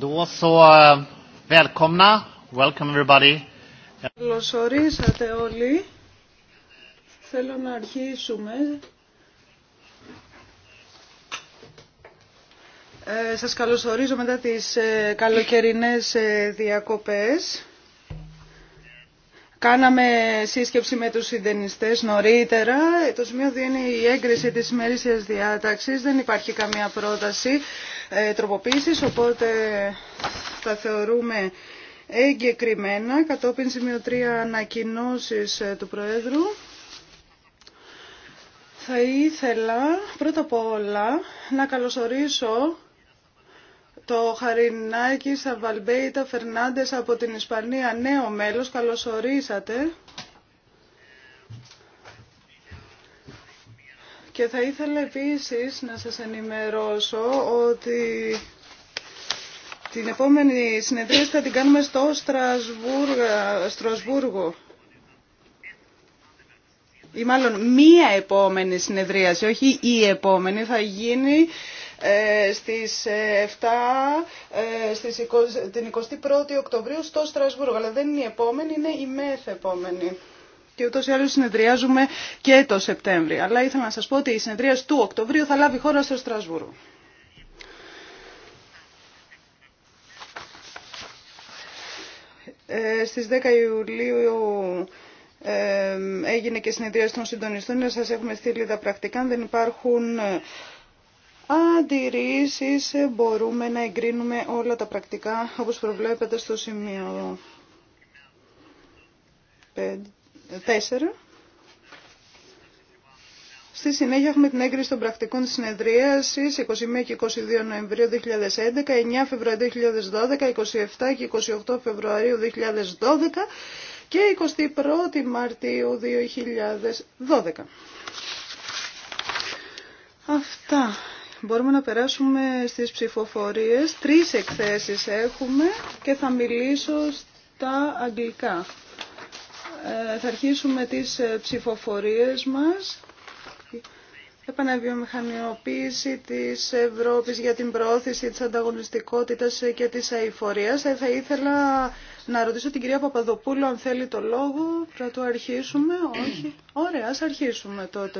Då eh, όλοι. Θέλω να αρχίσουμε. Ε, σας καλωσορίζω μετά τις ε, καλοκαιρινές ε, διακοπές. Κάναμε σύσκεψη με τους συντενιστές νωρίτερα. Το σημείο δίνει είναι η έγκριση της ημερήσιας διάταξης. Δεν υπάρχει καμία πρόταση. Ε, τροποποίησης, οπότε θα θεωρούμε εγκεκριμένα. Κατόπιν σημείο 3 ανακοινώσεις ε, του Προέδρου. Θα ήθελα πρώτα απ' όλα να καλωσορίσω το Χαρινάκη Σαβαλμπέιτα Φερνάντες από την Ισπανία, νέο μέλος. Καλωσορίσατε. Και θα ήθελα επίσης να σας ενημερώσω ότι την επόμενη συνεδρία θα την κάνουμε στο Στρασβούργο. Ή μάλλον μία επόμενη συνεδρίαση, όχι η μαλλον μια επομενη στο Στρασμούργο. οχι η επομενη θα γίνει ε, στις 7, ε, ε, στις 20, την 21η Οκτωβρίου στο Στρασβούργο. Αλλά δεν είναι η επόμενη, είναι η μεθ επόμενη και ούτω ή άλλω συνεδριάζουμε και το Σεπτέμβριο. Αλλά ήθελα να σα πω ότι η συνεδρία του Οκτωβρίου θα λάβει χώρα στο Στρασβούργο. Ε, στις 10 Ιουλίου ε, έγινε και συνεδρία των συντονιστών. Σα έχουμε στείλει τα πρακτικά. Αν δεν υπάρχουν αντιρρήσει. μπορούμε να εγκρίνουμε όλα τα πρακτικά όπω προβλέπετε στο σημείο 5. 4. Στη συνέχεια έχουμε την έγκριση των πρακτικών της συνεδρίασης 21 και 22 Νοεμβρίου 2011, 9 Φεβρουαρίου 2012, 27 και 28 Φεβρουαρίου 2012 και 21 Μαρτίου 2012. Αυτά. Μπορούμε να περάσουμε στις ψηφοφορίες. Τρεις εκθέσεις έχουμε και θα μιλήσω στα αγγλικά. Ε, θα αρχίσουμε τις ε, ψηφοφορίες μας. Επαναβιομηχανιοποίηση της Ευρώπης για την πρόθεση της ανταγωνιστικότητας και της αηφορίας. Ε, θα ήθελα να ρωτήσω την κυρία Παπαδοπούλου αν θέλει το λόγο. Θα το αρχίσουμε. Όχι. Ωραία, ας αρχίσουμε τότε.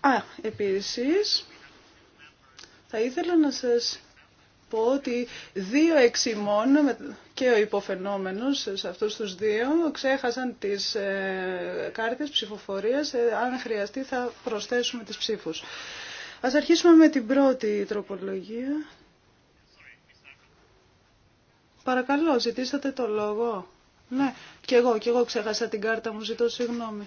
Α, επίσης, θα ήθελα να σας πω ότι δύο εξημών και ο υποφαινόμενος σε αυτούς τους δύο ξέχασαν τις ε, κάρτες ψηφοφορίας. Ε, αν χρειαστεί θα προσθέσουμε τις ψήφους. Ας αρχίσουμε με την πρώτη τροπολογία. Παρακαλώ, ζητήσατε το λόγο. Ναι, και εγώ, και εγώ ξέχασα την κάρτα μου, ζητώ συγγνώμη.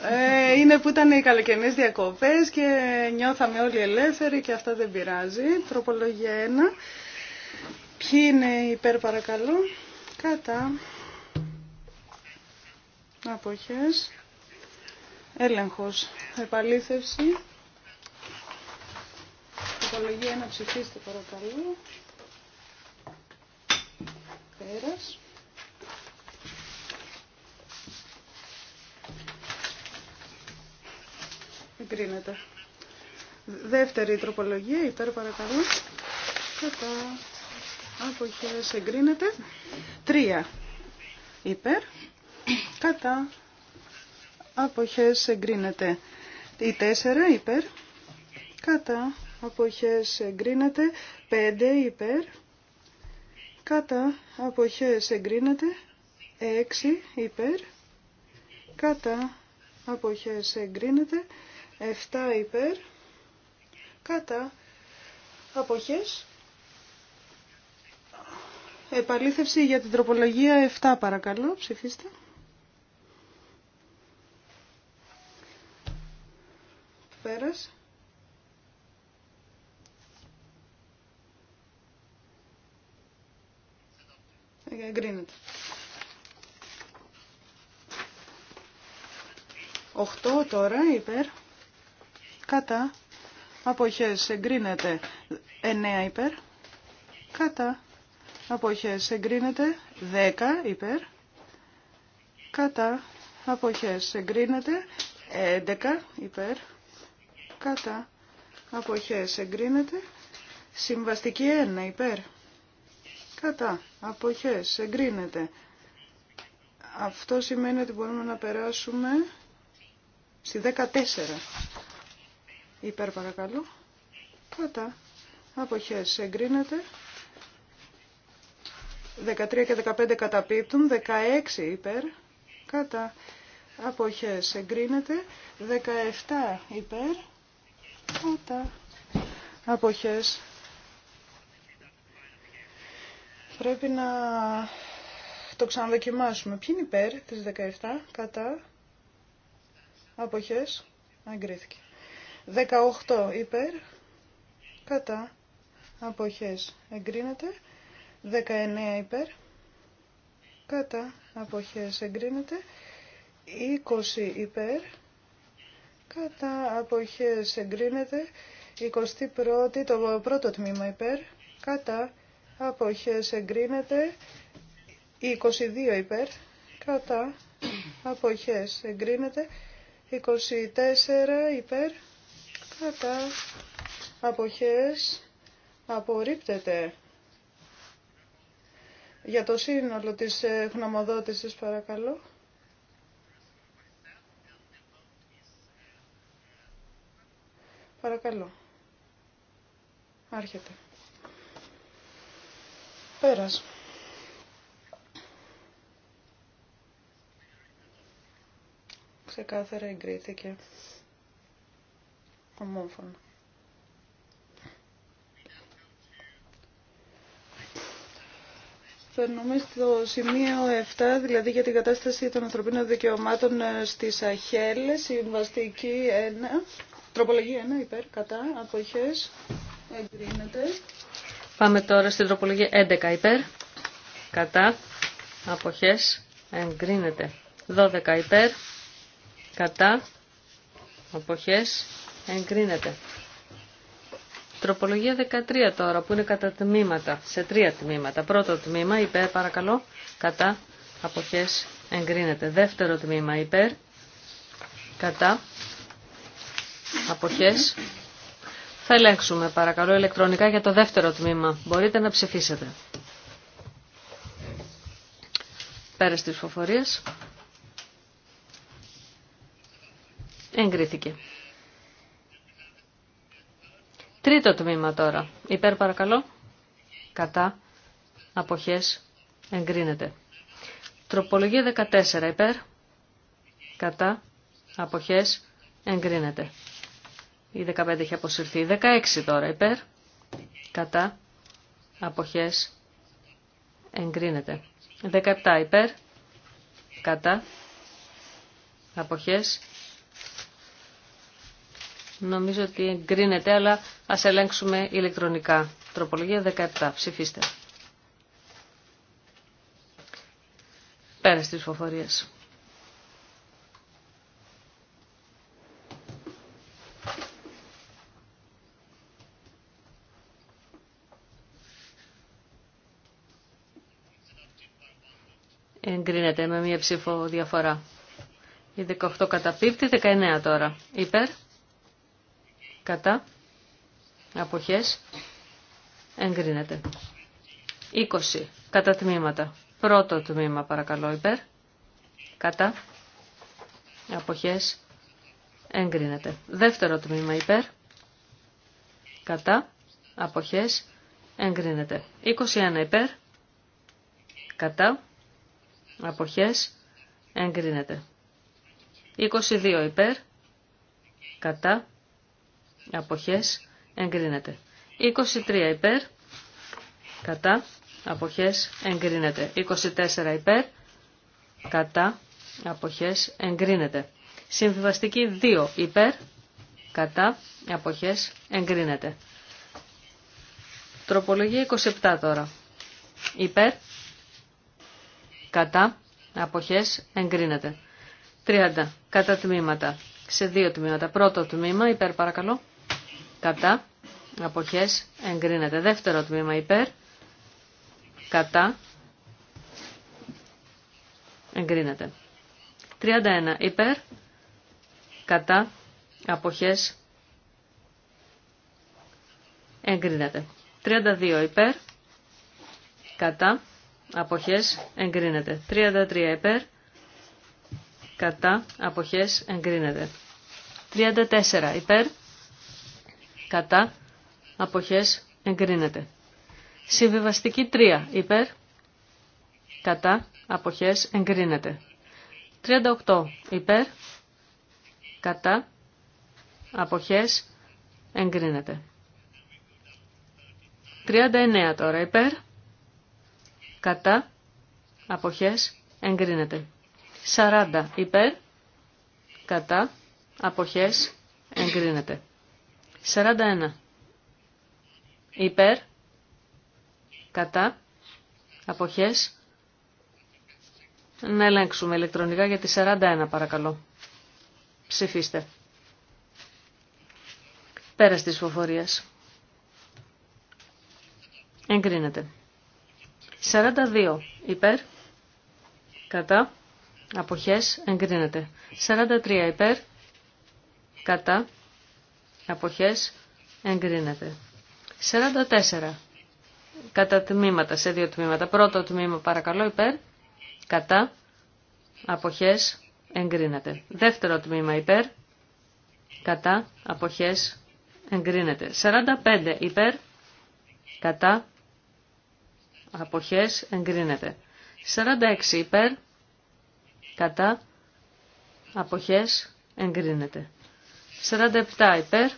Ε, είναι που ήταν οι καλοκαιρινές διακοπές και νιώθαμε όλοι ελεύθεροι και αυτά δεν πειράζει. Τροπολογία 1. Ποιοι είναι υπέρ παρακαλώ. Κατά. Αποχές. Έλεγχος. Επαλήθευση. Τροπολογία 1. Ψηφίστε παρακαλώ. Πέρας. Εγκρίνεται. Δεύτερη τροπολογία, υπέρ παρακαλώ. Κατά. Αποχές εγκρίνεται. Τρία. Υπέρ. Κατά. Αποχές εγκρίνεται. Η τέσσερα υπέρ. Κατά. Αποχές εγκρίνεται. Πέντε υπέρ. Κατά. Αποχές εγκρίνεται. Έξι υπέρ. Κατά. Αποχές εγκρίνεται. 7 υπέρ, κατά, αποχές, επαλήθευση για την τροπολογία 7 παρακαλώ, ψηφίστε. Πέρας. Εγκρίνεται. 8 τώρα υπέρ. Κατά. Αποχές εγκρίνεται 9 υπέρ. Κατά. Αποχές εγκρίνεται 10 υπέρ. Κατά. Αποχές εγκρίνεται 11 υπέρ. Κατά. Αποχές εγκρίνεται. Συμβαστική 1 υπέρ. Κατά. Αποχές εγκρίνεται. Αυτό σημαίνει ότι μπορούμε να περάσουμε στη 14 υπέρ παρακαλώ, κατά, αποχές εγκρίνεται, 13 και 15 καταπίπτουν, 16 υπέρ, κατά, αποχές εγκρίνεται, 17 υπέρ, κατά, αποχές Πρέπει να το ξαναδοκιμάσουμε. Ποιοι είναι υπέρ της 17 κατά αποχές. Αγκρίθηκε. 18 υπέρ, κατά, αποχές εγκρίνεται. 19 υπέρ, κατά, αποχές εγκρίνεται. 20 υπέρ, κατά, αποχές εγκρίνεται. 21 το πρώτο τμήμα υπέρ, κατά, αποχές εγκρίνεται. 22 υπέρ, κατά, αποχές εγκρίνεται. 24 υπέρ, κατά αποχές απορρίπτεται. Για το σύνολο της ε, γνωμοδότησης παρακαλώ. Παρακαλώ. Άρχεται. Πέρας. Ξεκάθαρα εγκρίθηκε ομόφωνα. Περνούμε στο σημείο 7, δηλαδή για την κατάσταση των ανθρωπίνων δικαιωμάτων ε, στις Αχέλ, συμβαστική 1, τροπολογία 1, υπέρ, κατά, αποχές, εγκρίνεται. Πάμε τώρα στην τροπολογία 11, υπέρ, κατά, αποχές, εγκρίνεται. 12 υπέρ, κατά, αποχές, Εγκρίνεται. Τροπολογία 13 τώρα που είναι κατά τμήματα, σε τρία τμήματα. Πρώτο τμήμα υπέρ παρακαλώ, κατά αποχές εγκρίνεται. Δεύτερο τμήμα υπέρ, κατά αποχές. Θα ελέγξουμε παρακαλώ ηλεκτρονικά για το δεύτερο τμήμα. Μπορείτε να ψηφίσετε. Πέρα στις φοφορίες. Εγκρίθηκε. Τρίτο τμήμα τώρα. Υπέρ παρακαλώ. Κατά. Αποχές. Εγκρίνεται. Τροπολογία 14. Υπέρ. Κατά. Αποχές. Εγκρίνεται. Η 15 έχει αποσυρθεί. 16 τώρα. Υπέρ. Κατά. Αποχές. Εγκρίνεται. 17 υπέρ. Κατά. Αποχές. Νομίζω ότι εγκρίνεται, αλλά ας ελέγξουμε ηλεκτρονικά. Τροπολογία 17. Ψηφίστε. Πέρα στις ψηφοφορίες. Εγκρίνεται με μία ψήφο διαφορά. Η 18 καταπίπτει, 19 τώρα. Υπέρ κατά, αποχές, εγκρίνεται. 20. Κατά τμήματα. Πρώτο τμήμα παρακαλώ υπέρ, κατά, αποχές, εγκρίνεται. Δεύτερο τμήμα υπέρ, κατά, αποχές, εγκρίνεται. 21 υπέρ, κατά, αποχές, εγκρίνεται. 22 υπέρ, κατά, αποχές εγκρίνεται. 23 υπέρ, κατά, αποχές εγκρίνεται. 24 υπέρ, κατά, αποχές εγκρίνεται. Συμβιβαστική 2 υπέρ, κατά, αποχές εγκρίνεται. Τροπολογία 27 τώρα. Υπέρ, κατά, αποχές εγκρίνεται. 30. Κατά τμήματα. Σε δύο τμήματα. Πρώτο τμήμα, υπέρ παρακαλώ κατά, αποχές, εγκρίνεται. Δεύτερο τμήμα υπέρ, κατά, εγκρίνεται. 31 υπέρ, κατά, αποχές, εγκρίνεται. 32 υπέρ, κατά, αποχές, εγκρίνεται. 33 υπέρ, κατά, αποχές, εγκρίνεται. 34 υπέρ, κατά, αποχές, εγκρίνεται. Συμβιβαστική 3 υπέρ, κατά, αποχές, εγκρίνεται. 38 υπέρ, κατά, αποχές, εγκρίνεται. 39 τώρα υπέρ, κατά, αποχές, εγκρίνεται. 40 υπέρ, κατά, αποχές, εγκρίνεται. 41. Υπέρ. Κατά. Αποχές. Να ελέγξουμε ηλεκτρονικά για τη 41 παρακαλώ. Ψηφίστε. Πέρα της φοφορίας. Εγκρίνεται. 42. Υπέρ. Κατά. Αποχές. Εγκρίνεται. 43. Υπέρ. Κατά αποχές εγκρίνεται. 44. Κατά τμήματα, σε δύο τμήματα. Πρώτο τμήμα παρακαλώ υπέρ, κατά, αποχές εγκρίνεται. Δεύτερο τμήμα υπέρ, κατά, αποχές εγκρίνεται. 45 υπέρ, κατά, αποχές εγκρίνεται. 46 υπέρ, κατά, αποχές εγκρίνεται. 47 υπέρ,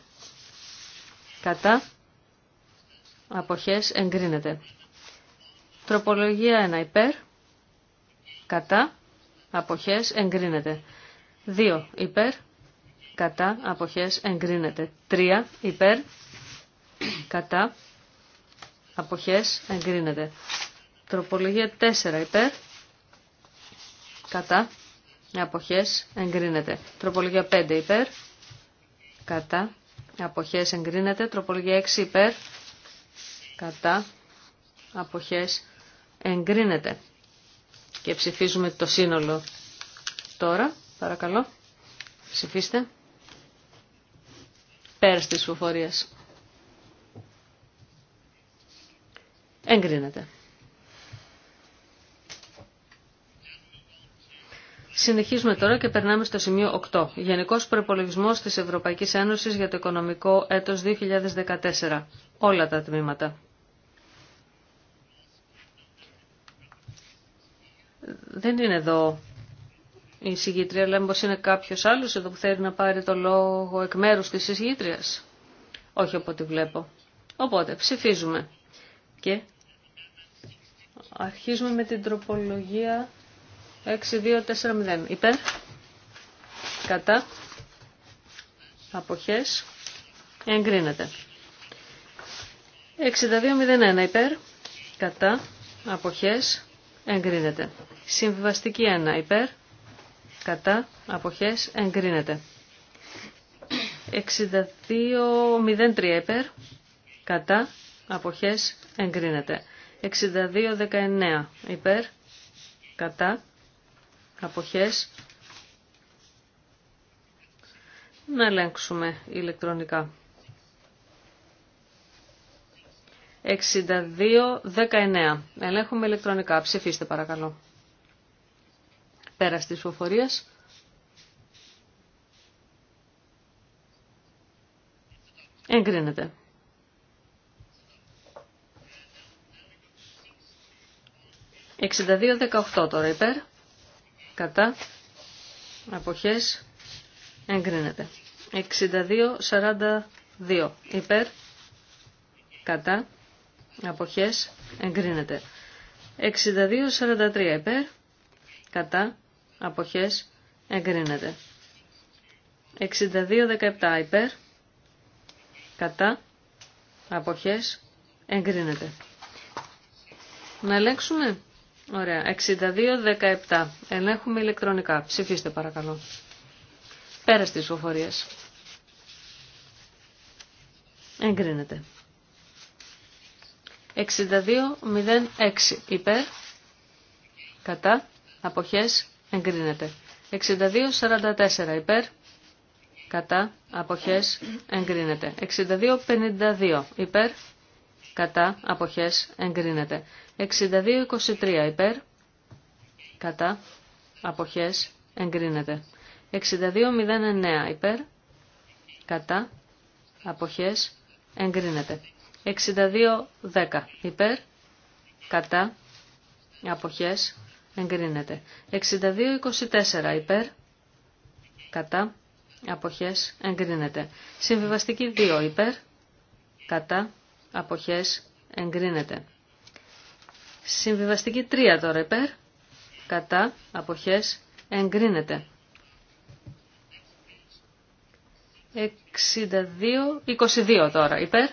κατά, αποχές εγκρίνεται. Τροπολογία 1 υπέρ, κατά, αποχές εγκρίνεται. 2 υπέρ, κατά, αποχές εγκρίνεται. 3 υπέρ, κατά, αποχές εγκρίνεται. Τροπολογία 4 υπέρ, κατά, αποχές εγκρίνεται. Τροπολογία 5 υπέρ, κατά, αποχές εγκρίνεται. Τροπολογία 6 υπέρ, κατά, αποχές εγκρίνεται. Και ψηφίζουμε το σύνολο τώρα, παρακαλώ. Ψηφίστε. Πέρας της φοφορίας. Εγκρίνεται. Συνεχίζουμε τώρα και περνάμε στο σημείο 8. Γενικός προπολογισμό τη Ευρωπαϊκή Ένωσης για το οικονομικό έτος 2014. Όλα τα τμήματα. Δεν είναι εδώ η συγγήτρια, λέμε πως είναι κάποιος άλλος εδώ που θέλει να πάρει το λόγο εκ μέρους της συγγήτριας. Όχι από ό,τι βλέπω. Οπότε ψηφίζουμε. Και αρχίζουμε με την τροπολογία 6240. Υπέρ. Κατά. Αποχές. Εγκρίνεται. 6201. Υπέρ. Κατά. Αποχές. Εγκρίνεται. Συμβιβαστική 1. Υπέρ. Κατά. Αποχές. Εγκρίνεται. 6203. Υπέρ. Κατά. Αποχές. Εγκρίνεται. 19. Υπέρ. Κατά αποχές να ελέγξουμε ηλεκτρονικά. 62-19. Ελέγχουμε ηλεκτρονικά. Ψηφίστε παρακαλώ. Πέρα της ψηφοφορίας. Εγκρίνεται. 62-18 τώρα υπέρ κατά, αποχές, εγκρίνεται. 62-42 υπέρ, κατά, αποχές, εγκρίνεται. 62-43 υπέρ, κατά, αποχές, εγκρίνεται. 62-17 υπέρ, κατά, αποχές, εγκρίνεται. Να ελέγξουμε. Ωραία. 62-17. Ελέγχουμε ηλεκτρονικά. Ψηφίστε παρακαλώ. Πέρα στις ψηφοφορίες. Εγκρίνεται. 62-06. Υπέρ. Κατά. Αποχές. Εγκρίνεται. 62-44. Υπέρ. Κατά. Αποχές. Εγκρίνεται. 62-52. Υπέρ κατά αποχές εγκρίνεται. 62-23 υπέρ κατά αποχές εγκρίνεται. 62-09 υπέρ κατά αποχές εγκρίνεται. 62-10 υπέρ κατά αποχές εγκρίνεται. 62-24 υπέρ κατά αποχές εγκρίνεται. Συμβιβαστική 2 υπέρ κατά αποχές εγκρίνεται. Συμβιβαστική 3 τώρα υπέρ, κατά, αποχές εγκρίνεται. 62, 22 τώρα υπέρ,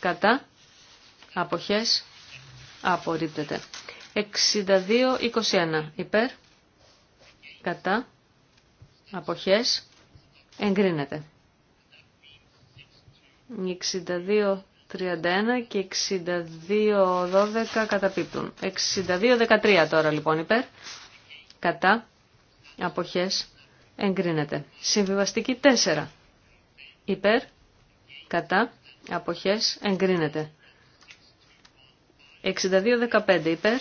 κατά, αποχές απορρίπτεται. 62, 21 υπέρ, κατά, αποχές εγκρίνεται. 62, 31 και 62-12 καταπίπτουν. 62-13 τώρα λοιπόν υπέρ. Κατά. Αποχές. Εγκρίνεται. Συμβιβαστική 4. Υπέρ. Κατά. Αποχές. Εγκρίνεται. 62-15 υπέρ.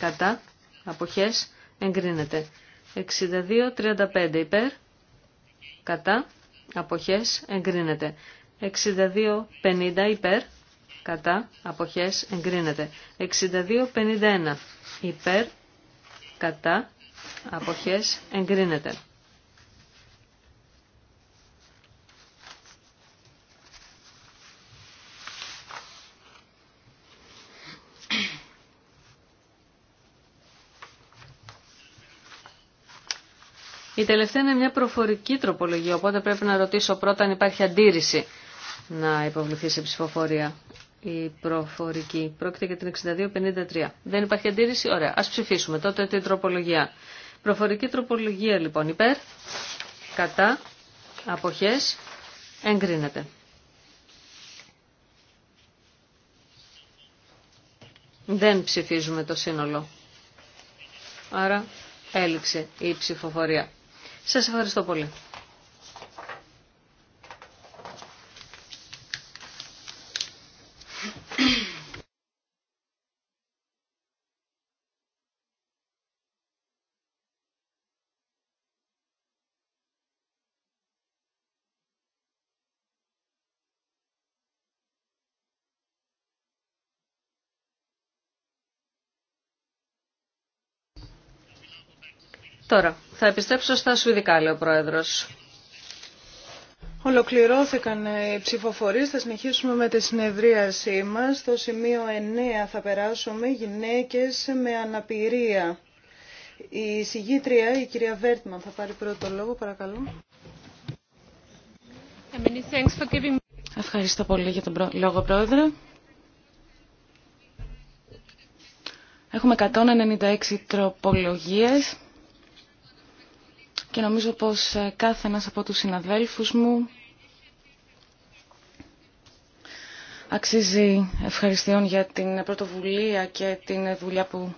Κατά. Αποχές. Εγκρίνεται. 62-35 υπέρ. Κατά. Αποχές. Εγκρίνεται. 62-50 υπέρ, κατά, αποχές, εγκρίνεται. 62-51 υπέρ, κατά, αποχές, η τελευταία είναι μια προφορική τροπολογία, οπότε πρέπει να ρωτήσω πρώτα αν υπάρχει αντίρρηση να υποβληθεί σε ψηφοφορία η προφορική. Πρόκειται για την 6253. Δεν υπάρχει αντίρρηση. Ωραία. Ας ψηφίσουμε τότε την τροπολογία. Προφορική τροπολογία λοιπόν υπέρ, κατά, αποχές, εγκρίνεται. Δεν ψηφίζουμε το σύνολο. Άρα έληξε η ψηφοφορία. Σας ευχαριστώ πολύ. Τώρα, θα επιστρέψω στα Σουηδικά, λέει ο Πρόεδρος. Ολοκληρώθηκαν οι ψηφοφορίες, θα συνεχίσουμε με τη συνεδρίασή μας. Στο σημείο 9 θα περάσουμε γυναίκες με αναπηρία. Η συγγήτρια, η κυρία Βέρτμαν, θα πάρει πρώτο λόγο, παρακαλώ. Ευχαριστώ πολύ για τον λόγο, Πρόεδρε. Έχουμε 196 τροπολογίες και νομίζω πως ε, κάθε ένας από τους συναδέλφους μου αξίζει ευχαριστειών για την πρωτοβουλία και την δουλειά που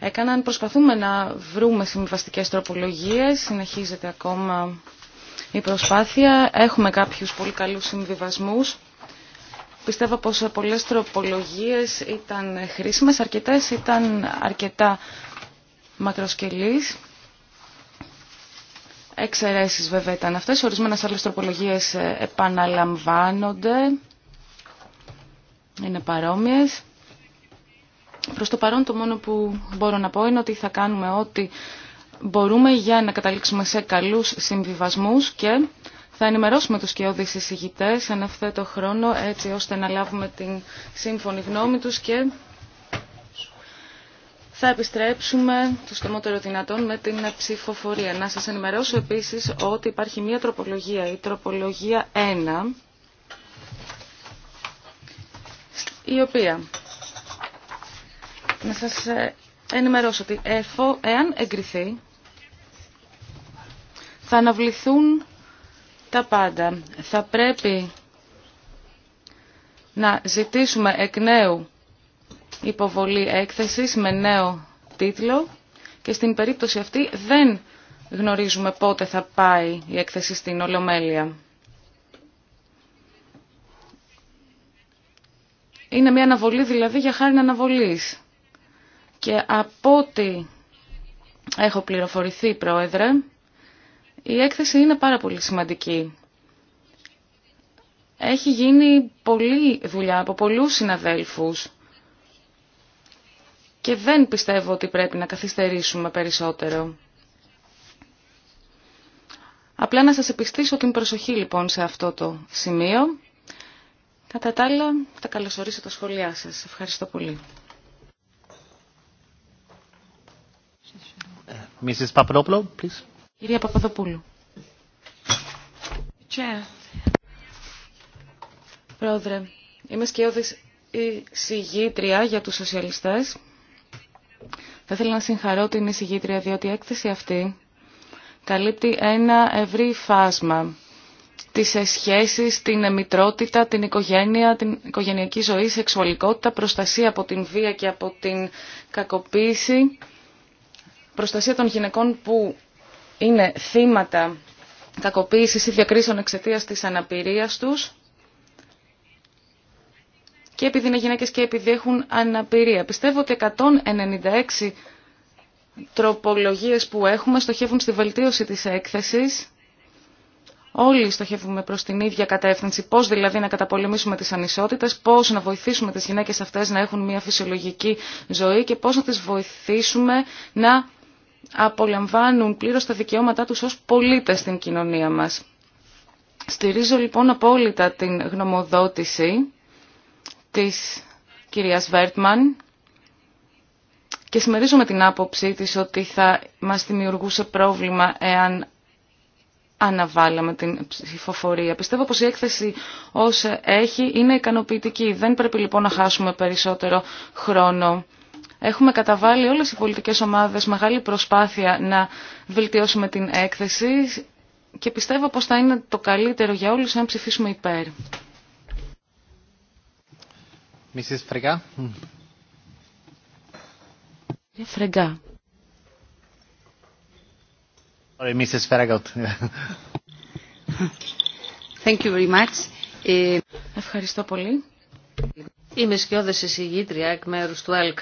έκαναν. Προσπαθούμε να βρούμε συμβαστικές τροπολογίες, συνεχίζεται ακόμα η προσπάθεια. Έχουμε κάποιους πολύ καλούς συμβιβασμούς. Πιστεύω πως πολλές τροπολογίες ήταν χρήσιμες, αρκετές ήταν αρκετά μακροσκελείς. Εξαιρέσεις βέβαια ήταν αυτές, ορισμένες άλλες τροπολογίες ε, επαναλαμβάνονται, είναι παρόμοιες. Προς το παρόν το μόνο που μπορώ να πω είναι ότι θα κάνουμε ό,τι μπορούμε για να καταλήξουμε σε καλούς συμβιβασμούς και θα ενημερώσουμε τους κοιόδης εισηγητές αυτό το χρόνο έτσι ώστε να λάβουμε την σύμφωνη γνώμη τους και θα επιστρέψουμε το στομότερο δυνατόν με την ψηφοφορία. Να σας ενημερώσω επίσης ότι υπάρχει μία τροπολογία, η τροπολογία 1, η οποία, να σας ενημερώσω ότι εφο, εάν εγκριθεί, θα αναβληθούν τα πάντα. Θα πρέπει να ζητήσουμε εκ νέου υποβολή έκθεσης με νέο τίτλο και στην περίπτωση αυτή δεν γνωρίζουμε πότε θα πάει η έκθεση στην Ολομέλεια. Είναι μια αναβολή δηλαδή για χάρη αναβολής. Και από ό,τι έχω πληροφορηθεί, Πρόεδρε, η έκθεση είναι πάρα πολύ σημαντική. Έχει γίνει πολλή δουλειά από πολλούς συναδέλφους και δεν πιστεύω ότι πρέπει να καθυστερήσουμε περισσότερο. Απλά να σας επιστήσω την προσοχή λοιπόν σε αυτό το σημείο. Κατά τα άλλα, θα καλωσορίσω τα σχόλιά σας. Ευχαριστώ πολύ. Mrs. please. Κυρία Παπαδοπούλου. Chair. Πρόεδρε, είμαι σκιώδης η συγγήτρια για τους σοσιαλιστές θα ήθελα να συγχαρώ την εισηγήτρια διότι η έκθεση αυτή καλύπτει ένα ευρύ φάσμα τις σχέσεις, την εμιτρότητα, την οικογένεια, την οικογενειακή ζωή, σεξουαλικότητα, προστασία από την βία και από την κακοποίηση, προστασία των γυναικών που είναι θύματα κακοποίησης ή διακρίσεων εξαιτίας της αναπηρίας τους, και επειδή είναι γυναίκες και επειδή έχουν αναπηρία. Πιστεύω ότι 196 τροπολογίες που έχουμε στοχεύουν στη βελτίωση της έκθεσης. Όλοι στοχεύουμε προς την ίδια κατεύθυνση, πώς δηλαδή να καταπολεμήσουμε τις ανισότητες, πώς να βοηθήσουμε τις γυναίκες αυτές να έχουν μια φυσιολογική ζωή και πώς να τις βοηθήσουμε να απολαμβάνουν πλήρως τα δικαιώματά τους ως πολίτες στην κοινωνία μας. Στηρίζω λοιπόν απόλυτα την γνωμοδότηση της κυρίας Βέρτμαν και συμμερίζομαι την άποψή της ότι θα μας δημιουργούσε πρόβλημα εάν αναβάλαμε την ψηφοφορία. Πιστεύω πως η έκθεση ως έχει είναι ικανοποιητική. Δεν πρέπει λοιπόν να χάσουμε περισσότερο χρόνο. Έχουμε καταβάλει όλες οι πολιτικές ομάδες μεγάλη προσπάθεια να βελτιώσουμε την έκθεση και πιστεύω πως θα είναι το καλύτερο για όλους αν ψηφίσουμε υπέρ. Ευχαριστώ πολύ. Είμαι σκιώδη εισηγήτρια εκ μέρους του ΕΛΚ.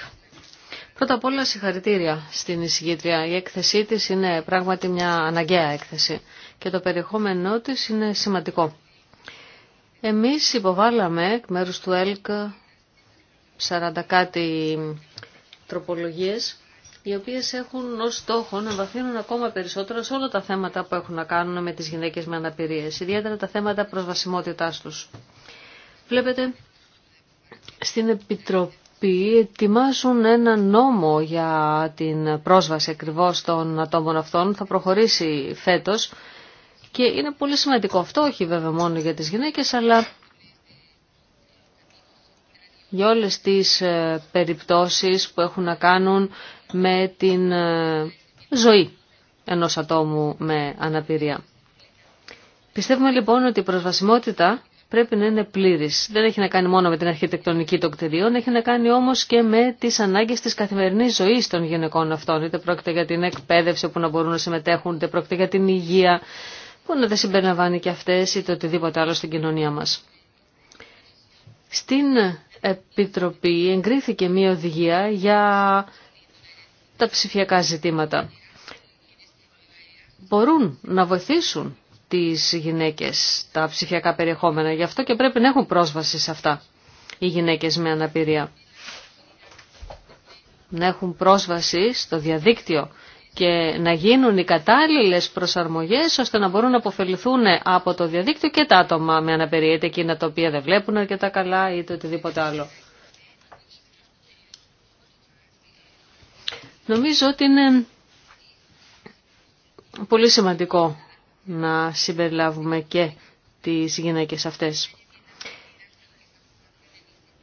Πρώτα απ' όλα συγχαρητήρια στην εισηγήτρια. Η έκθεσή της είναι πράγματι μια αναγκαία έκθεση και το περιεχόμενό της είναι σημαντικό. Εμείς υποβάλαμε εκ μέρους του ΕΛΚ 40 κάτι τροπολογίες οι οποίες έχουν ως στόχο να βαθύνουν ακόμα περισσότερο σε όλα τα θέματα που έχουν να κάνουν με τις γυναίκες με αναπηρίες, ιδιαίτερα τα θέματα προσβασιμότητάς τους. Βλέπετε, στην Επιτροπή ετοιμάζουν ένα νόμο για την πρόσβαση ακριβώς των ατόμων αυτών, θα προχωρήσει φέτος και είναι πολύ σημαντικό αυτό, όχι βέβαια μόνο για τις γυναίκες, αλλά για όλες τις ε, περιπτώσεις που έχουν να κάνουν με την ε, ζωή ενός ατόμου με αναπηρία. Πιστεύουμε λοιπόν ότι η προσβασιμότητα πρέπει να είναι πλήρης. Δεν έχει να κάνει μόνο με την αρχιτεκτονική των κτηρίων, έχει να κάνει όμως και με τις ανάγκες της καθημερινής ζωής των γυναικών αυτών. Είτε πρόκειται για την εκπαίδευση που να μπορούν να συμμετέχουν, είτε πρόκειται για την υγεία που να δεν συμπεριλαμβάνει και αυτές, είτε οτιδήποτε άλλο στην κοινωνία μας. Στην Επιτροπή εγκρίθηκε μία οδηγία για τα ψηφιακά ζητήματα. Μπορούν να βοηθήσουν τις γυναίκες τα ψηφιακά περιεχόμενα, γι' αυτό και πρέπει να έχουν πρόσβαση σε αυτά οι γυναίκες με αναπηρία. Να έχουν πρόσβαση στο διαδίκτυο και να γίνουν οι κατάλληλες προσαρμογές ώστε να μπορούν να αποφεληθούν από το διαδίκτυο και τα άτομα με αναπηρία εκείνα τα οποία δεν βλέπουν αρκετά καλά το οτιδήποτε άλλο. Νομίζω ότι είναι πολύ σημαντικό να συμπεριλάβουμε και τις γυναίκες αυτές.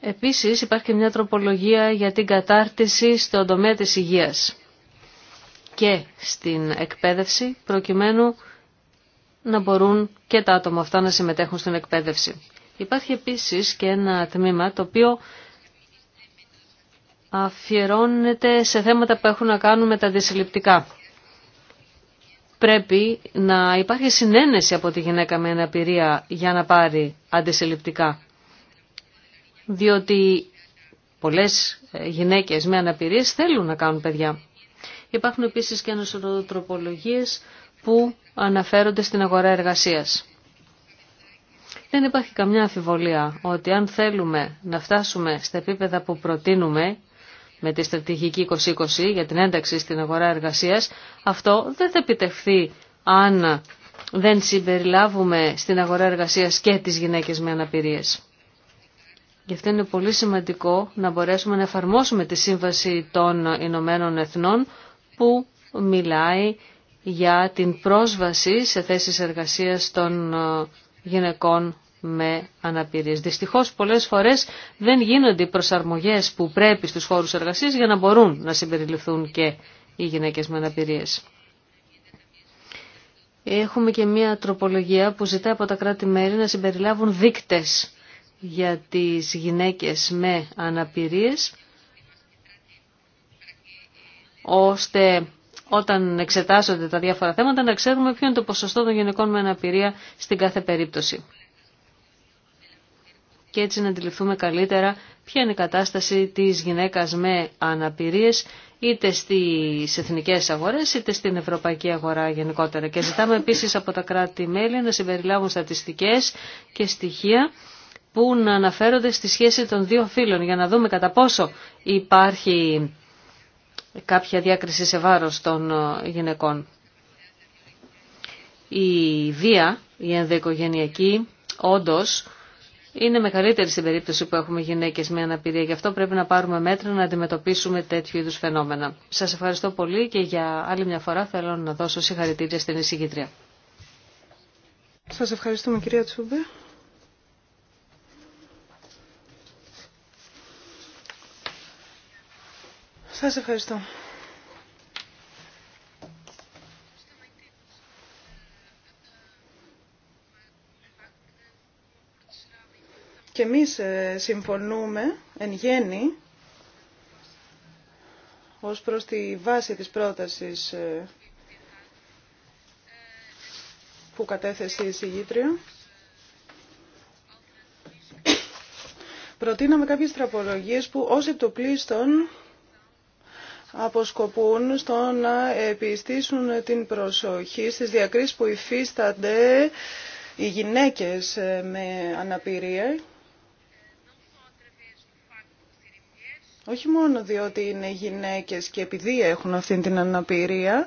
Επίσης υπάρχει μια τροπολογία για την κατάρτιση στον τομέα της υγείας και στην εκπαίδευση προκειμένου να μπορούν και τα άτομα αυτά να συμμετέχουν στην εκπαίδευση. Υπάρχει επίσης και ένα τμήμα το οποίο αφιερώνεται σε θέματα που έχουν να κάνουν με τα αντισυλληπτικά. Πρέπει να υπάρχει συνένεση από τη γυναίκα με αναπηρία για να πάρει αντισυλληπτικά. Διότι πολλές γυναίκες με αναπηρίες θέλουν να κάνουν παιδιά. Υπάρχουν επίσης και ένα που αναφέρονται στην αγορά εργασίας. Δεν υπάρχει καμιά αμφιβολία ότι αν θέλουμε να φτάσουμε στα επίπεδα που προτείνουμε με τη στρατηγική 2020 για την ένταξη στην αγορά εργασίας, αυτό δεν θα επιτευχθεί αν δεν συμπεριλάβουμε στην αγορά εργασίας και τις γυναίκες με αναπηρίες. Γι' αυτό είναι πολύ σημαντικό να μπορέσουμε να εφαρμόσουμε τη Σύμβαση των Ηνωμένων Εθνών που μιλάει για την πρόσβαση σε θέσεις εργασίας των ε, γυναικών με αναπηρίες. Δυστυχώς πολλές φορές δεν γίνονται οι προσαρμογές που πρέπει στους χώρους εργασίας για να μπορούν να συμπεριληφθούν και οι γυναίκες με αναπηρίες. Έχουμε και μία τροπολογία που ζητά από τα κράτη-μέρη να συμπεριλάβουν δείκτες για τις γυναίκες με αναπηρίες ώστε όταν εξετάζονται τα διάφορα θέματα να ξέρουμε ποιο είναι το ποσοστό των γυναικών με αναπηρία στην κάθε περίπτωση. Και έτσι να αντιληφθούμε καλύτερα ποια είναι η κατάσταση της γυναίκας με αναπηρίες είτε στις εθνικές αγορές είτε στην ευρωπαϊκή αγορά γενικότερα. Και ζητάμε επίσης από τα κράτη-μέλη να συμπεριλάβουν στατιστικές και στοιχεία που να αναφέρονται στη σχέση των δύο φύλων για να δούμε κατά πόσο υπάρχει κάποια διάκριση σε βάρος των ε, γυναικών. Η βία, η ενδοοικογενειακή, όντως είναι μεγαλύτερη στην περίπτωση που έχουμε γυναίκες με αναπηρία. Γι' αυτό πρέπει να πάρουμε μέτρα να αντιμετωπίσουμε τέτοιου είδους φαινόμενα. Σας ευχαριστώ πολύ και για άλλη μια φορά θέλω να δώσω συγχαρητήρια στην εισηγήτρια. Σας ευχαριστούμε κυρία Τσούμπε. Σας ευχαριστώ. Και εμείς ε, συμφωνούμε εν γέννη ως προς τη βάση της πρότασης ε, που κατέθεσε η συγγήτρια. Προτείναμε κάποιες τραπολογίες που ως πλήστον αποσκοπούν στο να επιστήσουν την προσοχή στις διακρίσεις που υφίστανται οι γυναίκες με αναπηρία όχι μόνο διότι είναι γυναίκες και επειδή έχουν αυτή την αναπηρία,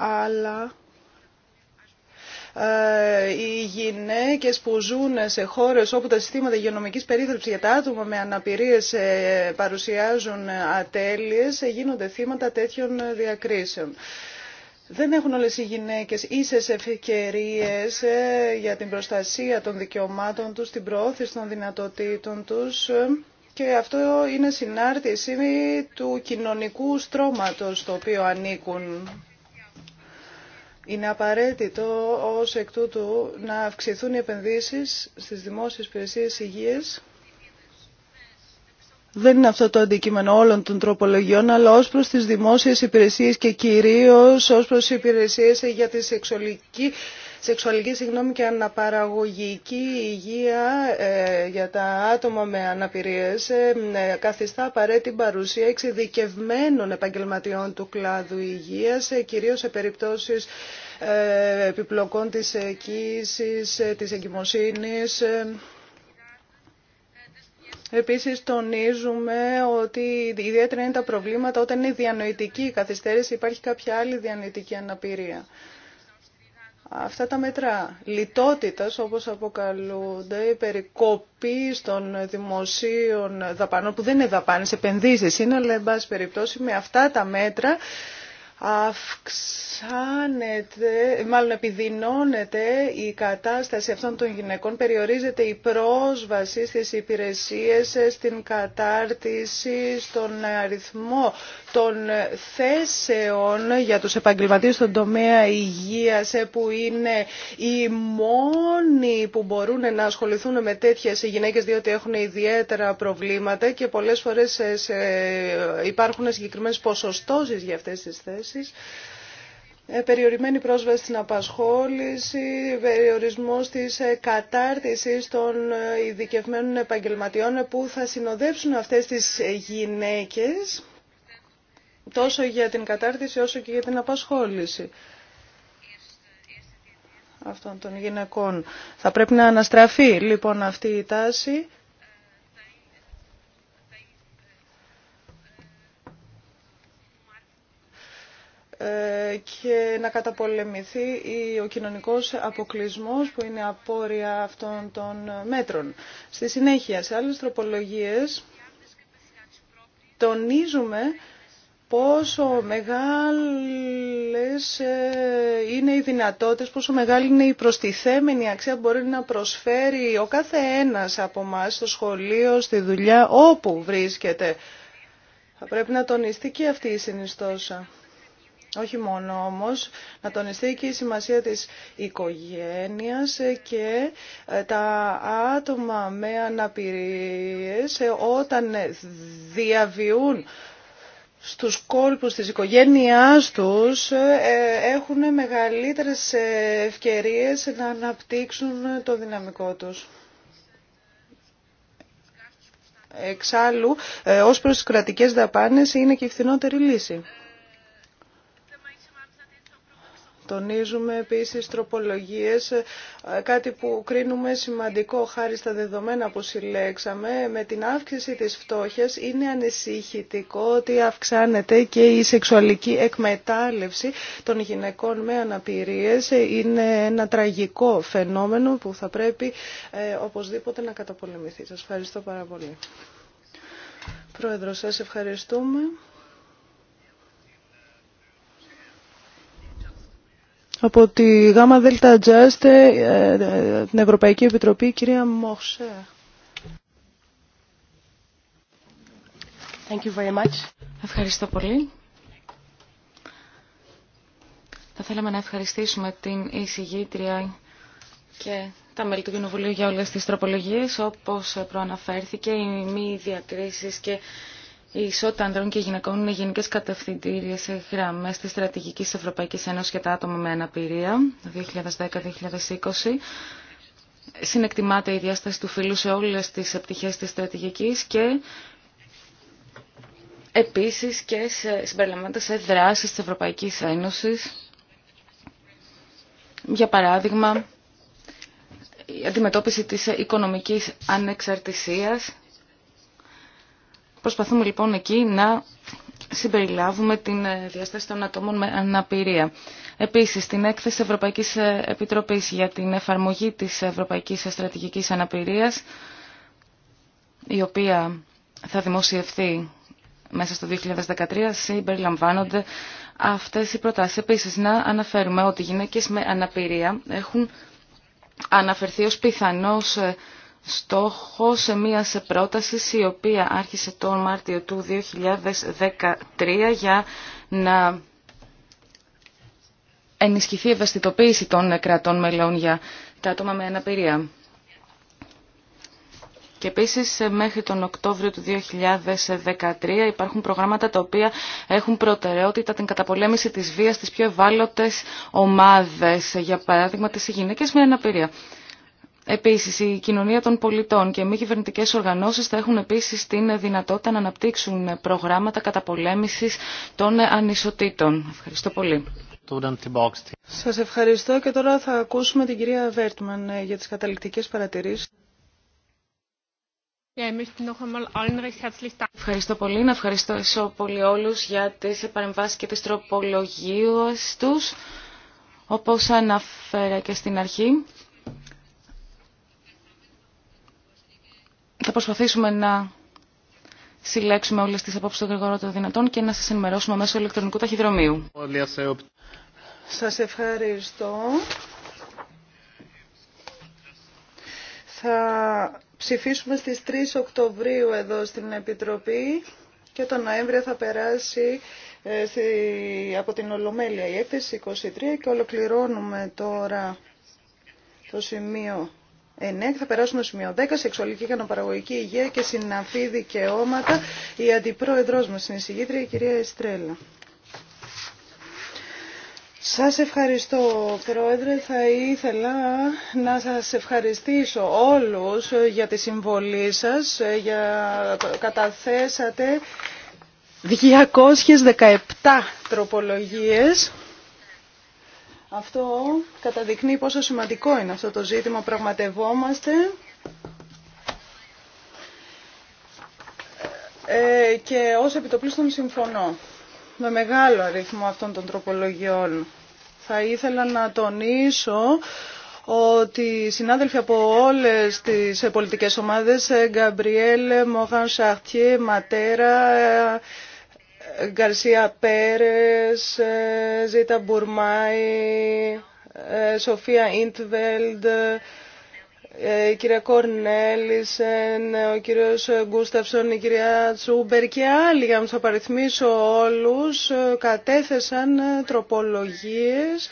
αλλά ε, οι γυναίκες που ζουν σε χώρες όπου τα συστήματα υγειονομικής περίθαλψης για τα άτομα με αναπηρίες ε, παρουσιάζουν ατέλειες, ε, γίνονται θύματα τέτοιων διακρίσεων. Δεν έχουν όλες οι γυναίκες ίσες ευκαιρίες για την προστασία των δικαιωμάτων τους, την προώθηση των δυνατοτήτων τους και αυτό είναι συνάρτηση του κοινωνικού στρώματος στο οποίο ανήκουν. Είναι απαραίτητο ως εκ τούτου να αυξηθούν οι επενδύσεις στις δημόσιες υπηρεσίες υγείας δεν είναι αυτό το αντικείμενο όλων των τροπολογιών, αλλά ως προς τις δημόσιες υπηρεσίες και κυρίως ως προς τις υπηρεσίες για τη σεξουαλική, σεξουαλική συγγνώμη, και αναπαραγωγική υγεία ε, για τα άτομα με αναπηρίες ε, ε, καθιστά απαραίτητη παρουσία εξειδικευμένων επαγγελματιών του κλάδου υγείας, κυρίως σε περιπτώσεις επιπλοκών της εκκίνησης, της εγκυμοσύνης, Επίσης τονίζουμε ότι ιδιαίτερα είναι τα προβλήματα όταν είναι διανοητική η καθυστέρηση, υπάρχει κάποια άλλη διανοητική αναπηρία. Αυτά τα μέτρα λιτότητας, όπως αποκαλούνται, η περικοπή των δημοσίων δαπανών, που δεν είναι δαπάνες, επενδύσεις είναι, αλλά εν πάση περιπτώσει με αυτά τα μέτρα αυξάνεται, μάλλον επιδεινώνεται η κατάσταση αυτών των γυναικών, περιορίζεται η πρόσβαση στις υπηρεσίες, στην κατάρτιση, στον αριθμό των θέσεων για τους επαγγελματίες στον τομέα υγείας που είναι οι μόνοι που μπορούν να ασχοληθούν με τέτοιες γυναίκες διότι έχουν ιδιαίτερα προβλήματα και πολλές φορές υπάρχουν συγκεκριμένες ποσοστώσεις για αυτές τις θέσεις ε, περιορισμένη πρόσβαση στην απασχόληση, περιορισμός της ε, κατάρτισης των ε, ειδικευμένων επαγγελματιών ε, που θα συνοδεύσουν αυτές τις γυναίκες τόσο για την κατάρτιση όσο και για την απασχόληση αυτών των γυναικών. Θα πρέπει να αναστραφεί λοιπόν αυτή η τάση Ε, και να καταπολεμηθεί ο κοινωνικός αποκλεισμός που είναι απόρρια αυτών των μέτρων. Στη συνέχεια, σε άλλες τροπολογίες, τονίζουμε πόσο μεγάλες ε, είναι οι δυνατότητες, πόσο μεγάλη είναι η προστιθέμενη αξία που μπορεί να προσφέρει ο κάθε ένας από εμά στο σχολείο, στη δουλειά, όπου βρίσκεται. Θα πρέπει να τονιστεί και αυτή η συνιστόσα. Όχι μόνο όμως, να τονιστεί και η σημασία της οικογένειας και ε, τα άτομα με αναπηρίες ε, όταν διαβιούν στους κόλπους της οικογένειάς τους ε, έχουν μεγαλύτερες ευκαιρίες να αναπτύξουν το δυναμικό τους. Εξάλλου, ως προς τις κρατικές δαπάνες είναι και η φθηνότερη λύση. Τονίζουμε επίσης τροπολογίες, ε, κάτι που κρίνουμε σημαντικό χάρη στα δεδομένα που συλλέξαμε. Με την αύξηση της φτώχειας είναι ανησυχητικό ότι αυξάνεται και η σεξουαλική εκμετάλλευση των γυναικών με αναπηρίες. Είναι ένα τραγικό φαινόμενο που θα πρέπει ε, οπωσδήποτε να καταπολεμηθεί. Σας ευχαριστώ πάρα πολύ. Πρόεδρο, σας ευχαριστούμε. από τη ΓΑΜΑ ΔΕΛΤΑ Τζάστε, ε, ε, την Ευρωπαϊκή Επιτροπή, κυρία Μοχσέ. Thank you very much. Ευχαριστώ πολύ. Θα θέλαμε να ευχαριστήσουμε την εισηγήτρια και τα μέλη του Κοινοβουλίου για όλες τις τροπολογίες. Όπως προαναφέρθηκε, οι μη διακρίσεις και η ισότητα ανδρών και γυναικών είναι γενικέ κατευθυντήριε γραμμέ τη Στρατηγική Ευρωπαϊκή Ένωση για τα άτομα με αναπηρία 2010-2020. Συνεκτιμάται η διάσταση του φύλου σε όλε τι επιτυχίε τη στρατηγική και επίση και συμπεριλαμβάνεται σε δράσει τη Ευρωπαϊκή Ένωση. Για παράδειγμα, η αντιμετώπιση της οικονομικής ανεξαρτησίας Προσπαθούμε λοιπόν εκεί να συμπεριλάβουμε την ε, διαστάση των ατόμων με αναπηρία. Επίσης, στην έκθεση Ευρωπαϊκής ε, Επιτροπής για την εφαρμογή της Ευρωπαϊκής Στρατηγικής Αναπηρίας, η οποία θα δημοσιευθεί μέσα στο 2013, συμπεριλαμβάνονται αυτές οι προτάσεις. Επίσης, να αναφέρουμε ότι οι γυναίκες με αναπηρία έχουν αναφερθεί ως πιθανός ε, Στόχο μία μιας πρόταση, η οποία άρχισε τον Μάρτιο του 2013 για να ενισχυθεί η ευαισθητοποίηση των κρατών μελών για τα άτομα με αναπηρία. Και επίσης μέχρι τον Οκτώβριο του 2013 υπάρχουν προγράμματα τα οποία έχουν προτεραιότητα την καταπολέμηση της βίας στις πιο ευάλωτες ομάδες, για παράδειγμα τις γυναίκες με αναπηρία. Επίσης, η κοινωνία των πολιτών και μη κυβερνητικές οργανώσεις θα έχουν επίσης την δυνατότητα να αναπτύξουν προγράμματα καταπολέμησης των ανισοτήτων. Ευχαριστώ πολύ. Σας ευχαριστώ και τώρα θα ακούσουμε την κυρία Βέρτμαν ε, για τις καταληκτικές παρατηρήσεις. Ευχαριστώ πολύ. Να ευχαριστώ πολύ όλους για τις παρεμβάσεις και τις τροπολογίες τους. Όπως αναφέρα και στην αρχή, προσπαθήσουμε να συλλέξουμε όλες τις απόψεις των γρηγορότερο δυνατόν και να σας ενημερώσουμε μέσω ηλεκτρονικού ταχυδρομείου. Σας ευχαριστώ. Θα ψηφίσουμε στις 3 Οκτωβρίου εδώ στην Επιτροπή και το Νοέμβριο θα περάσει ε, από την Ολομέλεια η έκθεση 23 και ολοκληρώνουμε τώρα το σημείο ε, ναι, Θα περάσουμε στο σημείο 10. Σεξουαλική και αναπαραγωγική υγεία και συναφή δικαιώματα. Η αντιπρόεδρό μα η συγγήτρια, η κυρία Εστρέλα. Σας ευχαριστώ Πρόεδρε, θα ήθελα να σας ευχαριστήσω όλους για τη συμβολή σας, για καταθέσατε 217 τροπολογίες. Αυτό καταδεικνύει πόσο σημαντικό είναι αυτό το ζήτημα. Πραγματευόμαστε ε, και ως επιτοπλίστων συμφωνώ με μεγάλο αριθμό αυτών των τροπολογιών. Θα ήθελα να τονίσω ότι συνάδελφοι από όλες τις πολιτικές ομάδες, ε, Γκαμπριέλ, Μογάν Σαχτιέ, Ματέρα, ε, Γκαρσία Πέρες, ε, Ζήτα Μπουρμάη, ε, Σοφία Ιντβελντ, ε, η κυρία Κορνέλισεν, ο κύριος Γκούσταυσον, η κυρία Τσούμπερ και άλλοι, για να τους απαριθμίσω όλους, κατέθεσαν τροπολογίες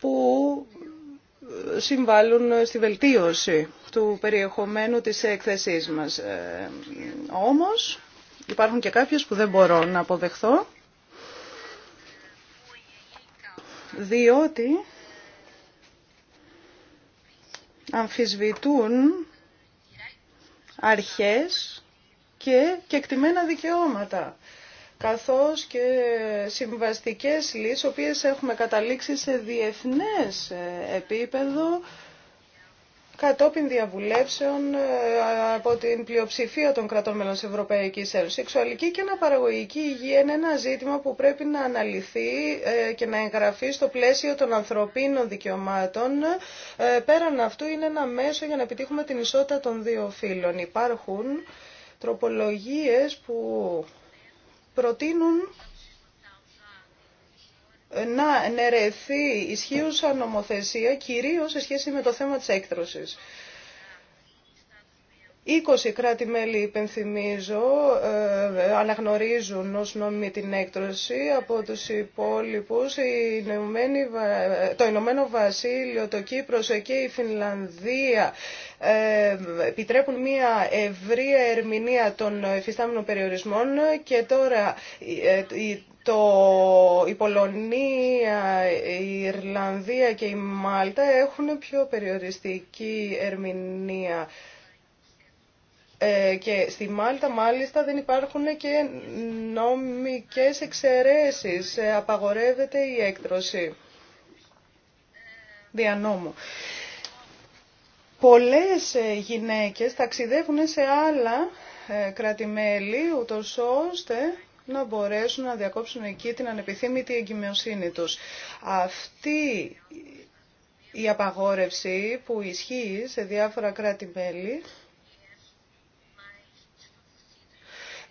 που συμβάλλουν στη βελτίωση του περιεχομένου της έκθεσής μας. Όμως, Υπάρχουν και κάποιες που δεν μπορώ να αποδεχθώ, διότι αμφισβητούν αρχές και κεκτημένα δικαιώματα καθώς και συμβαστικές λύσεις, οποίες έχουμε καταλήξει σε διεθνές επίπεδο, κατόπιν διαβουλεύσεων ε, από την πλειοψηφία των κρατών μελών της Ευρωπαϊκής Ένωσης. Σεξουαλική και αναπαραγωγική υγεία είναι ένα ζήτημα που πρέπει να αναλυθεί ε, και να εγγραφεί στο πλαίσιο των ανθρωπίνων δικαιωμάτων. Ε, πέραν αυτού είναι ένα μέσο για να επιτύχουμε την ισότητα των δύο φύλων. Υπάρχουν τροπολογίες που προτείνουν να νερεθεί ισχύουσα νομοθεσία κυρίως σε σχέση με το θέμα της έκτρωσης. 20 κράτη-μέλη, υπενθυμίζω, ε, αναγνωρίζουν ως νόμιμη την έκτρωση. Από τους υπόλοιπους, το Ηνωμένο Βασίλειο, το Κύπρος και η Φινλανδία ε, επιτρέπουν μια ευρία ερμηνεία των εφιστάμενων περιορισμών και τώρα ε, το, η Πολωνία, η Ιρλανδία και η Μάλτα έχουν πιο περιοριστική ερμηνεία. Ε, και στη Μάλτα μάλιστα δεν υπάρχουν και νομικές εξαιρέσεις. Ε, απαγορεύεται η έκτρωση δια νόμου. Πολλές ε, γυναίκες ταξιδεύουν σε άλλα κράτη-μέλη, ούτως ώστε να μπορέσουν να διακόψουν εκεί την ανεπιθύμητη εγκυμοσύνη τους. Αυτή η απαγόρευση που ισχύει σε διάφορα κράτη-μέλη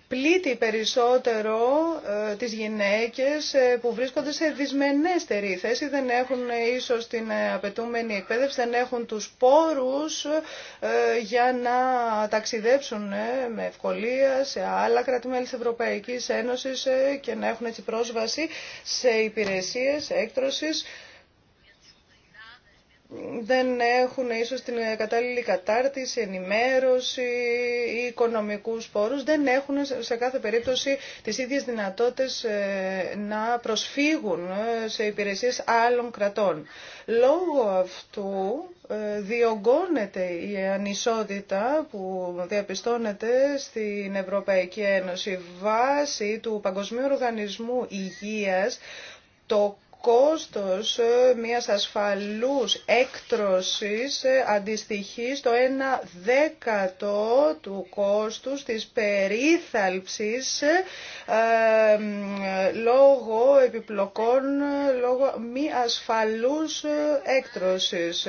πλήττει περισσότερο ε, τις γυναίκες ε, που βρίσκονται σε δυσμενέστερη θέση, δεν έχουν ίσως την ε, απαιτούμενη εκπαίδευση, δεν έχουν τους πόρους για να ταξιδέψουν με ευκολία σε άλλα κράτη-μέλη της Ευρωπαϊκής Ένωσης και να έχουν έτσι πρόσβαση σε υπηρεσίες έκτρωσης δεν έχουν ίσως την κατάλληλη κατάρτιση, ενημέρωση ή οικονομικούς πόρους, δεν έχουν σε κάθε περίπτωση τις ίδιες δυνατότητες ε, να προσφύγουν ε, σε υπηρεσίες άλλων κρατών. Λόγω αυτού ε, διωγγώνεται η ανισότητα που διαπιστώνεται στην Ευρωπαϊκή Ένωση βάσει του Παγκοσμίου Οργανισμού Υγείας το κόστος ε, μιας ασφαλούς έκτρωσης ε, αντιστοιχεί στο 1 δέκατο του κόστους της περίθαλψης ε, λόγω επιπλοκών, λόγω μη ασφαλούς έκτρωσης.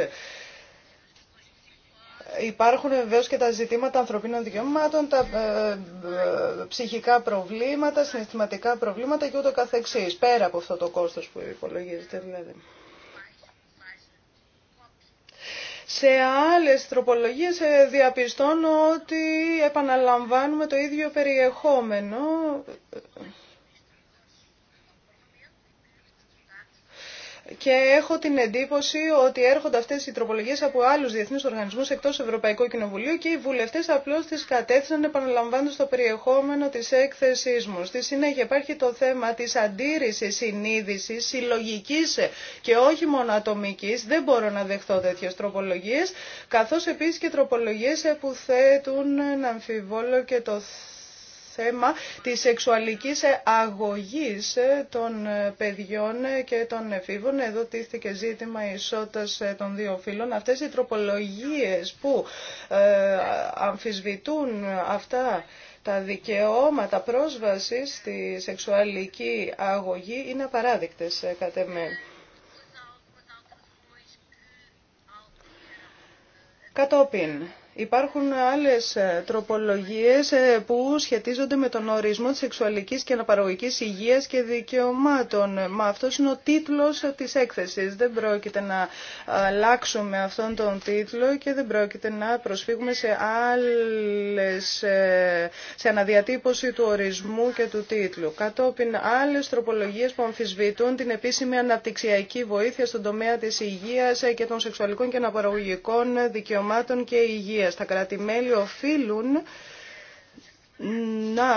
Υπάρχουν βεβαίως και τα ζητήματα ανθρωπίνων δικαιωμάτων, τα ε, ε, ψυχικά προβλήματα, συναισθηματικά προβλήματα και ούτω καθεξής, πέρα από αυτό το κόστος που υπολογίζεται δηλαδή. Σε άλλες τροπολογίες ε, διαπιστώνω ότι επαναλαμβάνουμε το ίδιο περιεχόμενο Και έχω την εντύπωση ότι έρχονται αυτέ οι τροπολογίε από άλλου διεθνεί οργανισμού εκτό Ευρωπαϊκού Κοινοβουλίου και οι βουλευτέ απλώ τι κατέθεσαν επαναλαμβάνοντα το περιεχόμενο τη έκθεσή μου. Στη συνέχεια υπάρχει το θέμα τη αντίρρηση συνείδηση, συλλογική και όχι μόνο ατομική. Δεν μπορώ να δεχτώ τέτοιε τροπολογίε. Καθώ επίση και τροπολογίε που θέτουν να αμφιβόλω και το θέμα της σεξουαλικής αγωγής των παιδιών και των εφήβων. Εδώ τίθεται ζήτημα ισότητας των δύο φίλων Αυτές οι τροπολογίες που ε, αμφισβητούν αυτά τα δικαιώματα πρόσβασης στη σεξουαλική αγωγή είναι απαράδεικτες ε, κατ' εμέ. Κατόπιν, Υπάρχουν άλλες ε, τροπολογίες ε, που σχετίζονται με τον ορισμό της σεξουαλικής και αναπαραγωγικής υγείας και δικαιωμάτων. Μα αυτός είναι ο τίτλος της έκθεσης. Δεν πρόκειται να αλλάξουμε αυτόν τον τίτλο και δεν πρόκειται να προσφύγουμε σε άλλες, ε, σε αναδιατύπωση του ορισμού και του τίτλου. Κατόπιν άλλες τροπολογίες που αμφισβητούν την επίσημη αναπτυξιακή βοήθεια στον τομέα της υγείας και των σεξουαλικών και αναπαραγωγικών δικαιωμάτων και υγείας στα κράτη-μέλη οφείλουν να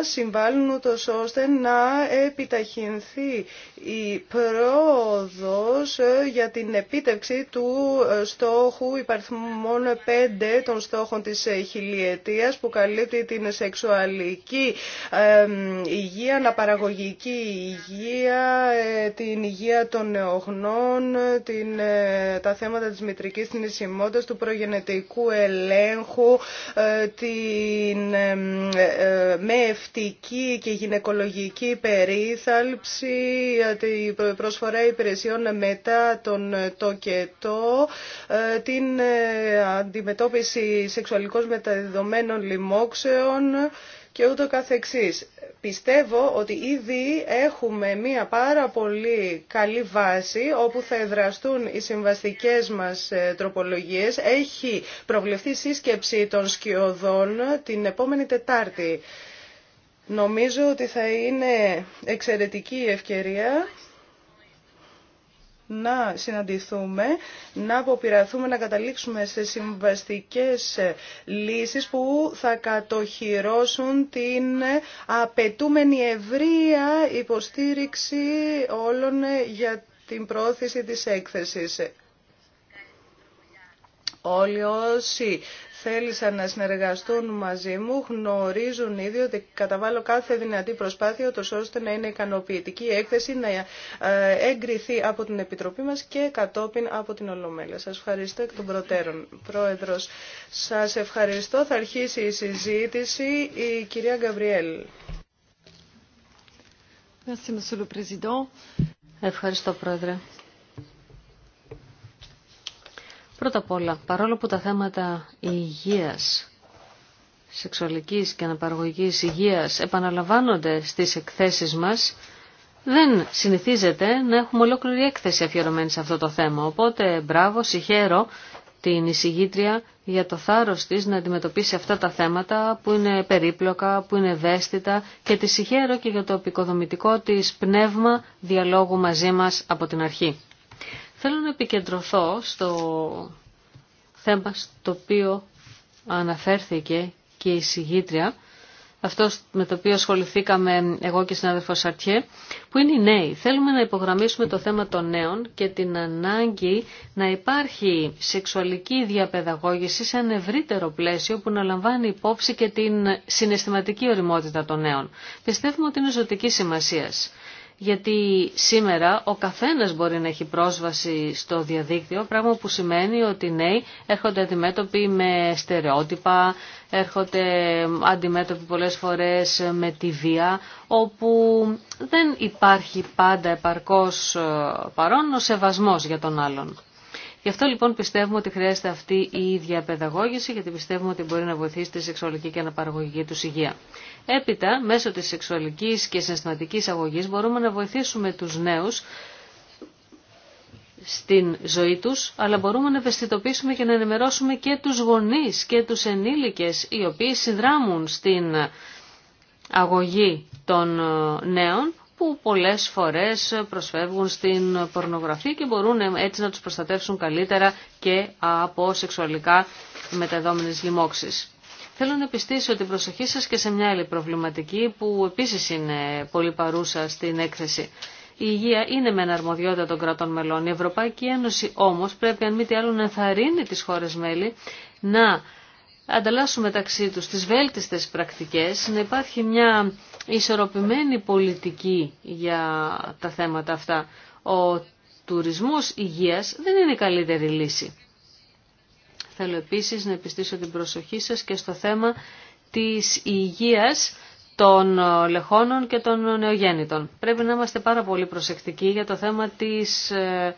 συμβάλλουν ούτως ώστε να επιταχυνθεί η πρόοδος ε, για την επίτευξη του ε, στόχου μόνο 5 των στόχων της ε, χιλιετίας που καλύπτει την σεξουαλική υγεία, αναπαραγωγική υγεία, την υγεία των νεογνών, την, τα θέματα της μητρικής θνησιμότητας, του προγενετικού ελέγχου, την με ευτική και γυναικολογική περίθαλψη, τη προσφορά υπηρεσιών μετά τον τοκετό, ε, την ε, αντιμετώπιση σεξουαλικώς μεταδεδομένων λοιμόξεων, και ούτω καθεξής. Πιστεύω ότι ήδη έχουμε μία πάρα πολύ καλή βάση όπου θα εδραστούν οι συμβαστικές μας ε, τροπολογίες. Έχει προβλεφθεί σύσκεψη των σκιωδών την επόμενη Τετάρτη. Νομίζω ότι θα είναι εξαιρετική η ευκαιρία να συναντηθούμε, να αποπειραθούμε να καταλήξουμε σε συμβαστικές ε, λύσεις που θα κατοχυρώσουν την ε, απαιτούμενη ευρεία υποστήριξη όλων ε, για την πρόθεση της έκθεσης. Όλοι όσοι θέλησαν να συνεργαστούν μαζί μου γνωρίζουν ήδη ότι καταβάλω κάθε δυνατή προσπάθεια ώστε να είναι ικανοποιητική η έκθεση να ε, εγκριθεί από την Επιτροπή μας και κατόπιν από την Ολομέλεια. Σας ευχαριστώ εκ των προτέρων. Πρόεδρος, σας ευχαριστώ. Θα αρχίσει η συζήτηση η κυρία Γκαμπριέλ. Ευχαριστώ, Πρόεδρε. Πρώτα απ' όλα, παρόλο που τα θέματα υγείας, σεξουαλικής και αναπαραγωγικής υγείας επαναλαμβάνονται στις εκθέσεις μας, δεν συνηθίζεται να έχουμε ολόκληρη έκθεση αφιερωμένη σε αυτό το θέμα. Οπότε, μπράβο, συγχαίρω την εισηγήτρια για το θάρρος της να αντιμετωπίσει αυτά τα θέματα που είναι περίπλοκα, που είναι ευαίσθητα και τη συγχαίρω και για το επικοδομητικό της πνεύμα διαλόγου μαζί μας από την αρχή. Θέλω να επικεντρωθώ στο θέμα στο οποίο αναφέρθηκε και η συγγήτρια, αυτό με το οποίο ασχοληθήκαμε εγώ και η συνάδελφος που είναι οι νέοι. Θέλουμε να υπογραμμίσουμε το θέμα των νέων και την ανάγκη να υπάρχει σεξουαλική διαπαιδαγώγηση σε ένα ευρύτερο πλαίσιο που να λαμβάνει υπόψη και την συναισθηματική οριμότητα των νέων. Πιστεύουμε ότι είναι ζωτική σημασίας γιατί σήμερα ο καθένας μπορεί να έχει πρόσβαση στο διαδίκτυο, πράγμα που σημαίνει ότι οι νέοι έρχονται αντιμέτωποι με στερεότυπα, έρχονται αντιμέτωποι πολλές φορές με τη βία, όπου δεν υπάρχει πάντα επαρκώς ε, παρόν ο σεβασμός για τον άλλον. Γι' αυτό λοιπόν πιστεύουμε ότι χρειάζεται αυτή η ίδια παιδαγώγηση γιατί πιστεύουμε ότι μπορεί να βοηθήσει τη σεξουαλική και αναπαραγωγική του υγεία. Έπειτα, μέσω της σεξουαλική και συναισθηματικής αγωγής μπορούμε να βοηθήσουμε τους νέους στην ζωή τους, αλλά μπορούμε να ευαισθητοποιήσουμε και να ενημερώσουμε και τους γονείς και τους ενήλικες οι οποίοι συνδράμουν στην αγωγή των ε, νέων που πολλές φορές προσφεύγουν στην πορνογραφία και μπορούν έτσι να τους προστατεύσουν καλύτερα και από σεξουαλικά μεταδόμενες λοιμώξεις. Θέλω να πιστήσω την προσοχή σας και σε μια άλλη προβληματική που επίσης είναι πολύ παρούσα στην έκθεση. Η υγεία είναι με αρμοδιότητα των κρατών μελών. Η Ευρωπαϊκή Ένωση όμως πρέπει αν μη τι άλλο να ενθαρρύνει τις χώρες μέλη να ανταλλάσσουν μεταξύ τους τις βέλτιστες πρακτικές, να υπάρχει μια ισορροπημένη πολιτική για τα θέματα αυτά. Ο τουρισμός υγείας δεν είναι η καλύτερη λύση. Θέλω επίσης να επιστήσω την προσοχή σας και στο θέμα της υγείας των λεχόνων και των νεογέννητων. Πρέπει να είμαστε πάρα πολύ προσεκτικοί για το θέμα της ε,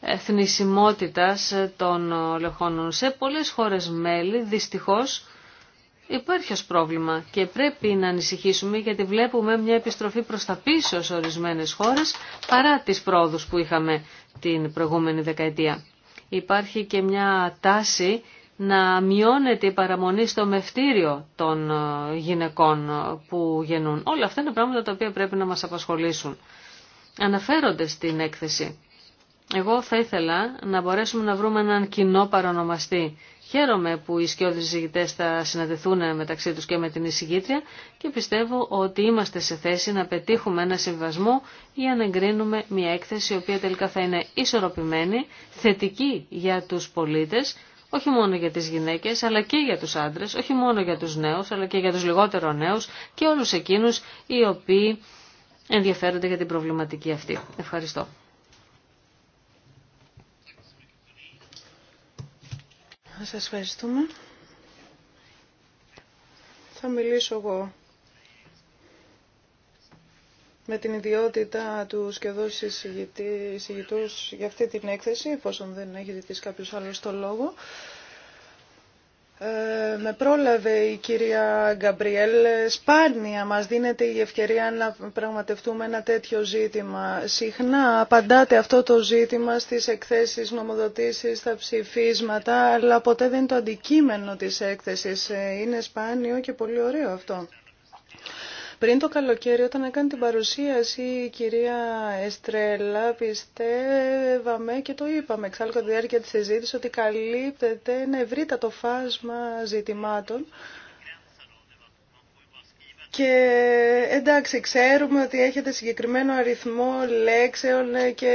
εθνισιμότητας των λεχόνων. Σε πολλές χώρες μέλη, δυστυχώς, υπάρχει ως πρόβλημα και πρέπει να ανησυχήσουμε γιατί βλέπουμε μια επιστροφή προς τα πίσω σε ορισμένες χώρες παρά τις πρόοδους που είχαμε την προηγούμενη δεκαετία. Υπάρχει και μια τάση να μειώνεται η παραμονή στο μευτήριο των ε, γυναικών ε, που γεννούν. Όλα αυτά είναι πράγματα τα οποία πρέπει να μας απασχολήσουν. Αναφέρονται στην έκθεση. Εγώ θα ήθελα να μπορέσουμε να βρούμε έναν κοινό παρονομαστή Χαίρομαι που οι σκιώδεις εισηγητές θα συναντηθούν μεταξύ τους και με την εισηγήτρια και πιστεύω ότι είμαστε σε θέση να πετύχουμε ένα συμβασμό για να εγκρίνουμε μια έκθεση η οποία τελικά θα είναι ισορροπημένη, θετική για τους πολίτες, όχι μόνο για τις γυναίκες αλλά και για τους άντρες, όχι μόνο για τους νέους αλλά και για τους λιγότερο νέους και όλους εκείνους οι οποίοι ενδιαφέρονται για την προβληματική αυτή. Ευχαριστώ. Σας ευχαριστούμε. Θα μιλήσω εγώ με την ιδιότητα του σχεδόν εισηγητούς για αυτή την έκθεση, εφόσον δεν έχει ζητήσει κάποιος άλλος το λόγο. Ε, με πρόλαβε η κυρία Γκαμπριέλ. Σπάνια μας δίνεται η ευκαιρία να πραγματευτούμε ένα τέτοιο ζήτημα. Συχνά απαντάτε αυτό το ζήτημα στις εκθέσεις, νομοδοτήσεις, στα ψηφίσματα, αλλά ποτέ δεν είναι το αντικείμενο της έκθεσης. Ε, είναι σπάνιο και πολύ ωραίο αυτό. Πριν το καλοκαίρι όταν έκανε την παρουσίαση η κυρία Εστρέλα πιστεύαμε και το είπαμε εξάλλου κατά τη διάρκεια τη συζήτηση ότι καλύπτεται ένα ευρύτατο φάσμα ζητημάτων και εντάξει, ξέρουμε ότι έχετε συγκεκριμένο αριθμό λέξεων και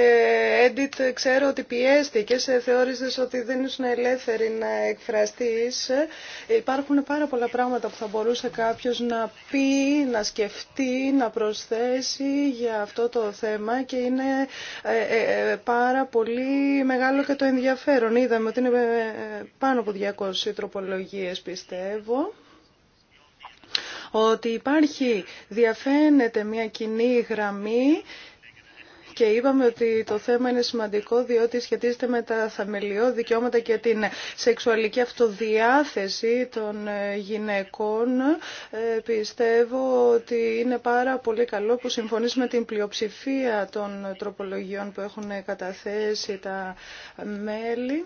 edit. Ξέρω ότι πιέστηκε, θεώρησες ότι δεν ήσουν ελεύθερη να εκφραστείς. Υπάρχουν πάρα πολλά πράγματα που θα μπορούσε κάποιος να πει, να σκεφτεί, να προσθέσει για αυτό το θέμα και είναι ε, ε, ε, πάρα πολύ μεγάλο και το ενδιαφέρον. Είδαμε ότι είναι πάνω από 200 τροπολογίες πιστεύω ότι υπάρχει, διαφαίνεται μια κοινή γραμμή και είπαμε ότι το θέμα είναι σημαντικό διότι σχετίζεται με τα θαμελιώδη δικαιώματα και την σεξουαλική αυτοδιάθεση των ε, γυναικών. Ε, πιστεύω ότι είναι πάρα πολύ καλό που συμφωνείς την πλειοψηφία των τροπολογιών που έχουν καταθέσει τα μέλη.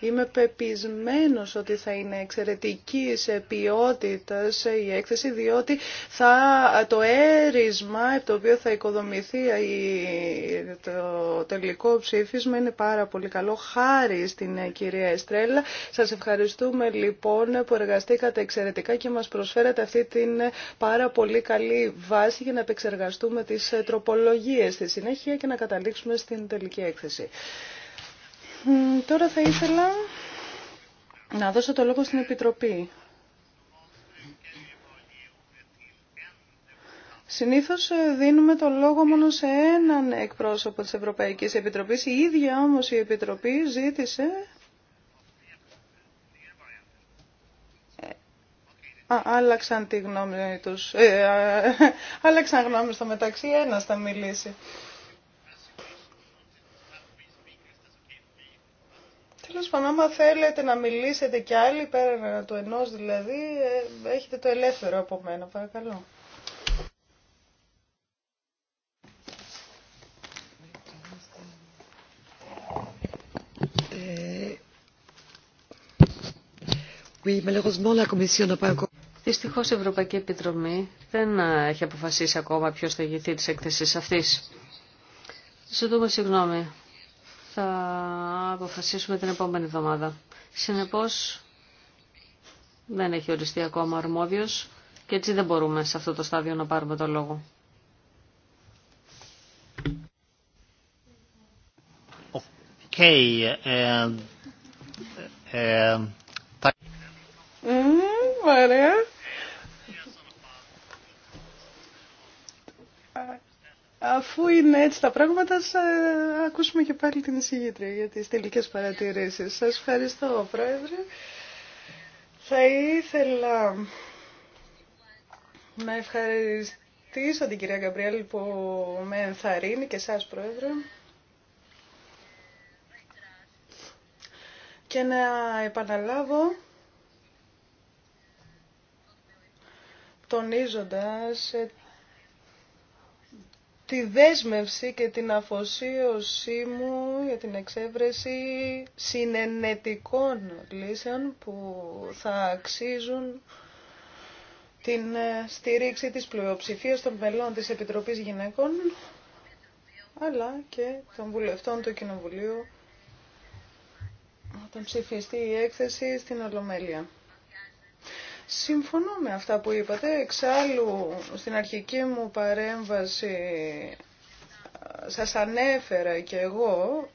Είμαι πεπισμένος ότι θα είναι εξαιρετική σε ποιότητα η έκθεση, διότι θα, το έρισμα από το οποίο θα οικοδομηθεί το τελικό ψήφισμα είναι πάρα πολύ καλό. Χάρη στην κυρία Εστρέλα. Σας ευχαριστούμε λοιπόν που εργαστήκατε εξαιρετικά και μας προσφέρατε αυτή την πάρα πολύ καλή βάση για να επεξεργαστούμε τις τροπολογίες στη συνέχεια και να καταλήξουμε στην τελική έκθεση. Τώρα θα ήθελα να δώσω το λόγο στην Επιτροπή. Συνήθως ε, δίνουμε το λόγο μόνο σε έναν εκπρόσωπο της Ευρωπαϊκής Επιτροπής. Η ίδια όμως η Επιτροπή ζήτησε... Ε, α, άλλαξαν τη γνώμη τους. Ε, άλλαξαν γνώμη στο μεταξύ, ένας θα μιλήσει. Τέλο πάντων, άμα θέλετε να μιλήσετε κι άλλοι, πέρα του ενό δηλαδή, ε, έχετε το ελεύθερο από μένα, παρακαλώ. Ε, Δυστυχώ η Ευρωπαϊκή Επιτροπή δεν έχει αποφασίσει ακόμα ποιο θα ηγηθεί τη έκθεση αυτή. δούμε συγγνώμη. Θα αποφασίσουμε την επόμενη εβδομάδα. Συνεπώς δεν έχει οριστεί ακόμα αρμόδιος και έτσι δεν μπορούμε σε αυτό το στάδιο να πάρουμε το λόγο. Okay, Mm, Αφού είναι έτσι τα πράγματα, θα ε, ακούσουμε και πάλι την εισηγήτρια για τις τελικές παρατηρήσεις. Σας ευχαριστώ, Πρόεδρε. Θα ήθελα να ευχαριστήσω την κυρία Γκαμπριέλ που με ενθαρρύνει και σας Πρόεδρε. Και να επαναλάβω τονίζοντας ε, τη δέσμευση και την αφοσίωσή μου για την εξέβρεση συνενετικών λύσεων που θα αξίζουν την ε, στήριξη της πλειοψηφίας των μελών της Επιτροπής Γυναικών αλλά και των βουλευτών του Κοινοβουλίου όταν ψηφιστεί η έκθεση στην Ολομέλεια. Συμφωνώ με αυτά που είπατε. Εξάλλου, στην αρχική μου παρέμβαση ε, σας ανέφερα και εγώ,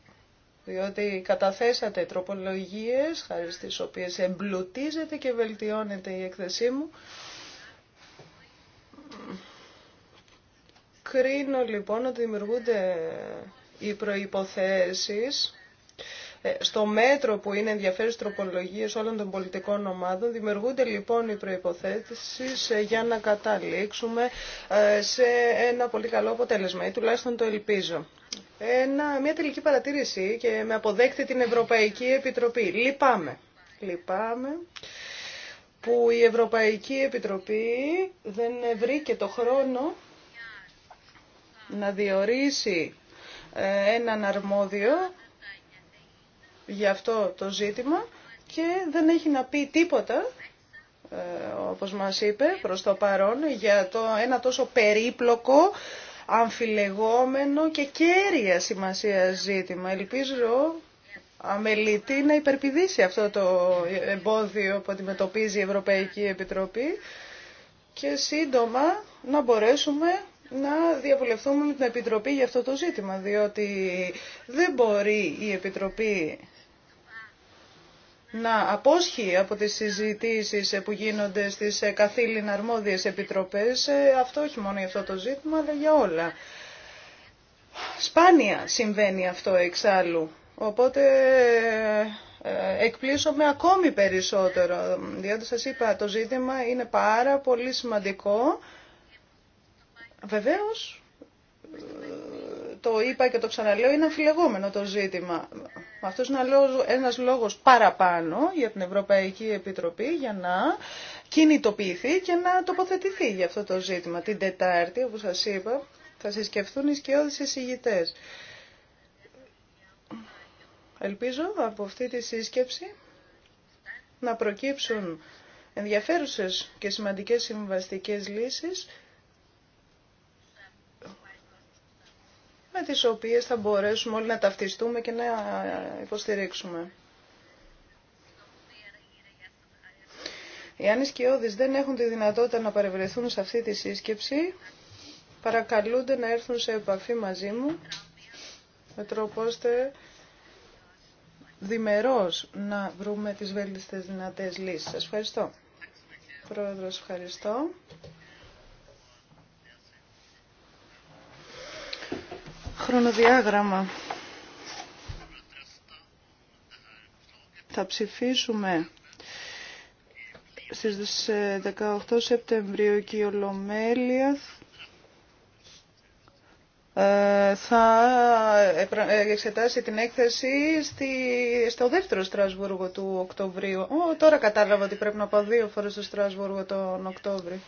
διότι καταθέσατε τροπολογίες, χάρη στις οποίες εμπλουτίζεται και βελτιώνεται η έκθεσή μου. Κρίνω λοιπόν ότι δημιουργούνται οι προϋποθέσεις ε, στο μέτρο που είναι ενδιαφέρουσε τροπολογίε όλων των πολιτικών ομάδων. Δημιουργούνται λοιπόν οι προποθέσει ε, για να καταλήξουμε ε, σε ένα πολύ καλό αποτέλεσμα ή τουλάχιστον το ελπίζω. Ένα, μια τελική παρατήρηση και με αποδέκτη την Ευρωπαϊκή Επιτροπή. Λυπάμαι. Λυπάμαι που η Ευρωπαϊκή Επιτροπή δεν βρήκε το χρόνο να διορίσει έναν αρμόδιο για αυτό το ζήτημα και δεν έχει να πει τίποτα, ε, όπως μας είπε προς το παρόν, για το ένα τόσο περίπλοκο, αμφιλεγόμενο και κέρια σημασία ζήτημα. Ελπίζω αμελητή να υπερπηδήσει αυτό το εμπόδιο που αντιμετωπίζει η Ευρωπαϊκή Επιτροπή και σύντομα να μπορέσουμε να διαβουλευτούμε με την Επιτροπή για αυτό το ζήτημα, διότι δεν μπορεί η Επιτροπή να απόσχει από τις συζητήσεις που γίνονται στις καθήλυνα αρμόδιες επιτροπές, ε, αυτό όχι μόνο για αυτό το ζήτημα, αλλά για όλα. Σπάνια συμβαίνει αυτό εξάλλου, οπότε ε, ε, εκπλήσωμαι ακόμη περισσότερο, διότι σας είπα το ζήτημα είναι πάρα πολύ σημαντικό. Βεβαίως, το είπα και το ξαναλέω, είναι αμφιλεγόμενο το ζήτημα. Αυτός είναι ένας λόγος παραπάνω για την Ευρωπαϊκή Επιτροπή για να κινητοποιηθεί και να τοποθετηθεί για αυτό το ζήτημα. Την Τετάρτη, όπως σας είπα, θα συσκεφθούν οι σκιώδεις εισηγητές. Ελπίζω από αυτή τη σύσκεψη να προκύψουν ενδιαφέρουσες και σημαντικές συμβαστικές λύσεις με τις οποίες θα μπορέσουμε όλοι να ταυτιστούμε και να υποστηρίξουμε. οι σκιώδεις δεν έχουν τη δυνατότητα να παρευρεθούν σε αυτή τη σύσκεψη, παρακαλούνται να έρθουν σε επαφή μαζί μου, με τρόπο ώστε διμερώς να βρούμε τις βέλτιστες δυνατές λύσεις. Σας ευχαριστώ. Πρόεδρος, ευχαριστώ. Θα ψηφίσουμε στις 18 ε, Σεπτεμβρίου και η Ολομέλεια ε, θα ε, εξετάσει την έκθεση στη, στο δεύτερο Στρασβούργο του Οκτωβρίου. Ο, τώρα κατάλαβα ότι πρέπει να πάω δύο φορές στο Στρασβούργο τον Οκτώβριο.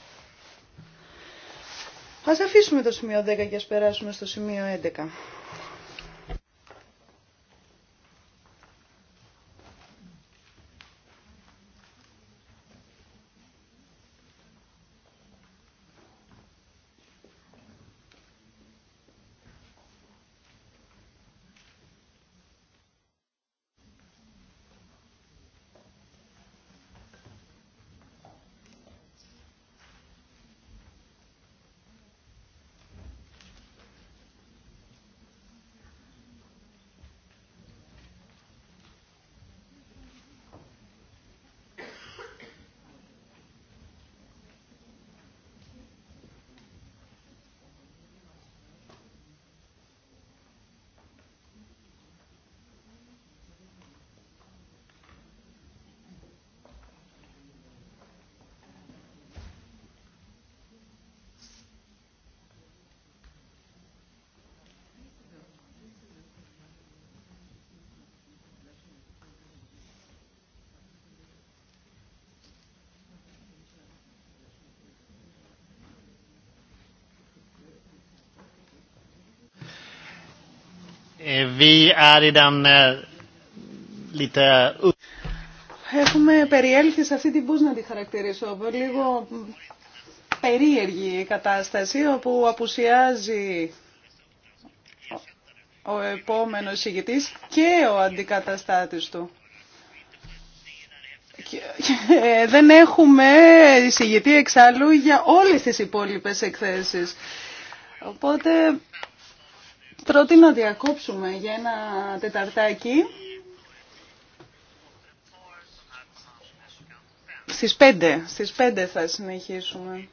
Ας αφήσουμε το σημείο 10 και ας περάσουμε στο σημείο 11. Eh, έχουμε περιέλθει σε αυτή την, πούς να τη χαρακτηρίσω, λίγο περίεργη κατάσταση όπου απουσιάζει ο επόμενος ηγητής και ο αντικαταστάτης του. Ε, δεν έχουμε εισηγητή εξάλλου για όλες τις υπόλοιπες εκθέσεις. Οπότε Πρώτη να διακόψουμε για ένα τεταρτάκι. Στις πέντε στις πέντε θα συνεχίσουμε.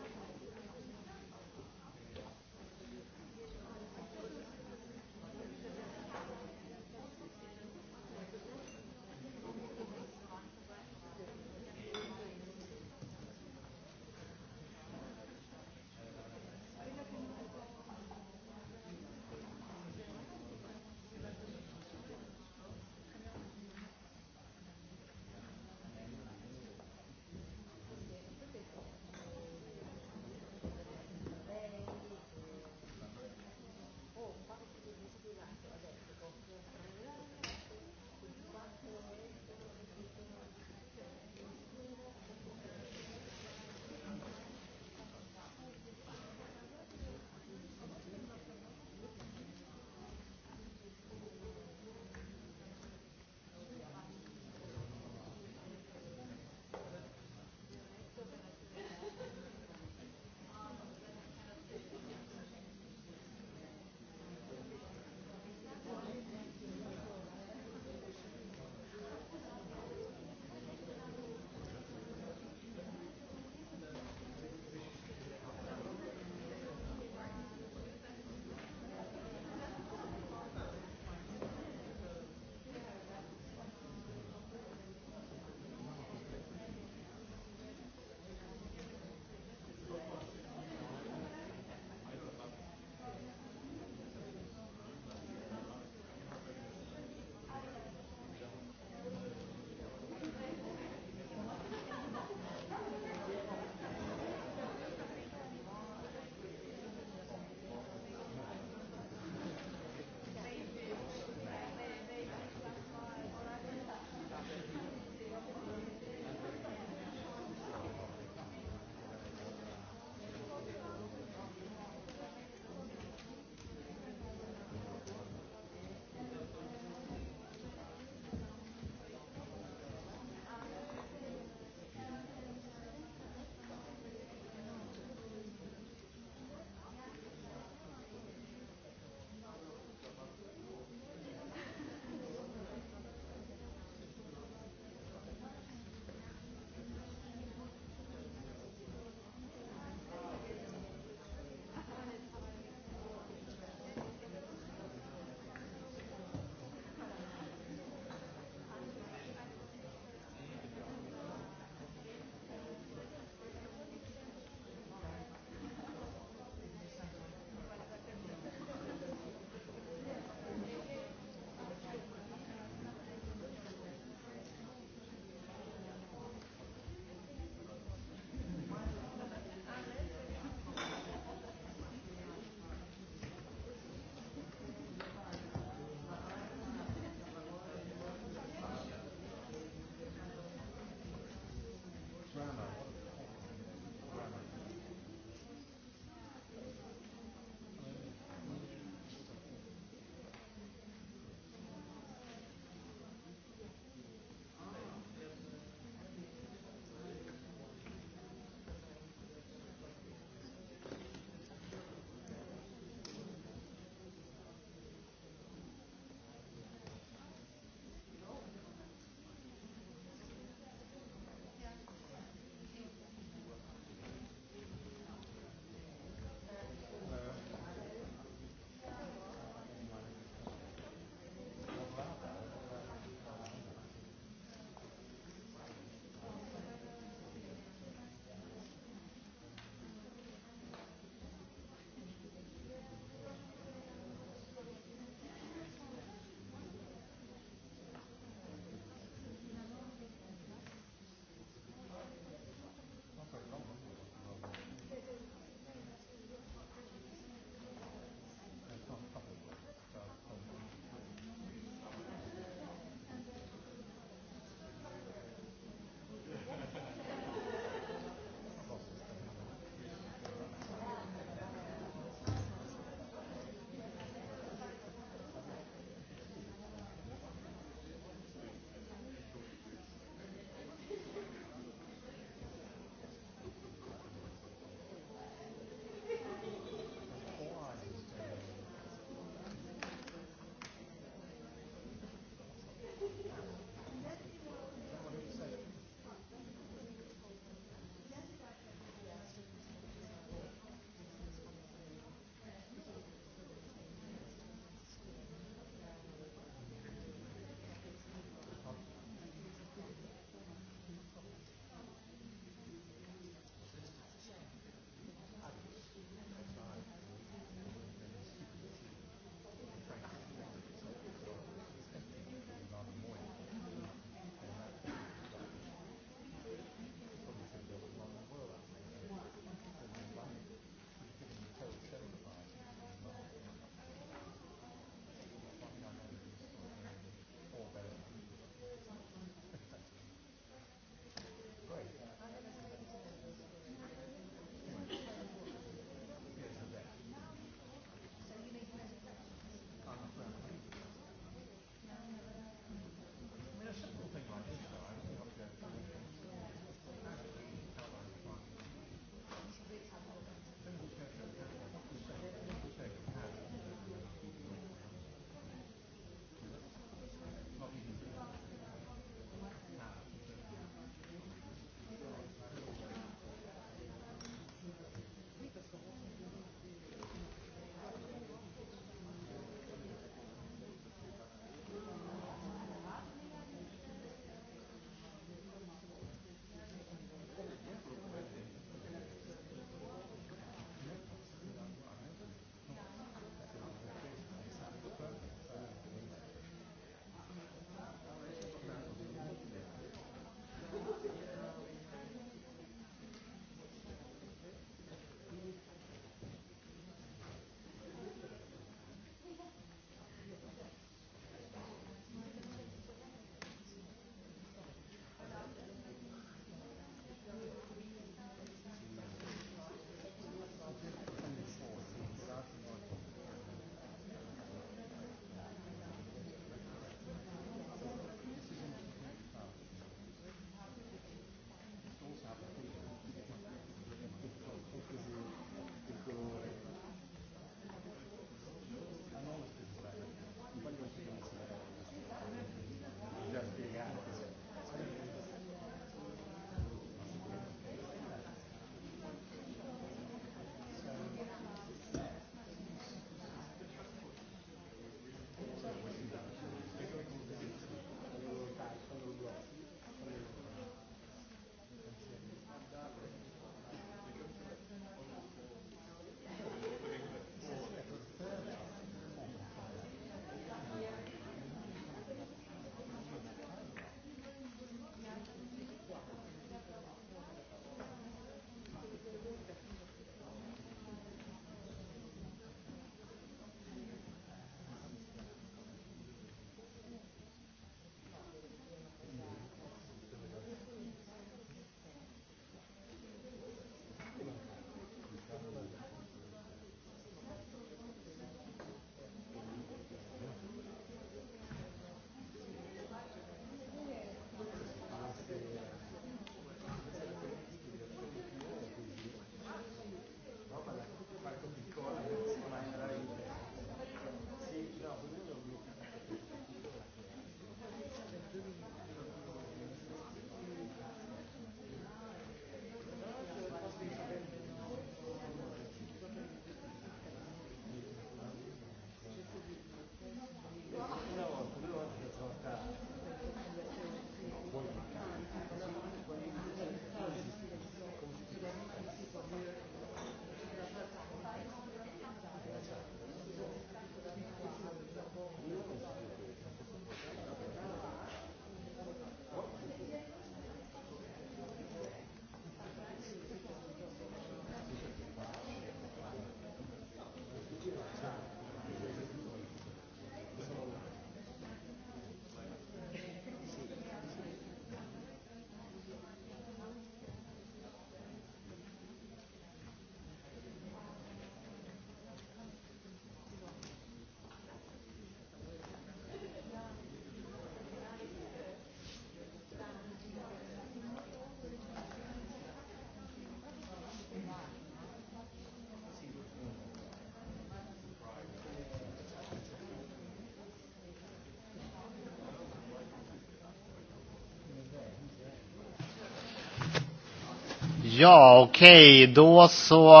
Ja, okej. Okay. Då så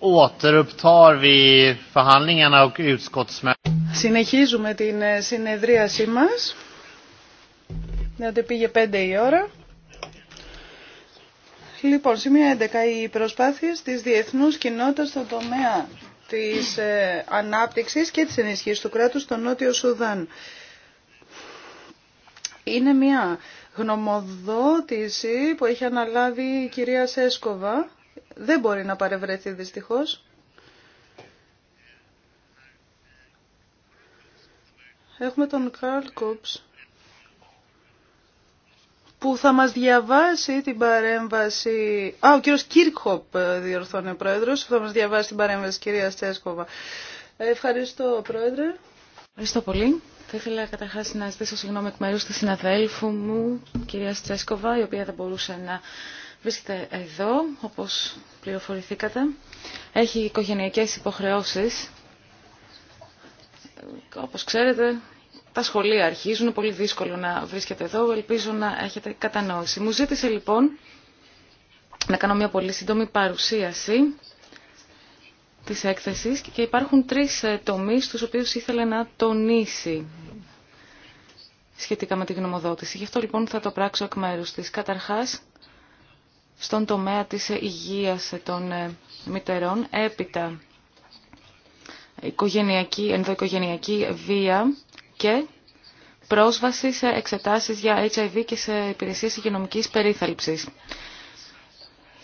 återupptar vi förhandlingarna och utskottsmötet. Συνεχίζουμε την ε, συνεδρίασή μας. Δηλαδή πήγε 5 η ώρα. Λοιπόν, σημεία 11. Οι προσπάθειες της διεθνούς κοινότητας στον τομέα της ε, ανάπτυξης και της ενισχύσης του κράτους στο Νότιο Σουδάν. Είναι μια γνωμοδότηση που έχει αναλάβει η κυρία Σέσκοβα δεν μπορεί να παρευρεθεί δυστυχώς. Έχουμε τον Καρλ Κόψ που θα μας διαβάσει την παρέμβαση... Α, ο κύριος Κίρκοπ ε, διορθώνει ο πρόεδρος, που θα μας διαβάσει την παρέμβαση κυρία Σέσκοβα. Ευχαριστώ, πρόεδρε. Ευχαριστώ πολύ. Θα ήθελα καταρχά να ζητήσω συγγνώμη εκ μέρου τη συναδέλφου μου, κυρία Τσέσκοβα, η οποία δεν μπορούσε να βρίσκεται εδώ, όπω πληροφορηθήκατε. Έχει οικογενειακέ υποχρεώσει. Όπω ξέρετε, τα σχολεία αρχίζουν, Είναι πολύ δύσκολο να βρίσκεται εδώ. Ελπίζω να έχετε κατανόηση. Μου ζήτησε λοιπόν να κάνω μια πολύ σύντομη παρουσίαση της έκθεσης και υπάρχουν τρεις ε, τομείς στους οποίους ήθελα να τονίσει σχετικά με τη γνωμοδότηση. Γι' αυτό λοιπόν θα το πράξω εκ μέρους της. Καταρχάς, στον τομέα της υγείας των ε, μητερών, έπειτα οικογενειακή, ενδοοικογενειακή βία και πρόσβαση σε εξετάσεις για HIV και σε υπηρεσίες υγειονομικής περίθαλψης.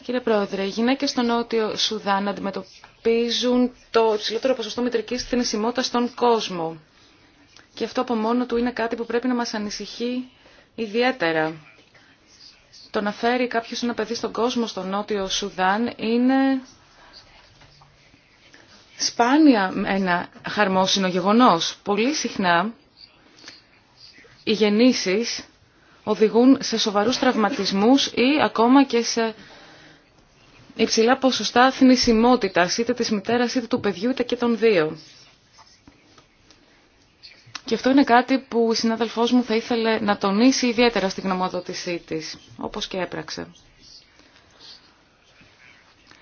Κύριε Πρόεδρε, οι γυναίκε στο Νότιο Σουδάν αντιμετωπίζουν το υψηλότερο ποσοστό μητρική θνησιμότητα στον κόσμο. Και αυτό από μόνο του είναι κάτι που πρέπει να μας ανησυχεί ιδιαίτερα. Το να φέρει κάποιο ένα παιδί στον κόσμο στο Νότιο Σουδάν είναι σπάνια ένα χαρμόσυνο γεγονός. Πολύ συχνά οι γεννήσεις οδηγούν σε σοβαρούς τραυματισμούς ή ακόμα και σε υψηλά ποσοστά θνησιμότητας είτε της μητέρας είτε του παιδιού είτε και των δύο. Και αυτό είναι κάτι που η συνάδελφός μου θα ήθελε να τονίσει ιδιαίτερα στη γνωμοδότησή της, όπως και έπραξε.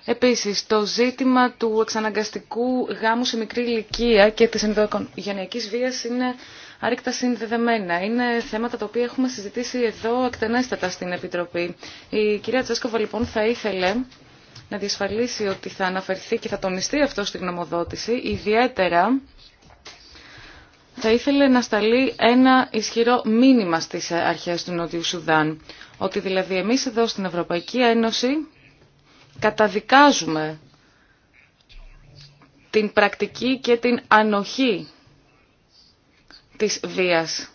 Επίσης, το ζήτημα του εξαναγκαστικού γάμου σε μικρή ηλικία και της ενδογενειακής βίας είναι άρρηκτα συνδεδεμένα. Είναι θέματα τα οποία έχουμε συζητήσει εδώ εκτενέστατα στην Επιτροπή. Η κυρία Τσέσκοβα λοιπόν θα ήθελε να διασφαλίσει ότι θα αναφερθεί και θα τονιστεί αυτό στη γνωμοδότηση, ιδιαίτερα θα ήθελε να σταλεί ένα ισχυρό μήνυμα στις αρχές του Νότιου Σουδάν. Ότι δηλαδή εμείς εδώ στην Ευρωπαϊκή Ένωση καταδικάζουμε την πρακτική και την ανοχή της βίας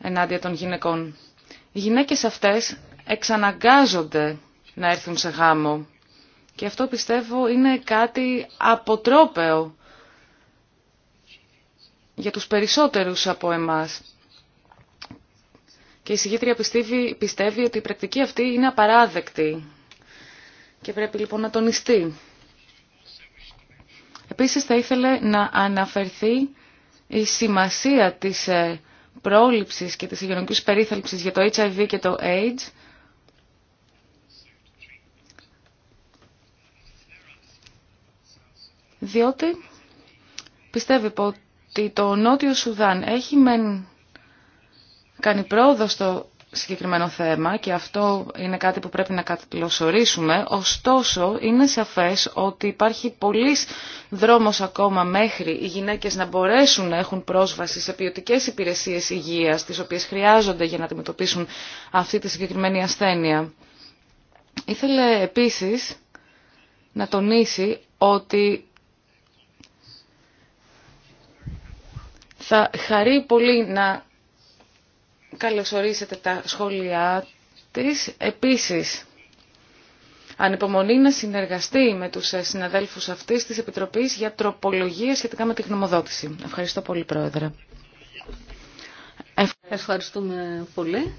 ενάντια των γυναικών. Οι γυναίκες αυτές εξαναγκάζονται να έρθουν σε γάμο και αυτό πιστεύω είναι κάτι αποτρόπαιο για τους περισσότερους από εμάς. Και η συγγήτρια πιστεύει, πιστεύει ότι η πρακτική αυτή είναι απαράδεκτη και πρέπει λοιπόν να τονιστεί. Επίσης θα ήθελε να αναφερθεί η σημασία της ε, πρόληψης και της υγειονομικής περίθαλψης για το HIV και το AIDS διότι πιστεύει ότι το Νότιο Σουδάν έχει μεν κάνει πρόοδο στο συγκεκριμένο θέμα και αυτό είναι κάτι που πρέπει να καλωσορίσουμε. Ωστόσο, είναι σαφές ότι υπάρχει πολλή δρόμος ακόμα μέχρι οι γυναίκες να μπορέσουν να έχουν πρόσβαση σε ποιοτικέ υπηρεσίες υγείας, τις οποίες χρειάζονται για να αντιμετωπίσουν αυτή τη συγκεκριμένη ασθένεια. Ήθελε επίσης να τονίσει ότι Θα χαρεί πολύ να καλωσορίσετε τα σχόλιά της. Επίσης, ανυπομονεί να συνεργαστεί με τους συναδέλφους αυτής της Επιτροπής για τροπολογία σχετικά με τη γνωμοδότηση. Ευχαριστώ πολύ, Πρόεδρε. Ευχαριστούμε πολύ.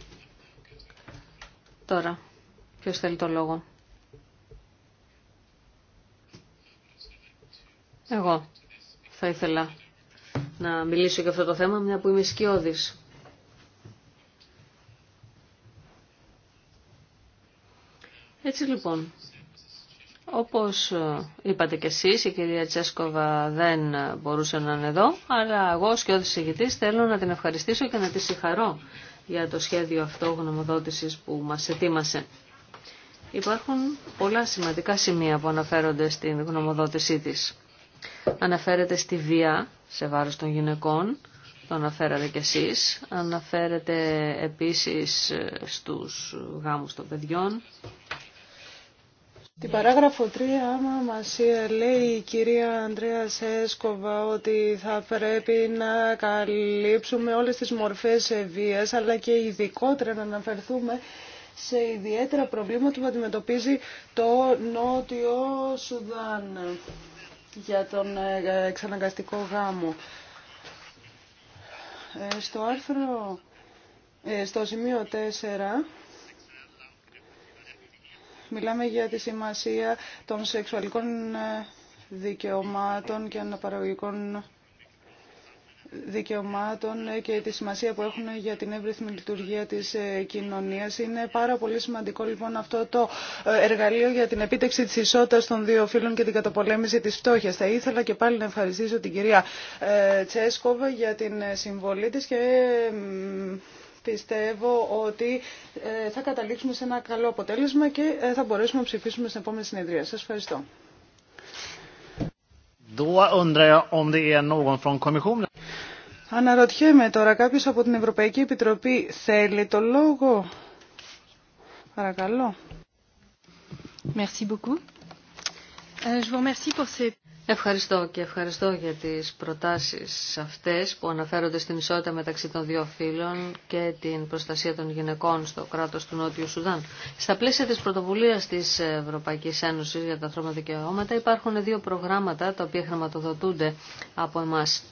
Τώρα, ποιος θέλει το λόγο. Εγώ θα ήθελα να μιλήσω για αυτό το θέμα, μια που είμαι σκιώδης. Έτσι λοιπόν, όπως ε, είπατε και εσείς, η κυρία Τσέσκοβα δεν μπορούσε να είναι εδώ, αλλά εγώ ως σκιώδης ηγητής θέλω να την ευχαριστήσω και να τη συγχαρώ για το σχέδιο αυτό γνωμοδότησης που μας ετοίμασε. Υπάρχουν πολλά σημαντικά σημεία που αναφέρονται στην γνωμοδότησή της. Αναφέρεται στη βία σε βάρος των γυναικών, το αναφέρατε κι εσείς. Αναφέρεται επίσης ε, στους γάμους των παιδιών. Την παράγραφο 3 άμα μας λέει η κυρία Ανδρέα Σέσκοβα ότι θα πρέπει να καλύψουμε όλες τις μορφές βίας αλλά και ειδικότερα να αναφερθούμε σε ιδιαίτερα προβλήματα που αντιμετωπίζει το Νότιο Σουδάν για τον ε, εξαναγκαστικό γάμο. Ε, στο άρθρο, ε, στο σημείο 4, μιλάμε για τη σημασία των σεξουαλικών δικαιωμάτων και αναπαραγωγικών δικαιωμάτων και τη σημασία που έχουν για την εύρυθμη λειτουργία της ε, κοινωνίας. Είναι πάρα πολύ σημαντικό λοιπόν αυτό το ε, εργαλείο για την επίτευξη της ισότητας των δύο φύλων και την καταπολέμηση της φτώχεια. Θα ήθελα και πάλι να ευχαριστήσω την κυρία ε, Τσέσκοβα για την συμβολή της και πιστεύω ότι θα καταλήξουμε σε ένα καλό αποτέλεσμα και θα μπορέσουμε να ψηφίσουμε στην επόμενη συνεδρία. Σα ευχαριστώ. Αναρωτιέμαι τώρα, κάποιος από την Ευρωπαϊκή Επιτροπή θέλει το λόγο. Παρακαλώ. Ε, ευχαριστώ και ευχαριστώ για τις προτάσεις αυτές που αναφέρονται στην ισότητα μεταξύ των δύο φίλων και την προστασία των γυναικών στο κράτος του Νότιου Σουδάν. Στα πλαίσια της πρωτοβουλίας της Ευρωπαϊκής Ένωσης για τα ανθρώπινα δικαιώματα υπάρχουν δύο προγράμματα τα οποία χρηματοδοτούνται από εμάς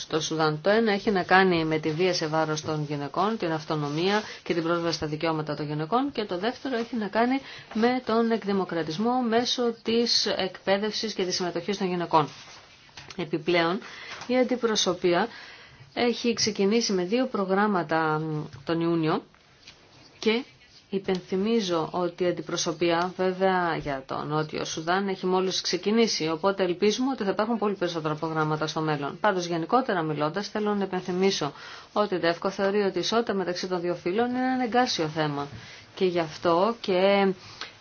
στο Σουδάν. Το ένα έχει να κάνει με τη βία σε βάρος των γυναικών, την αυτονομία και την πρόσβαση στα δικαιώματα των γυναικών και το δεύτερο έχει να κάνει με τον εκδημοκρατισμό μέσω της εκπαίδευσης και της συμμετοχής των γυναικών. Επιπλέον, η αντιπροσωπεία έχει ξεκινήσει με δύο προγράμματα τον Ιούνιο και Υπενθυμίζω ότι η αντιπροσωπεία βέβαια για το Νότιο Σουδάν έχει μόλις ξεκινήσει, οπότε ελπίζουμε ότι θα υπάρχουν πολύ περισσότερα προγράμματα στο μέλλον. Πάντως γενικότερα μιλώντας θέλω να υπενθυμίσω ότι η ΔΕΦΚΟ θεωρεί ότι η ισότητα μεταξύ των δύο φύλων είναι ένα εγκάσιο θέμα και γι' αυτό και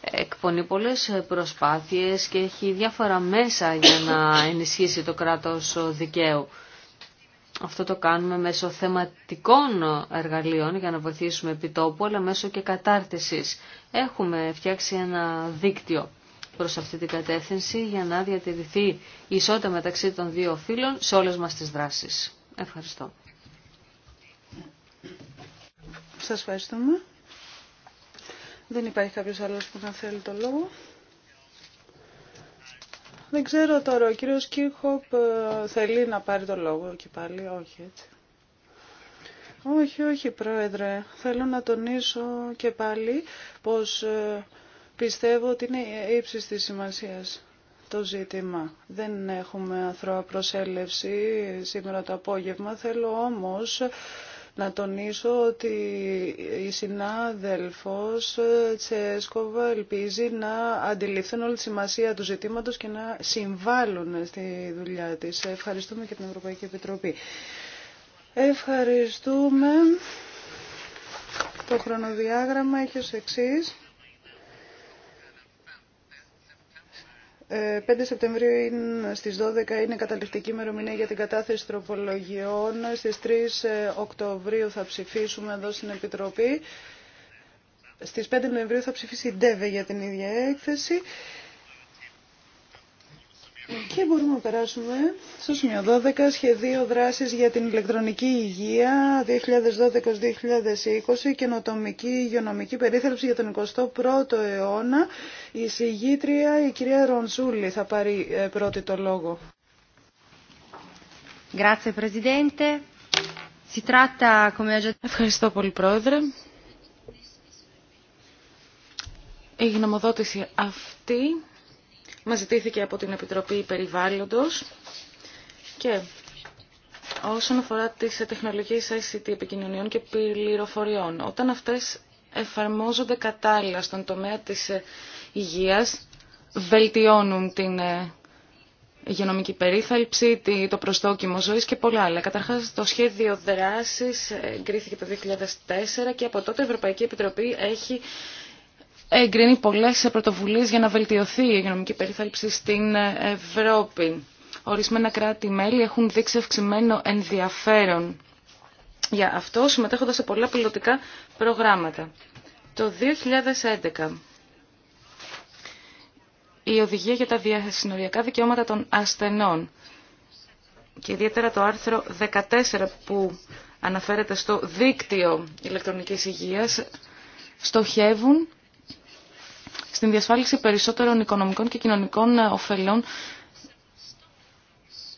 εκπονεί πολλές προσπάθειες και έχει διάφορα μέσα για να ενισχύσει το κράτος δικαίου. Αυτό το κάνουμε μέσω θεματικών εργαλείων για να βοηθήσουμε επιτόπου, αλλά μέσω και κατάρτισης. Έχουμε φτιάξει ένα δίκτυο προς αυτή την κατεύθυνση για να διατηρηθεί ισότητα μεταξύ των δύο φίλων σε όλες μας τις δράσεις. Ευχαριστώ. Σας ευχαριστούμε. Δεν υπάρχει κάποιος άλλος που να θέλει το λόγο. Δεν ξέρω τώρα, ο κύριος Κίχοπ ε, θέλει να πάρει το λόγο και πάλι, όχι έτσι. Όχι, όχι πρόεδρε, θέλω να τονίσω και πάλι πως ε, πιστεύω ότι είναι ύψης της σημασίας το ζήτημα. Δεν έχουμε αθρώα προσέλευση σήμερα το απόγευμα, θέλω όμως να τονίσω ότι η συνάδελφος Τσέσκοβα ελπίζει να αντιληφθούν όλη τη σημασία του ζητήματος και να συμβάλλουν στη δουλειά της. Ευχαριστούμε και την Ευρωπαϊκή Επιτροπή. Ευχαριστούμε. Το χρονοδιάγραμμα έχει ως εξής. 5 ε, Σεπτεμβρίου στι στις 12 είναι καταληκτική ημερομηνία για την κατάθεση τροπολογιών. Στις 3 ε, Οκτωβρίου θα ψηφίσουμε εδώ στην Επιτροπή. Στις 5 Νοεμβρίου θα ψηφίσει η ΝΤΕΒΕ για την ίδια έκθεση. Και μπορούμε να περάσουμε στο σημείο 12, σχεδίο δράσης για την ηλεκτρονική υγεία 2012-2020, καινοτομική υγειονομική περίθαλψη για τον 21ο αιώνα. Η συγγήτρια, η κυρία Ρονσούλη, θα πάρει ε, πρώτη το λόγο. Ευχαριστώ πολύ, Πρόεδρε. Η γνωμοδότηση αυτή μας ζητήθηκε από την Επιτροπή Περιβάλλοντος και όσον αφορά τις τεχνολογίες ICT επικοινωνιών και πληροφοριών. Όταν αυτές εφαρμόζονται κατάλληλα στον τομέα της ε, υγείας, βελτιώνουν την ε, υγειονομική περίθαλψη, το προστόκιμο ζωής και πολλά άλλα. Καταρχάς το σχέδιο δράσης εγκρίθηκε το 2004 και από τότε η Ευρωπαϊκή Επιτροπή έχει εγκρίνει πολλές πρωτοβουλίες για να βελτιωθεί η υγειονομική περιθάλψη στην Ευρώπη. Ορισμένα κράτη-μέλη έχουν δείξει αυξημένο ενδιαφέρον για αυτό, συμμετέχοντας σε πολλά πιλωτικά προγράμματα. Το 2011 η οδηγία για τα διασυνοριακά δικαιώματα των ασθενών και ιδιαίτερα το άρθρο 14 που αναφέρεται στο δίκτυο ηλεκτρονικής υγείας στοχεύουν στην διασφάλιση περισσότερων οικονομικών και κοινωνικών ε, ωφελών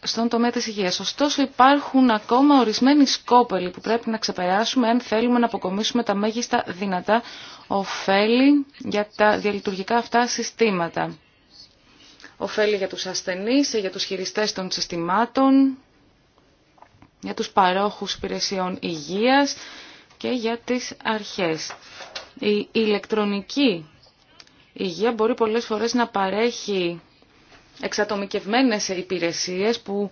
στον τομέα της υγείας. Ωστόσο υπάρχουν ακόμα ορισμένοι σκόπελοι που πρέπει να ξεπεράσουμε αν θέλουμε να αποκομίσουμε τα μέγιστα δυνατά ωφέλη για τα διαλειτουργικά αυτά συστήματα. Οφέλη για τους ασθενείς, για τους χειριστές των συστημάτων, για τους παρόχους υπηρεσιών υγείας και για τις αρχές. Η ηλεκτρονική η υγεία μπορεί πολλές φορές να παρέχει εξατομικευμένες υπηρεσίες που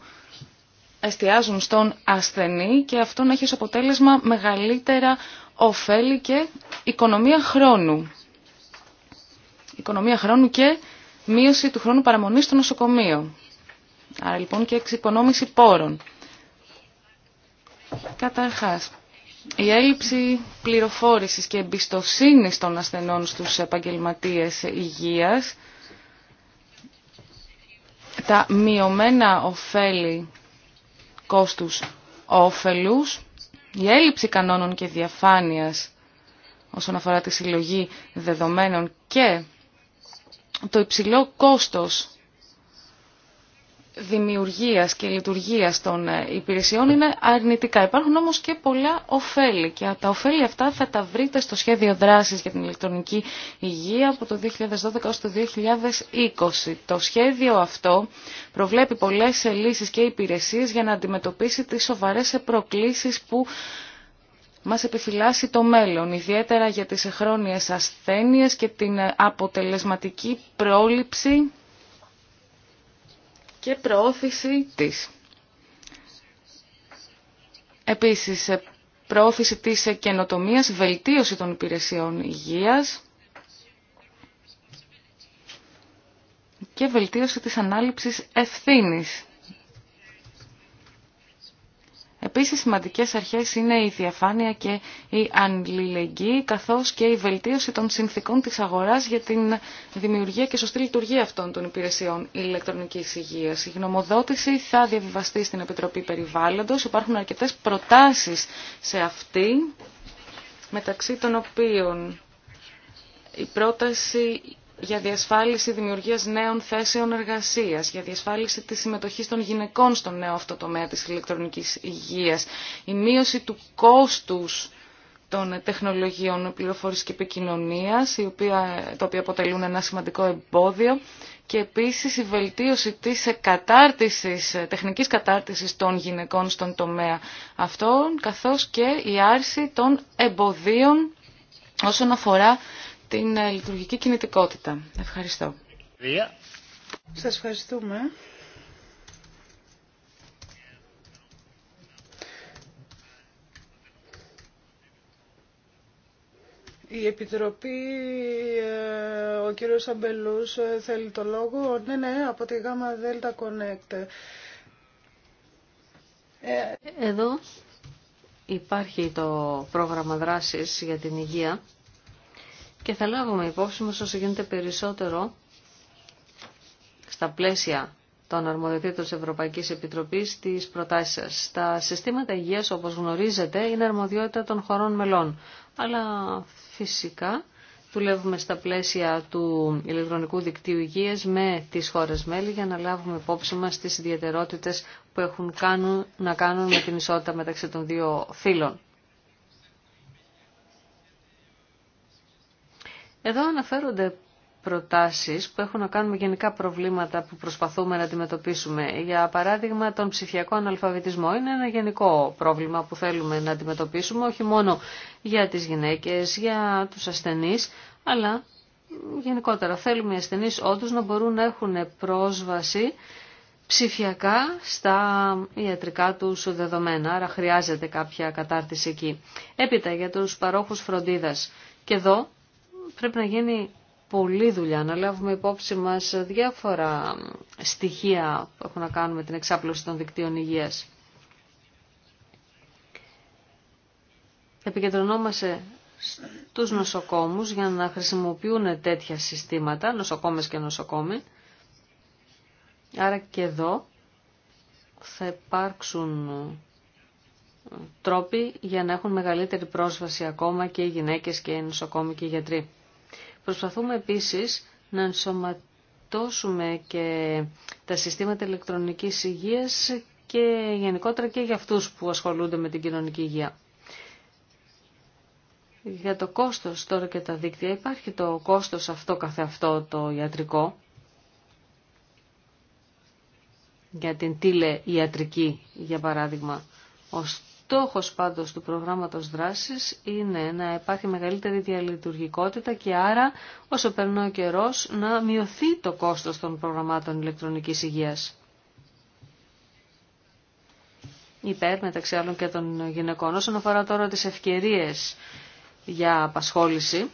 εστιάζουν στον ασθενή και αυτό να έχει ως αποτέλεσμα μεγαλύτερα ωφέλη και οικονομία χρόνου. Οικονομία χρόνου και μείωση του χρόνου παραμονής στο νοσοκομείο. Άρα λοιπόν και εξοικονόμηση πόρων. Καταρχάς, η έλλειψη πληροφόρησης και εμπιστοσύνης των ασθενών στους επαγγελματίες υγείας, τα μειωμένα ωφέλη κόστους όφελους, η έλλειψη κανόνων και διαφάνειας όσον αφορά τη συλλογή δεδομένων και το υψηλό κόστος δημιουργίας και λειτουργίας των ε, υπηρεσιών είναι αρνητικά. Υπάρχουν όμως και πολλά ωφέλη και τα ωφέλη αυτά θα τα βρείτε στο σχέδιο δράσης για την ηλεκτρονική υγεία από το 2012 έως το 2020. Το σχέδιο αυτό προβλέπει πολλές λύσεις και υπηρεσίες για να αντιμετωπίσει τις σοβαρές προκλήσεις που μας επιφυλάσσει το μέλλον, ιδιαίτερα για τις χρόνιες ασθένειες και την ε, αποτελεσματική πρόληψη και προώθηση της. Επίσης, προώθηση της καινοτομίας, βελτίωση των υπηρεσιών υγείας και βελτίωση της ανάληψης ευθύνης Επίσης σημαντικές αρχές είναι η διαφάνεια και η αλληλεγγύη καθώς και η βελτίωση των συνθήκων της αγοράς για την δημιουργία και σωστή λειτουργία αυτών των υπηρεσιών ηλεκτρονικής υγείας. Η γνωμοδότηση θα διαβιβαστεί στην Επιτροπή Περιβάλλοντος. Υπάρχουν αρκετές προτάσεις σε αυτή μεταξύ των οποίων η πρόταση για διασφάλιση δημιουργίας νέων θέσεων εργασίας, για διασφάλιση της συμμετοχής των γυναικών στον νέο αυτό τομέα της ηλεκτρονικής υγείας, η μείωση του κόστους των τεχνολογιών πληροφόρηση και επικοινωνίας, τα οποία αποτελούν ένα σημαντικό εμπόδιο, και επίσης η βελτίωση της κατάρτισης, τεχνικής των γυναικών στον τομέα αυτών, καθώ και η άρση των εμποδίων όσον αφορά την ε, λειτουργική κινητικότητα. Ευχαριστώ. Σας ευχαριστούμε. Η Επιτροπή, ε, ο κύριος Αμπελούς ε, θέλει το λόγο. Ναι, ναι, από τη γάμα Δέλτα Connect. Εδώ υπάρχει το πρόγραμμα δράσης για την υγεία και θα λάβουμε υπόψη μας όσο γίνεται περισσότερο στα πλαίσια των αρμοδιοτήτων της Ευρωπαϊκής Επιτροπής τις προτάσεις σας. Τα συστήματα υγείας, όπως γνωρίζετε, είναι αρμοδιότητα των χωρών μελών. Αλλά φυσικά δουλεύουμε στα πλαίσια του ηλεκτρονικού δικτύου υγείας με τις χώρες μέλη για να λάβουμε υπόψη μας τις ιδιαιτερότητες που έχουν κάνουν, να κάνουν με την ισότητα μεταξύ των δύο φύλων. Εδώ αναφέρονται προτάσεις που έχουν να κάνουν γενικά προβλήματα που προσπαθούμε να αντιμετωπίσουμε. Για παράδειγμα, τον ψηφιακό αναλφαβητισμό είναι ένα γενικό πρόβλημα που θέλουμε να αντιμετωπίσουμε, όχι μόνο για τις γυναίκες, για τους ασθενείς, αλλά γενικότερα θέλουμε οι ασθενείς όντω να μπορούν να έχουν πρόσβαση ψηφιακά στα ιατρικά τους δεδομένα, άρα χρειάζεται κάποια κατάρτιση εκεί. Έπειτα για τους παρόχους φροντίδας. Και εδώ πρέπει να γίνει πολλή δουλειά, να λάβουμε υπόψη μας διάφορα στοιχεία που έχουν να κάνουμε την εξάπλωση των δικτύων υγείας. Επικεντρωνόμαστε στους νοσοκόμους για να χρησιμοποιούν τέτοια συστήματα, νοσοκόμες και νοσοκόμοι. Άρα και εδώ θα υπάρξουν τρόποι για να έχουν μεγαλύτερη πρόσβαση ακόμα και οι γυναίκες και οι νοσοκόμοι και οι γιατροί. Προσπαθούμε επίσης να ενσωματώσουμε και τα συστήματα ηλεκτρονικής υγείας και γενικότερα και για αυτούς που ασχολούνται με την κοινωνική υγεία. Για το κόστος τώρα και τα δίκτυα υπάρχει το κόστος αυτό καθεαυτό το ιατρικό για την τηλεϊατρική για παράδειγμα. Στόχος πάντως του προγράμματος δράσης είναι να υπάρχει μεγαλύτερη διαλειτουργικότητα και άρα όσο περνάει ο καιρός να μειωθεί το κόστος των προγραμμάτων ηλεκτρονικής υγείας. Υπέρ μεταξύ άλλων και των γυναικών. Όσον αφορά τώρα τις ευκαιρίες για απασχόληση,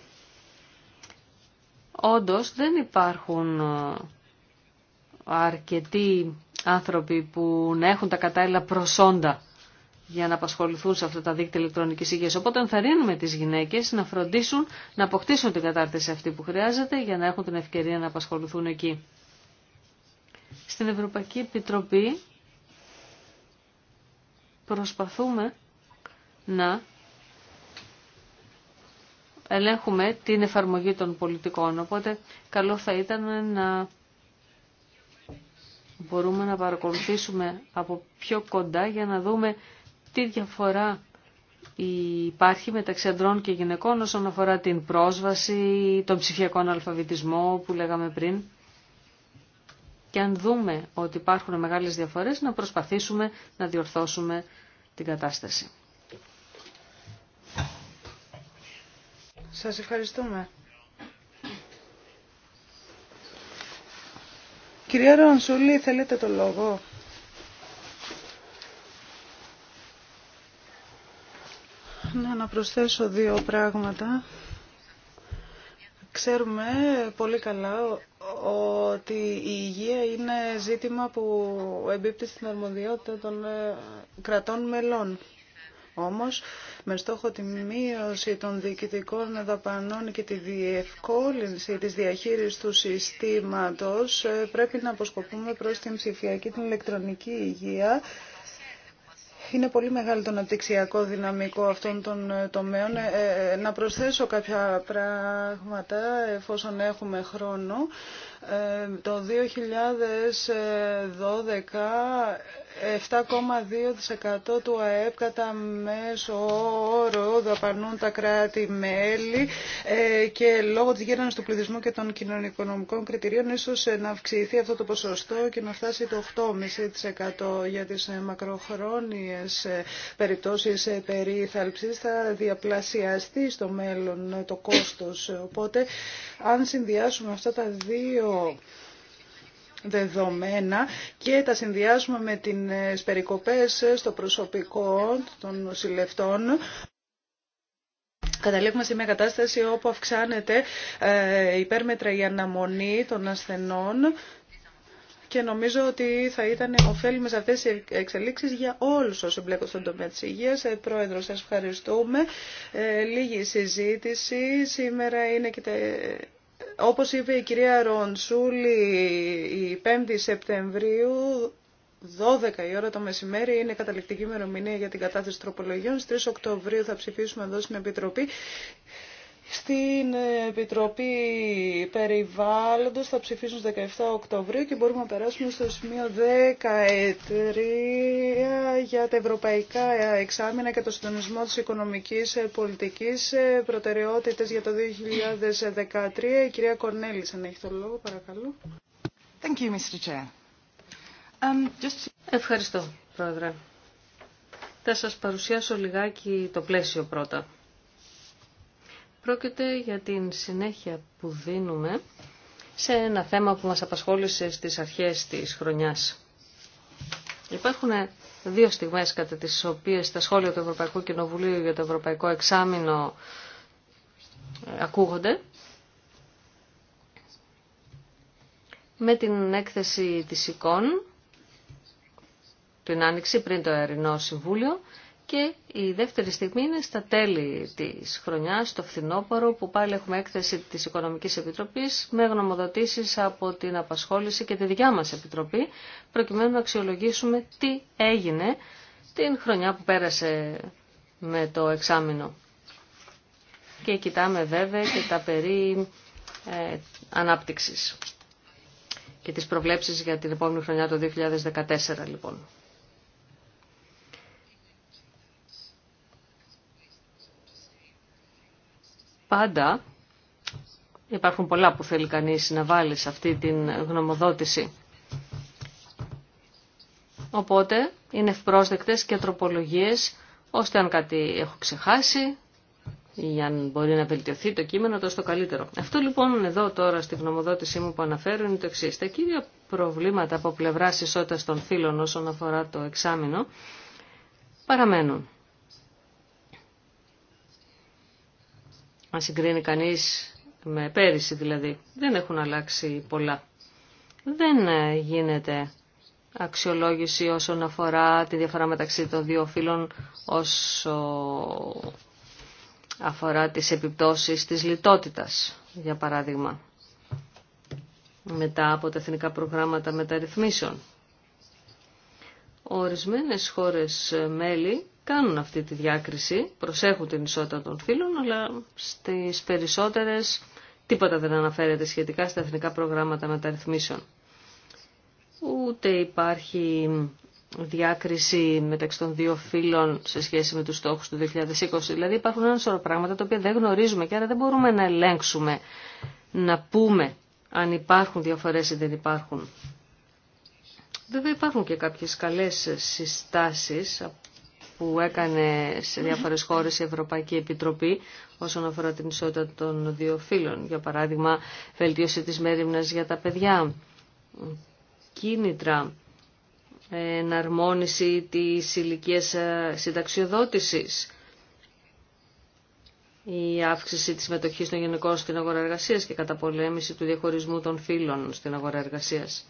όντως δεν υπάρχουν ε, αρκετοί άνθρωποι που να έχουν τα κατάλληλα προσόντα για να απασχοληθούν σε αυτά τα δίκτυα ηλεκτρονικής υγείας. Οπότε ενθαρρύνουμε τις γυναίκες να φροντίσουν να αποκτήσουν την κατάρτιση αυτή που χρειάζεται για να έχουν την ευκαιρία να απασχοληθούν εκεί. Στην Ευρωπαϊκή Επιτροπή προσπαθούμε να ελέγχουμε την εφαρμογή των πολιτικών. Οπότε καλό θα ήταν να μπορούμε να παρακολουθήσουμε από πιο κοντά για να δούμε τι διαφορά υπάρχει μεταξύ ανδρών και γυναικών όσον αφορά την πρόσβαση, τον ψηφιακό αλφαβητισμό που λέγαμε πριν. Και αν δούμε ότι υπάρχουν μεγάλες διαφορές, να προσπαθήσουμε να διορθώσουμε την κατάσταση. Σας ευχαριστούμε. Κυρία Ρονσούλη, θέλετε το λόγο. Ναι, να προσθέσω δύο πράγματα. Ξέρουμε πολύ καλά ότι η υγεία είναι ζήτημα που εμπίπτει στην αρμοδιότητα των ε, κρατών μελών. Όμως, με στόχο τη μείωση των διοικητικών δαπανών και τη διευκόλυνση της διαχείρισης του συστήματος, ε, πρέπει να αποσκοπούμε προς την ψηφιακή, την ηλεκτρονική υγεία, είναι πολύ μεγάλο το αναπτυξιακό δυναμικό αυτών των ε, τομέων. Ε, ε, να προσθέσω κάποια πράγματα εφόσον έχουμε χρόνο. Ε, το 2012 7,2% του ΑΕΠ κατά μέσο όρο δαπανούν τα κράτη-μέλη ε, και λόγω της γέρανας του πληθυσμού και των κοινωνικονομικών κριτηρίων ίσως ε, να αυξηθεί αυτό το ποσοστό και να φτάσει το 8,5% για τις μακροχρόνιες περιπτώσεις περίθαλψης θα διαπλασιαστεί στο μέλλον το κόστος. Οπότε αν συνδυάσουμε αυτά τα δύο δεδομένα και τα συνδυάζουμε με τις ε, περικοπές ε, στο προσωπικό των νοσηλευτών καταλήγουμε σε μια κατάσταση όπου αυξάνεται ε, υπέρμετρα η αναμονή των ασθενών και νομίζω ότι θα ήταν ωφέλιμες αυτές οι εξελίξεις για όλους όσοι εμπλέκονται στον τομέα της υγείας. Πρόεδρο, σας ευχαριστούμε. λίγη συζήτηση. Σήμερα είναι και όπως είπε η κυρία Ρονσούλη, η 5η Σεπτεμβρίου 12 η ώρα το μεσημέρι είναι καταληκτική ημερομηνία για την κατάθεση τροπολογιών. Στις 3 Οκτωβρίου θα ψηφίσουμε εδώ στην Επιτροπή στην Επιτροπή Περιβάλλοντος θα ψηφίσουν στις 17 Οκτωβρίου και μπορούμε να περάσουμε στο σημείο 13 για τα ευρωπαϊκά εξάμεινα και το συντονισμό της οικονομικής πολιτικής προτεραιότητες για το 2013. Η κυρία Κορνέλης, αν έχει το λόγο, παρακαλώ. Thank you, Mr. Chair. Um, just... Ευχαριστώ, Πρόεδρε. Θα σας παρουσιάσω λιγάκι το πλαίσιο πρώτα. Πρόκειται για την συνέχεια που δίνουμε σε ένα θέμα που μας απασχόλησε στις αρχές της χρονιάς. Υπάρχουν δύο στιγμές κατά τις οποίες τα σχόλια του Ευρωπαϊκού Κοινοβουλίου για το Ευρωπαϊκό Εξάμεινο ε, ακούγονται. Με την έκθεση της εικόνων, την Άνοιξη πριν το Ερεινό Συμβούλιο και η δεύτερη στιγμή είναι στα τέλη της χρονιάς, το φθινόπωρο, που πάλι έχουμε έκθεση της Οικονομικής Επιτροπής με γνωμοδοτήσεις από την απασχόληση και τη δικιά μας Επιτροπή, προκειμένου να αξιολογήσουμε τι έγινε την χρονιά που πέρασε με το εξάμεινο. Και κοιτάμε βέβαια και τα περί ε, ανάπτυξης και τις προβλέψεις για την επόμενη χρονιά το 2014 λοιπόν. πάντα υπάρχουν πολλά που θέλει κανείς να βάλει σε αυτή την γνωμοδότηση. Οπότε είναι ευπρόσδεκτες και τροπολογίες ώστε αν κάτι έχω ξεχάσει ή αν μπορεί να βελτιωθεί το κείμενο τόσο το καλύτερο. Αυτό λοιπόν εδώ τώρα στη γνωμοδότησή μου που αναφέρω είναι το εξή. Τα κύρια προβλήματα από πλευρά ισότητα των φύλων όσον αφορά το εξάμεινο παραμένουν. αν συγκρίνει κανείς με πέρυσι δηλαδή, δεν έχουν αλλάξει πολλά. Δεν ε, γίνεται αξιολόγηση όσον αφορά τη διαφορά μεταξύ των δύο φύλων όσο αφορά τις επιπτώσεις της λιτότητας, για παράδειγμα, μετά από τα εθνικά προγράμματα μεταρρυθμίσεων. Ορισμένες χώρες ε, μέλη κάνουν αυτή τη διάκριση, προσέχουν την ισότητα των φύλων, αλλά στις περισσότερες τίποτα δεν αναφέρεται σχετικά στα εθνικά προγράμματα μεταρρυθμίσεων. Ούτε υπάρχει διάκριση μεταξύ των δύο φύλων σε σχέση με τους στόχους του 2020. Δηλαδή υπάρχουν ένα σωρό πράγματα τα οποία δεν γνωρίζουμε και άρα δεν μπορούμε να ελέγξουμε, να πούμε αν υπάρχουν διαφορές ή δεν υπάρχουν. Βέβαια υπάρχουν και κάποιες καλές συστάσεις από που έκανε σε διάφορες χώρες η Ευρωπαϊκή Επιτροπή όσον αφορά την ισότητα των δύο φύλων. Για παράδειγμα, βελτίωση της μέρημνας για τα παιδιά, κίνητρα, εναρμόνιση της ηλικία ε, συνταξιοδότησης, η αύξηση της μετοχής των γενικών στην αγορά εργασίας και καταπολέμηση του διαχωρισμού των φύλων στην αγορά εργασίας.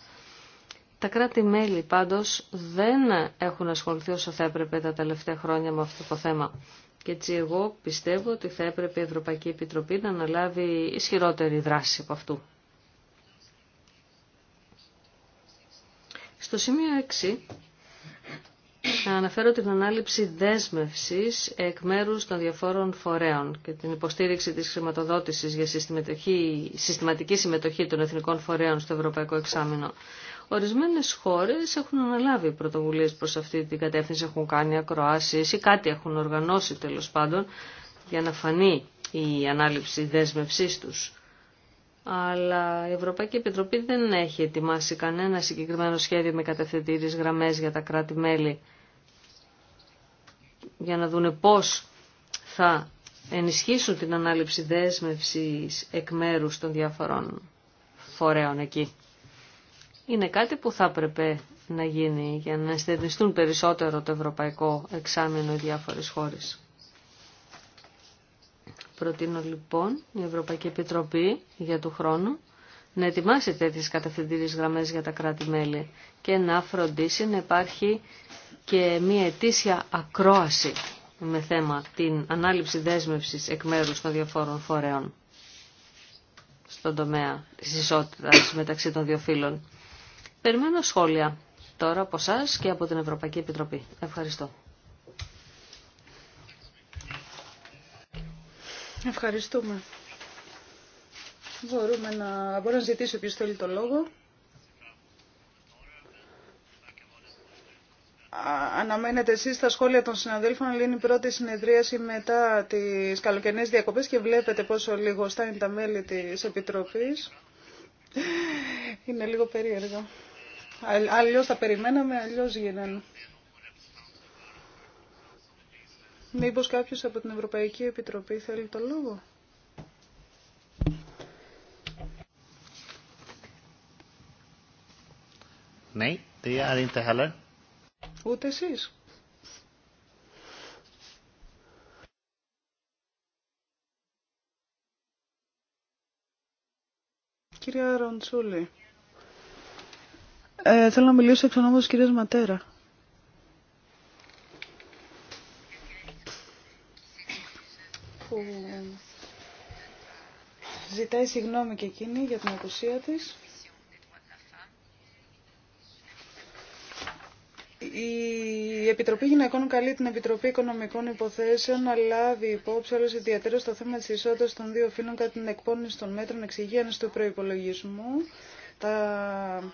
Τα κράτη-μέλη πάντως δεν έχουν ασχοληθεί όσο θα έπρεπε τα τελευταία χρόνια με αυτό το θέμα. Και έτσι εγώ πιστεύω ότι θα έπρεπε η Ευρωπαϊκή Επιτροπή να αναλάβει ισχυρότερη δράση από αυτού. Στο σημείο 6 αναφέρω την ανάληψη δέσμευσης εκ μέρους των διαφόρων φορέων και την υποστήριξη της χρηματοδότησης για συστηματική συμμετοχή των εθνικών φορέων στο Ευρωπαϊκό Εξάμεινο. Ορισμένες χώρες έχουν αναλάβει πρωτοβουλίες προς αυτή την κατεύθυνση, έχουν κάνει ακροάσεις ή κάτι έχουν οργανώσει τέλος πάντων για να φανεί η ανάληψη δέσμευσής τους. Αλλά η Ευρωπαϊκή Επιτροπή δεν έχει ετοιμάσει κανένα συγκεκριμένο σχέδιο με κατευθυντήριες γραμμές για τα κράτη-μέλη για να δούνε πώς θα ενισχύσουν την ανάληψη δέσμευσης εκ μέρους των διαφορών φορέων εκεί είναι κάτι που θα έπρεπε να γίνει για να εστερνιστούν περισσότερο το ευρωπαϊκό εξάμεινο οι διάφορες χώρες. Προτείνω λοιπόν η Ευρωπαϊκή Επιτροπή για του χρόνου να ετοιμάσει τέτοιες κατευθυντήριες γραμμές για τα κράτη-μέλη και να φροντίσει να υπάρχει και μια ετήσια ακρόαση με θέμα την ανάληψη δέσμευσης εκ μέρους των διαφόρων φορέων στον τομέα της ισότητας μεταξύ των δύο φύλων. Περιμένω σχόλια τώρα από εσά και από την Ευρωπαϊκή Επιτροπή. Ευχαριστώ. Ευχαριστούμε. Μπορούμε να, μπορώ να ζητήσω ποιος θέλει το λόγο. Αναμένετε εσεί τα σχόλια των συναδέλφων, αλλά είναι η πρώτη συνεδρίαση μετά τι καλοκαιρινέ διακοπέ και βλέπετε πόσο λιγοστά είναι τα μέλη τη επιτροπή. Είναι λίγο περίεργο. Αλλιώς τα περιμέναμε, αλλιώς γίνανε. Μήπως κάποιος από την Ευρωπαϊκή Επιτροπή θέλει το λόγο. Ναι, δεν είναι Ούτε εσεί. Κυρία Ροντσούλη. Ε, θέλω να μιλήσω εξ ονόματος κυρίας Ματέρα. Που ε, ζητάει συγγνώμη και εκείνη για την απουσία της. η Επιτροπή Γυναικών καλεί την Επιτροπή Οικονομικών Υποθέσεων να λάβει υπόψη όλες ιδιαίτερα στο θέμα της ισότητας των δύο φύλων κατά την εκπόνηση των μέτρων εξυγίανση του προϋπολογισμού. Τα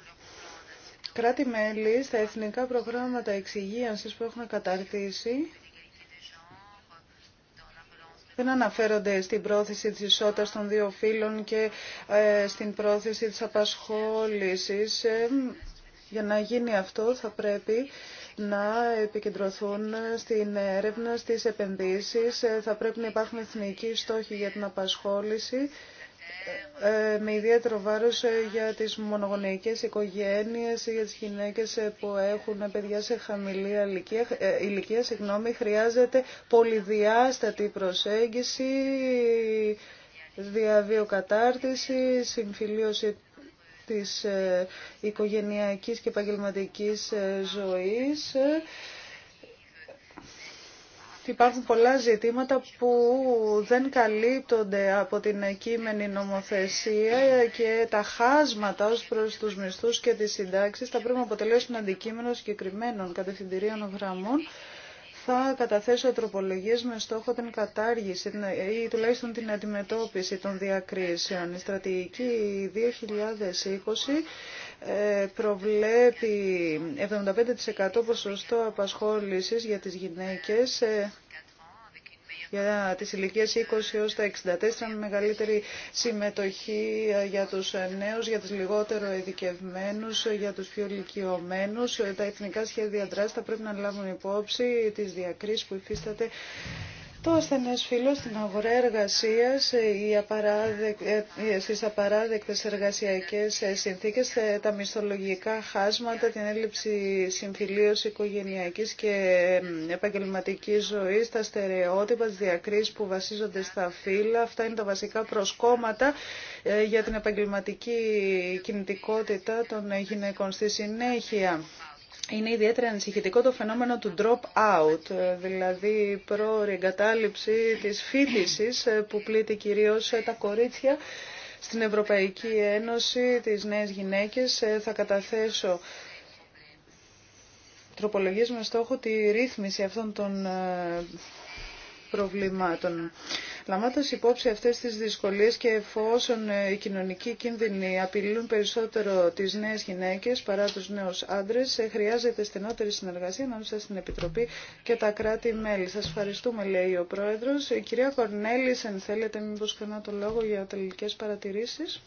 κράτη-μέλη στα εθνικά προγράμματα εξυγίανσης που έχουν καταρτήσει δεν αναφέρονται στην πρόθεση της ισότητας των δύο φύλων και ε, στην πρόθεση της απασχόλησης. Ε, για να γίνει αυτό θα πρέπει να επικεντρωθούν στην έρευνα, στις επενδύσεις. Ε, θα πρέπει να υπάρχουν εθνικοί στόχοι για την απασχόληση. Ε, ε, με ιδιαίτερο βάρος ε, για τις μονογονεϊκές οικογένειες, για τις γυναίκες που έχουν παιδιά σε χαμηλή ηλικία, ηλικία συγγνώμη, χρειάζεται πολυδιάστατη προσέγγιση, διαβίω κατάρτιση, συμφιλίωση της οικογενειακής και επαγγελματικής ζωής. Υπάρχουν πολλά ζητήματα που δεν καλύπτονται από την κείμενη νομοθεσία και τα χάσματα ως προς τους μισθούς και τις συντάξεις θα πρέπει να αποτελέσουν αντικείμενο συγκεκριμένων κατευθυντηρίων γραμμών θα καταθέσω τροπολογίες με στόχο την κατάργηση ή τουλάχιστον την αντιμετώπιση των διακρίσεων. Η στρατηγική 2020 ε, προβλέπει 75% ποσοστό απασχόλησης για τις γυναίκες ε, για τις ηλικίες 20 έως τα 64 μεγαλύτερη συμμετοχή ε, για τους νέους, για τους λιγότερο ειδικευμένους, για τους πιο ηλικιωμένους. Τα εθνικά σχέδια δράσης θα πρέπει να λάβουν υπόψη τις διακρίσεις που υφίσταται το ασθενές φύλλο στην αγορά εργασίας, στι απαράδεκτε ε, στις απαράδεκτες εργασιακές ε, συνθήκες, τα μισθολογικά χάσματα, την έλλειψη συμφιλίωση οικογενειακής και επαγγελματικής ζωής, τα στερεότυπα, τις διακρίσεις που βασίζονται στα φύλλα, αυτά είναι τα βασικά προσκόμματα ε, για την επαγγελματική κινητικότητα των γυναικών στη συνέχεια είναι ιδιαίτερα ανησυχητικό το φαινόμενο του drop-out, δηλαδή πρόορη εγκατάλειψη της φίτησης ε, που πλήττει κυρίως ε, τα κορίτσια στην Ευρωπαϊκή Ένωση, τις νέες γυναίκες. Ε, θα καταθέσω τροπολογίες με στόχο τη ρύθμιση αυτών των προβλημάτων. Λαμβάνοντα υπόψη αυτές τις δυσκολίες και εφόσον ε, οι κοινωνικοί κίνδυνοι απειλούν περισσότερο τις νέες γυναίκες παρά τους νέους άντρες, ε, χρειάζεται στενότερη συνεργασία ανάμεσα στην Επιτροπή και τα κράτη-μέλη. Σας ευχαριστούμε, λέει ο Πρόεδρος. Η κυρία Κορνέλης, αν θέλετε μήπως κανά το λόγο για τελικέ παρατηρήσεις.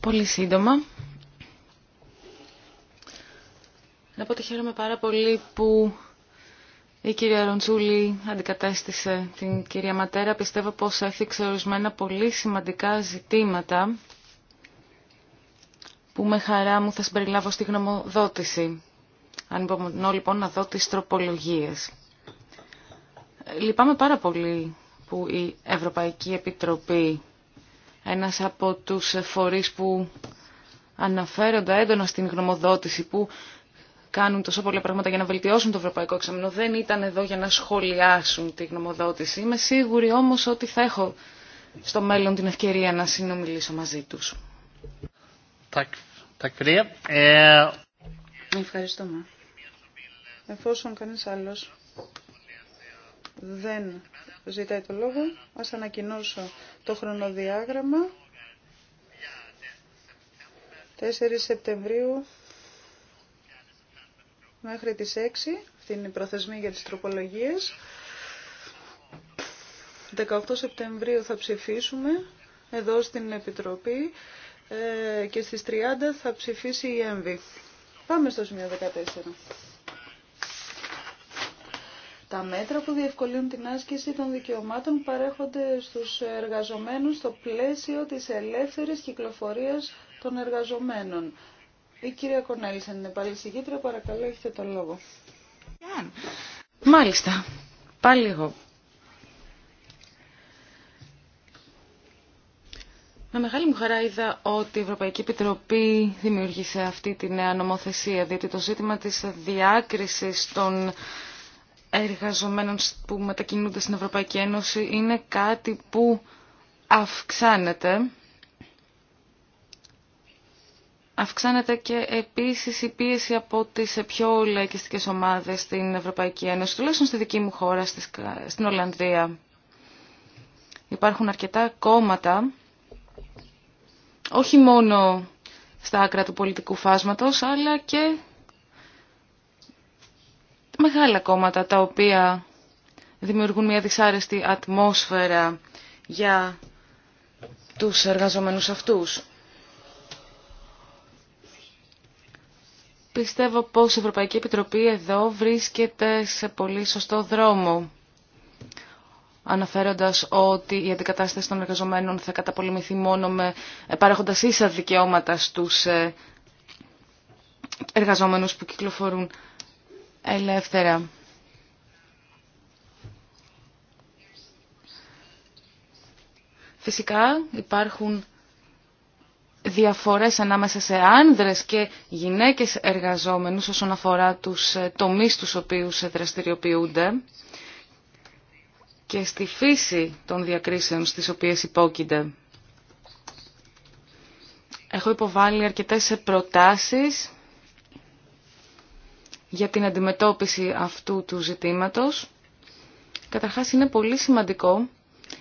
Πολύ σύντομα. Να πω ότι χαίρομαι πάρα πολύ που η κυρία Ροντσούλη αντικατέστησε την κυρία Ματέρα. Πιστεύω πως έφτιαξε ορισμένα πολύ σημαντικά ζητήματα που με χαρά μου θα συμπεριλάβω στη γνωμοδότηση. Αν υπομονώ λοιπόν να δω τις τροπολογίες. Λυπάμαι πάρα πολύ που η Ευρωπαϊκή Επιτροπή, ένας από τους φορείς που αναφέρονται έντονα στην γνωμοδότηση, που κάνουν τόσο πολλά πράγματα για να βελτιώσουν το ευρωπαϊκό εξάμεινο. Δεν ήταν εδώ για να σχολιάσουν τη γνωμοδότηση. Είμαι σίγουρη όμω ότι θα έχω στο μέλλον την ευκαιρία να συνομιλήσω μαζί του. Ε, Ευχαριστούμε. Εφόσον κανεί άλλο δεν ζητάει το λόγο, ας ανακοινώσω το χρονοδιάγραμμα. 4 Σεπτεμβρίου μέχρι τις 6. Αυτή είναι η προθεσμή για τις τροπολογίες. 18 Σεπτεμβρίου θα ψηφίσουμε εδώ στην Επιτροπή ε, και στις 30 θα ψηφίσει η ΕΜΒΗ. Πάμε στο σημείο 14. Τα μέτρα που διευκολύνουν την άσκηση των δικαιωμάτων παρέχονται στους εργαζομένους στο πλαίσιο της ελεύθερης κυκλοφορίας των εργαζομένων. Η κυρία αν είναι πάλι εισηγήτρια, Παρακαλώ, έχετε το λόγο. Μάλιστα. Πάλι εγώ. Με μεγάλη μου χαρά είδα ότι η Ευρωπαϊκή Επιτροπή δημιούργησε αυτή τη νέα νομοθεσία, διότι το ζήτημα της διάκρισης των εργαζομένων που μετακινούνται στην Ευρωπαϊκή Ένωση είναι κάτι που αυξάνεται Αυξάνεται και επίσης η πίεση από τις πιο λαϊκιστικές ομάδες στην Ευρωπαϊκή Ένωση, τουλάχιστον στη δική μου χώρα, στην Ολλανδία. Υπάρχουν αρκετά κόμματα, όχι μόνο στα άκρα του πολιτικού φάσματος, αλλά και μεγάλα κόμματα τα οποία δημιουργούν μια δυσάρεστη ατμόσφαιρα για τους εργαζομένους αυτούς. Πιστεύω πως η Ευρωπαϊκή Επιτροπή εδώ βρίσκεται σε πολύ σωστό δρόμο αναφέροντας ότι η αντικατάσταση των εργαζομένων θα καταπολεμηθεί μόνο με ε, παρέχοντας ίσα δικαιώματα στους ε, εργαζόμενους που κυκλοφορούν ελεύθερα. Φυσικά υπάρχουν διαφορές ανάμεσα σε άνδρες και γυναίκες εργαζόμενους όσον αφορά τους ε, τομείς τους οποίους ε, δραστηριοποιούνται και στη φύση των διακρίσεων στις οποίες υπόκεινται. Έχω υποβάλει αρκετές ε, προτάσεις για την αντιμετώπιση αυτού του ζητήματος. Καταρχάς είναι πολύ σημαντικό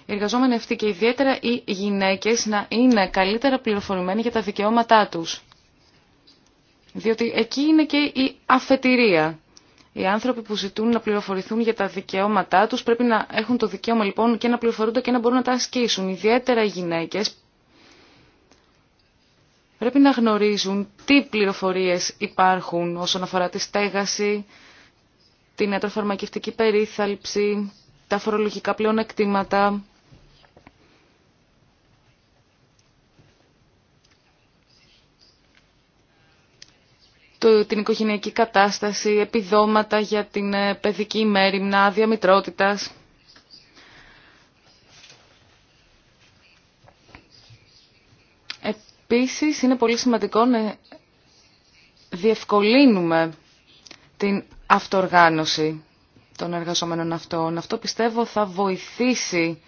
οι εργαζόμενοι αυτοί και ιδιαίτερα οι γυναίκες να είναι καλύτερα πληροφορημένοι για τα δικαιώματά τους. Διότι εκεί είναι και η αφετηρία. Οι άνθρωποι που ζητούν να πληροφορηθούν για τα δικαιώματά τους πρέπει να έχουν το δικαίωμα λοιπόν και να πληροφορούνται και να μπορούν να τα ασκήσουν. Ιδιαίτερα οι γυναίκες πρέπει να γνωρίζουν τι πληροφορίες υπάρχουν όσον αφορά τη στέγαση, την ιατροφαρμακευτική περίθαλψη, τα φορολογικά πλεονεκτήματα, την οικογενειακή κατάσταση, επιδόματα για την ε, παιδική μέρη άδεια μητρότητας. Επίσης, είναι πολύ σημαντικό να διευκολύνουμε την αυτοργάνωση των εργαζομένων αυτών. Αυτό πιστεύω θα βοηθήσει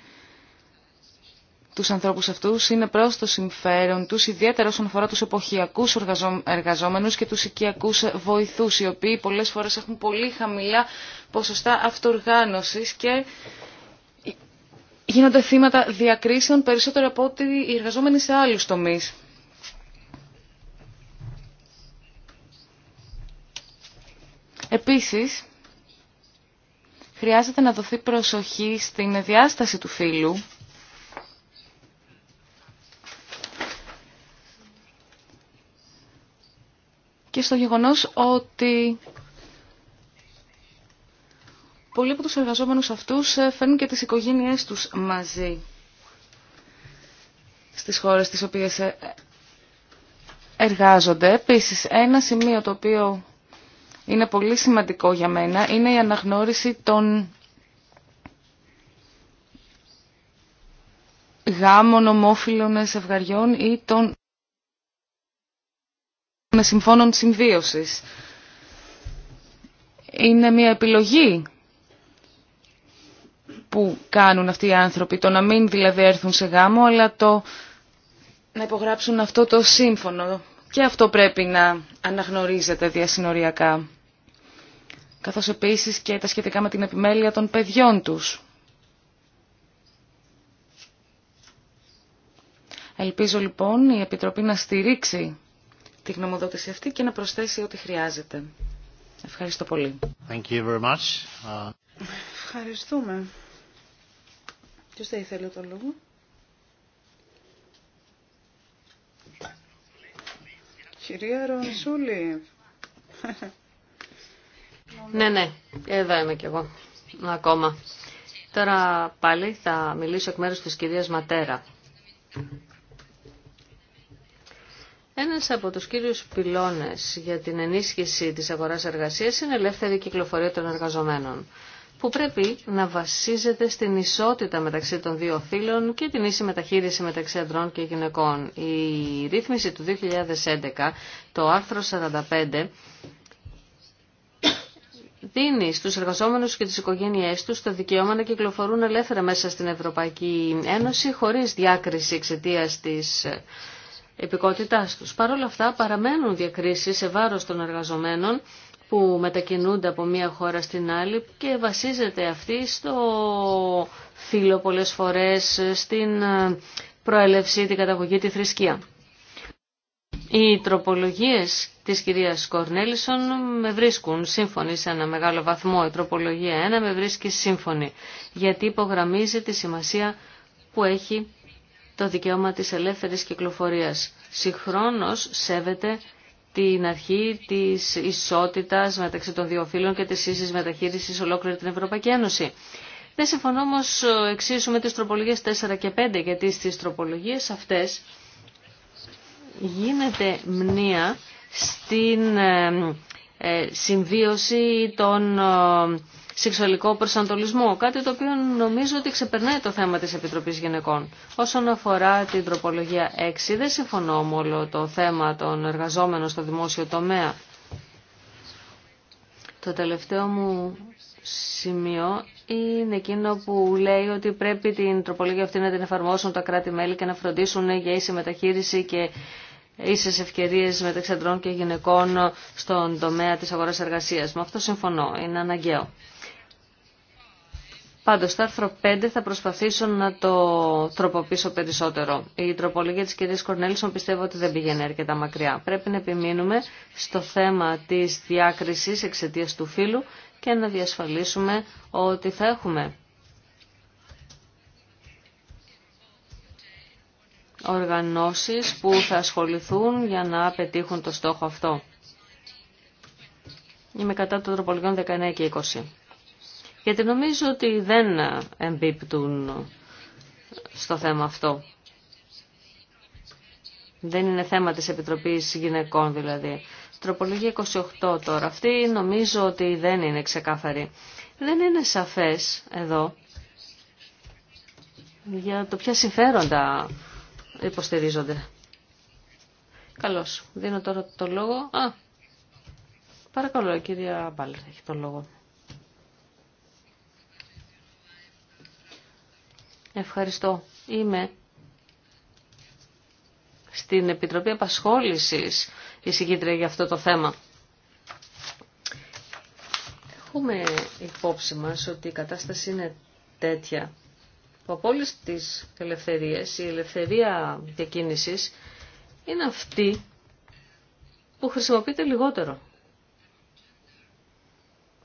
τους ανθρώπους αυτούς είναι προς το συμφέρον τους, ιδιαίτερα όσον αφορά τους εποχιακούς εργαζόμενους και τους οικιακούς βοηθούς, οι οποίοι πολλές φορές έχουν πολύ χαμηλά ποσοστά αυτοργάνωσης και γίνονται θύματα διακρίσεων περισσότερο από ότι οι εργαζόμενοι σε άλλους τομείς. Επίσης, χρειάζεται να δοθεί προσοχή στην διάσταση του φύλου και στο γεγονός ότι πολλοί από τους εργαζόμενους αυτούς ε, φέρνουν και τις οικογένειές τους μαζί στις χώρες τις οποίες ε, εργάζονται. Επίσης, ένα σημείο το οποίο είναι πολύ σημαντικό για μένα είναι η αναγνώριση των γάμων ομόφυλων ζευγαριών ή των συμφώνων συμβίωσης. Είναι μια επιλογή που κάνουν αυτοί οι άνθρωποι, το να μην δηλαδή έρθουν σε γάμο, αλλά το να υπογράψουν αυτό το σύμφωνο. Και αυτό πρέπει να αναγνωρίζεται διασυνοριακά, καθώς επίσης και τα σχετικά με την επιμέλεια των παιδιών τους. Ελπίζω λοιπόν η Επιτροπή να στηρίξει τη γνωμοδότηση αυτή και να προσθέσει ό,τι χρειάζεται. Ευχαριστώ πολύ. Ευχαριστούμε. Ποιος θα ήθελε το λόγο. Κυρία Ρονσούλη. Ναι, ναι, εδώ είμαι κι εγώ. Ακόμα. Τώρα πάλι θα μιλήσω εκ μέρους της κυρίας Ματέρα. Ένας από τους κύριους πυλώνες για την ενίσχυση της αγοράς εργασίας είναι η ελεύθερη κυκλοφορία των εργαζομένων, που πρέπει να βασίζεται στην ισότητα μεταξύ των δύο φύλων και την ίση μεταχείριση μεταξύ ανδρών και γυναικών. Η ρύθμιση του 2011, το άρθρο 45, δίνει στους εργαζόμενους και τις οικογένειές τους το δικαίωμα να κυκλοφορούν ελεύθερα μέσα στην Ευρωπαϊκή Ένωση χωρίς διάκριση εξαιτία της επικότητάς τους. Παρ' όλα αυτά παραμένουν διακρίσεις σε βάρος των εργαζομένων που μετακινούνται από μία χώρα στην άλλη και βασίζεται αυτή στο φύλλο πολλές φορές, στην προέλευση, την καταγωγή, τη θρησκεία. Οι τροπολογίες της κυρίας Κορνέλισον με βρίσκουν σύμφωνοι σε ένα μεγάλο βαθμό. Η τροπολογία 1 με βρίσκει σύμφωνη γιατί υπογραμμίζει τη σημασία που έχει το δικαίωμα της ελεύθερης κυκλοφορίας. Συγχρόνως σέβεται την αρχή της ισότητας μεταξύ των δύο φύλων και της ίσης μεταχείρισης ολόκληρη την Ευρωπαϊκή Ένωση. Δεν συμφωνώ όμω εξίσου με τις τροπολογίες 4 και 5, γιατί στις τροπολογίες αυτές γίνεται μνήα στην ε, ε, συμβίωση των ε, σεξουαλικό προσανατολισμό, κάτι το οποίο νομίζω ότι ξεπερνάει το θέμα της Επιτροπής Γυναικών. Όσον αφορά την τροπολογία 6, δεν συμφωνώ με όλο το θέμα των εργαζόμενων στο δημόσιο τομέα. Το τελευταίο μου σημείο είναι εκείνο που λέει ότι πρέπει την τροπολογία αυτή να την εφαρμόσουν τα κράτη-μέλη και να φροντίσουν για ίση μεταχείριση και ίσες ευκαιρίες μεταξύ και γυναικών στον τομέα της αγοράς εργασίας. Με αυτό συμφωνώ. Είναι αναγκαίο. Πάντω, το άρθρο 5 θα προσπαθήσω να το τροποποιήσω περισσότερο. Η τροπολογία της κυρία Κορνέλσον πιστεύω ότι δεν πηγαίνει αρκετά μακριά. Πρέπει να επιμείνουμε στο θέμα τη διάκριση εξαιτία του φύλου και να διασφαλίσουμε ότι θα έχουμε οργανώσεις που θα ασχοληθούν για να πετύχουν το στόχο αυτό. Είμαι κατά των τροπολογιών 19 και 20 γιατί νομίζω ότι δεν εμπίπτουν στο θέμα αυτό. Δεν είναι θέμα της Επιτροπής Γυναικών δηλαδή. Τροπολογία 28 τώρα. Αυτή νομίζω ότι δεν είναι ξεκάθαρη. Δεν είναι σαφές εδώ για το ποια συμφέροντα υποστηρίζονται. Καλώς. Δίνω τώρα το λόγο. Α, παρακαλώ κυρία Μπάλερ έχει το λόγο. Ευχαριστώ. Είμαι στην Επιτροπή Απασχόλησης η συγκίτρια για αυτό το θέμα. Έχουμε υπόψη μας ότι η κατάσταση είναι τέτοια που από όλες τις ελευθερίες, η ελευθερία διακίνησης είναι αυτή που χρησιμοποιείται λιγότερο.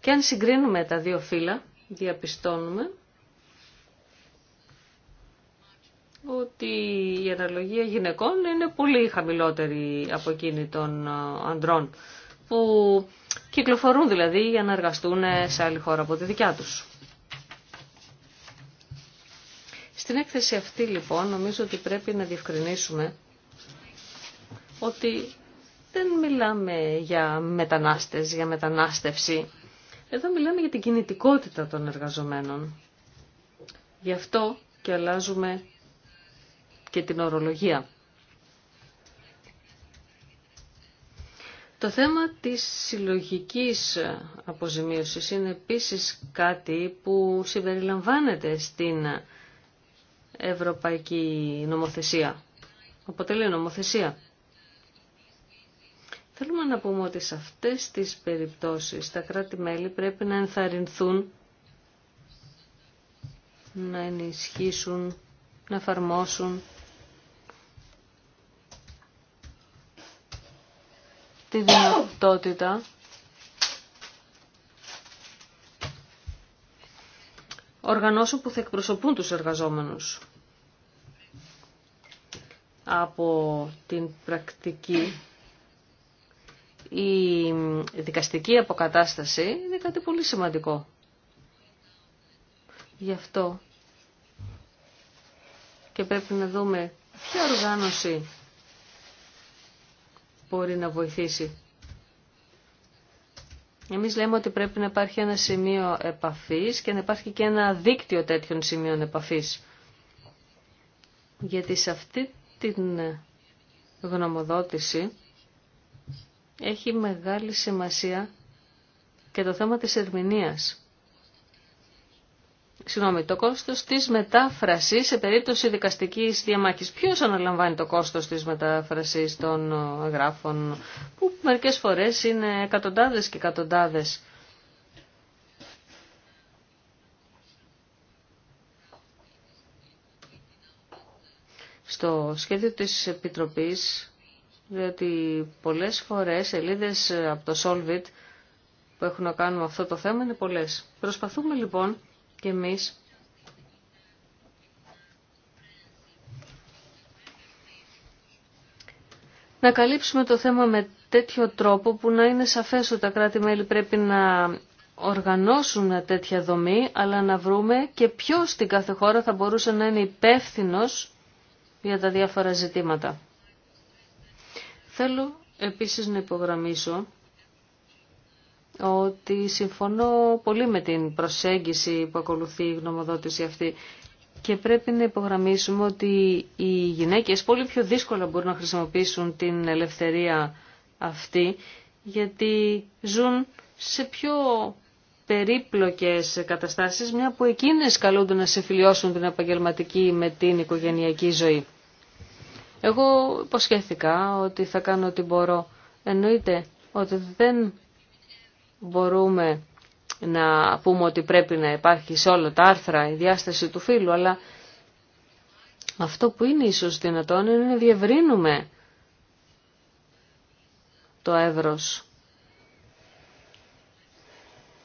Και αν συγκρίνουμε τα δύο φύλλα, διαπιστώνουμε ότι η αναλογία γυναικών είναι πολύ χαμηλότερη από εκείνη των ε, ανδρών που κυκλοφορούν δηλαδή για να εργαστούν ε, σε άλλη χώρα από τη δικιά τους. Στην έκθεση αυτή λοιπόν νομίζω ότι πρέπει να διευκρινίσουμε ότι δεν μιλάμε για μετανάστες, για μετανάστευση. Εδώ μιλάμε για την κινητικότητα των εργαζομένων. Γι' αυτό και αλλάζουμε και την ορολογία. Το θέμα της συλλογικής αποζημίωσης είναι επίσης κάτι που συμπεριλαμβάνεται στην ευρωπαϊκή νομοθεσία. Αποτελεί νομοθεσία. Θέλουμε να πούμε ότι σε αυτές τις περιπτώσεις τα κράτη-μέλη πρέπει να ενθαρρυνθούν, να ενισχύσουν, να εφαρμόσουν τη δυνατότητα οργανώσεων που θα εκπροσωπούν τους εργαζόμενους από την πρακτική η δικαστική αποκατάσταση είναι κάτι πολύ σημαντικό. Γι' αυτό και πρέπει να δούμε ποια οργάνωση μπορεί να βοηθήσει. Εμείς λέμε ότι πρέπει να υπάρχει ένα σημείο επαφής και να υπάρχει και ένα δίκτυο τέτοιων σημείων επαφής. Γιατί σε αυτή την γνωμοδότηση έχει μεγάλη σημασία και το θέμα της ερμηνείας συγγνώμη, το κόστος της μετάφρασης σε περίπτωση δικαστικής διαμάχης. Ποιος αναλαμβάνει το κόστος της μετάφρασης των ε, γράφων που μερικές φορές είναι εκατοντάδες και εκατοντάδες. Στο σχέδιο της Επιτροπής, διότι πολλές φορές σελίδε ε, από το Solvit που έχουν να κάνουν αυτό το θέμα είναι πολλές. Προσπαθούμε λοιπόν και εμείς να καλύψουμε το θέμα με τέτοιο τρόπο που να είναι σαφές ότι τα κράτη-μέλη πρέπει να οργανώσουν μια τέτοια δομή, αλλά να βρούμε και ποιος στην κάθε χώρα θα μπορούσε να είναι υπεύθυνο για τα διάφορα ζητήματα. Θέλω επίσης να υπογραμμίσω ότι συμφωνώ πολύ με την προσέγγιση που ακολουθεί η γνωμοδότηση αυτή και πρέπει να υπογραμμίσουμε ότι οι γυναίκες πολύ πιο δύσκολα μπορούν να χρησιμοποιήσουν την ελευθερία αυτή γιατί ζουν σε πιο περίπλοκες καταστάσεις μια που εκείνες καλούνται να συμφιλιώσουν την επαγγελματική με την οικογενειακή ζωή. Εγώ υποσχέθηκα ότι θα κάνω ό,τι μπορώ. Εννοείται ότι δεν μπορούμε να πούμε ότι πρέπει να υπάρχει σε όλα τα άρθρα η διάσταση του φύλου, αλλά αυτό που είναι ίσως δυνατόν είναι να διευρύνουμε το εύρος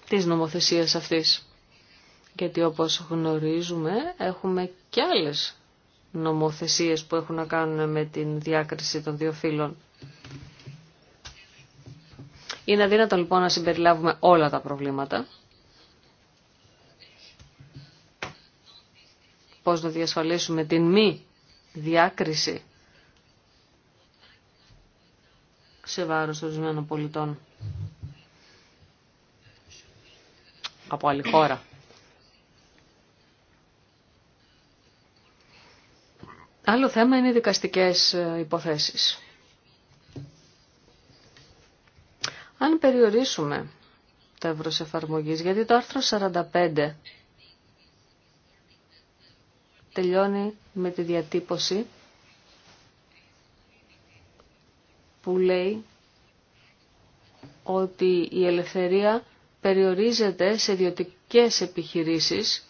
της νομοθεσίας αυτής. Γιατί όπως γνωρίζουμε έχουμε και άλλες νομοθεσίες που έχουν να κάνουν με την διάκριση των δύο φύλων. Είναι αδύνατο λοιπόν να συμπεριλάβουμε όλα τα προβλήματα. Πώς να διασφαλίσουμε την μη διάκριση σε βάρος ορισμένων πολιτών από άλλη χώρα. Άλλο θέμα είναι οι δικαστικές ε, υποθέσεις. Αν περιορίσουμε τα ευρωσεφαρμογής, γιατί το άρθρο 45 τελειώνει με τη διατύπωση που λέει ότι η ελευθερία περιορίζεται σε ιδιωτικέ επιχειρήσεις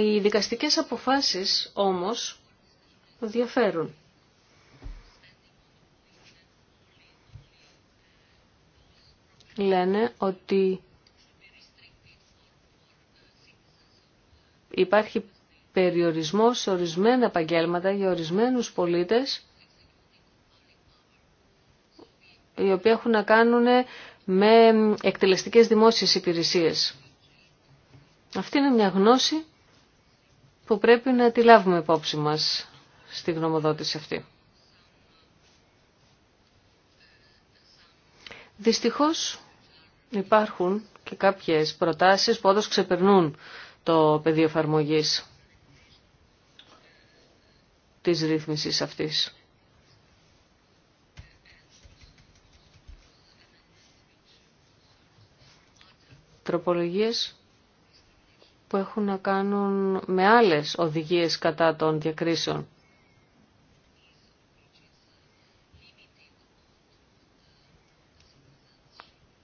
Οι δικαστικές αποφάσεις όμως διαφέρουν. λένε ότι υπάρχει περιορισμός σε ορισμένα επαγγέλματα για ορισμένους πολίτες οι οποίοι έχουν να κάνουν με εκτελεστικές δημόσιες υπηρεσίες. Αυτή είναι μια γνώση που πρέπει να τη λάβουμε υπόψη μας στη γνωμοδότηση αυτή. Δυστυχώς υπάρχουν και κάποιες προτάσεις που όντως ξεπερνούν το πεδίο εφαρμογή της ρύθμισης αυτής. Τροπολογίες που έχουν να κάνουν με άλλες οδηγίες κατά των διακρίσεων.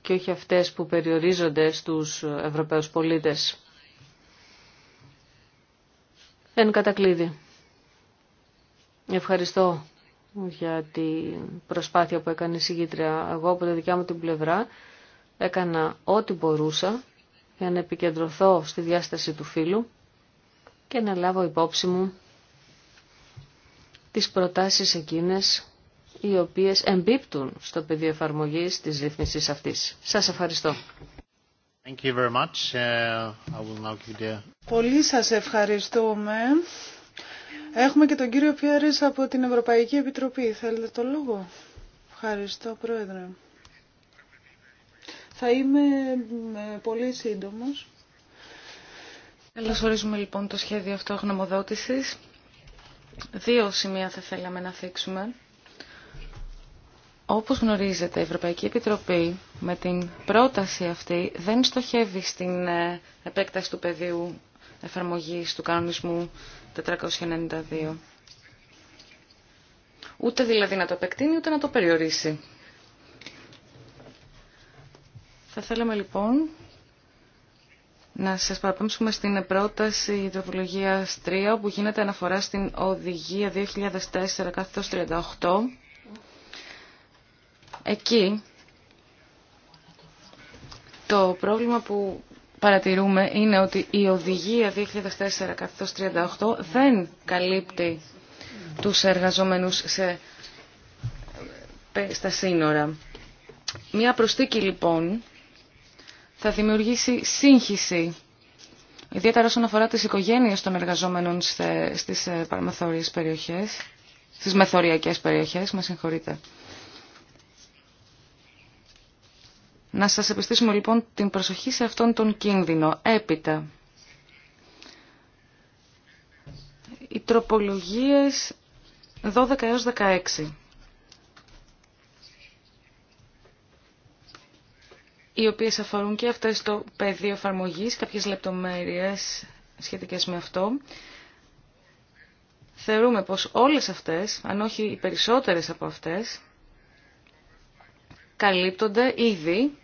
και όχι αυτές που περιορίζονται στους Ευρωπαίους πολίτες. Εν κατακλείδη. Ευχαριστώ για την προσπάθεια που έκανε η συγκήτρια. Εγώ από τη δικιά μου την πλευρά έκανα ό,τι μπορούσα για να επικεντρωθώ στη διάσταση του φίλου και να λάβω υπόψη μου τις προτάσεις εκείνες οι οποίες εμπίπτουν στο πεδίο εφαρμογής της ρύθμισης αυτής. Σας ευχαριστώ. Thank you very much. Uh, πολύ σας ευχαριστούμε. Έχουμε και τον κύριο Πιέρης από την Ευρωπαϊκή Επιτροπή. Θέλετε το λόγο. Ευχαριστώ, Πρόεδρε. Θα είμαι ε, πολύ σύντομος. Καλώς ορίζουμε λοιπόν το σχέδιο αυτό γνωμοδότησης. Δύο σημεία θα θέλαμε να θίξουμε. Όπως γνωρίζετε, η Ευρωπαϊκή Επιτροπή με την πρόταση αυτή δεν στοχεύει στην ε, επέκταση του πεδίου εφαρμογής του κανονισμού 492. Ούτε δηλαδή να το επεκτείνει, ούτε να το περιορίσει. Θα θέλαμε λοιπόν να σας παραπέμψουμε στην πρόταση υδροπολογίας 3, όπου γίνεται αναφορά στην Οδηγία 2004-38 Εκεί το πρόβλημα που παρατηρούμε είναι ότι η οδηγία 2004-38 δεν καλύπτει τους εργαζομένους σε, στα σύνορα. Μία προστίκη λοιπόν θα δημιουργήσει σύγχυση, ιδιαίτερα όσον αφορά τις οικογένειες των εργαζόμενων στις ε, παραμεθόριες περιοχές, στις μεθοριακές περιοχές, με συγχωρείτε. Να σας επιστήσουμε λοιπόν την προσοχή σε αυτόν τον κίνδυνο. Έπειτα, οι τροπολογίες 12 έως 16. οι οποίες αφορούν και αυτές το πεδίο εφαρμογή, κάποιες λεπτομέρειες σχετικές με αυτό. Θεωρούμε πως όλες αυτές, αν όχι οι περισσότερες από αυτές, καλύπτονται ήδη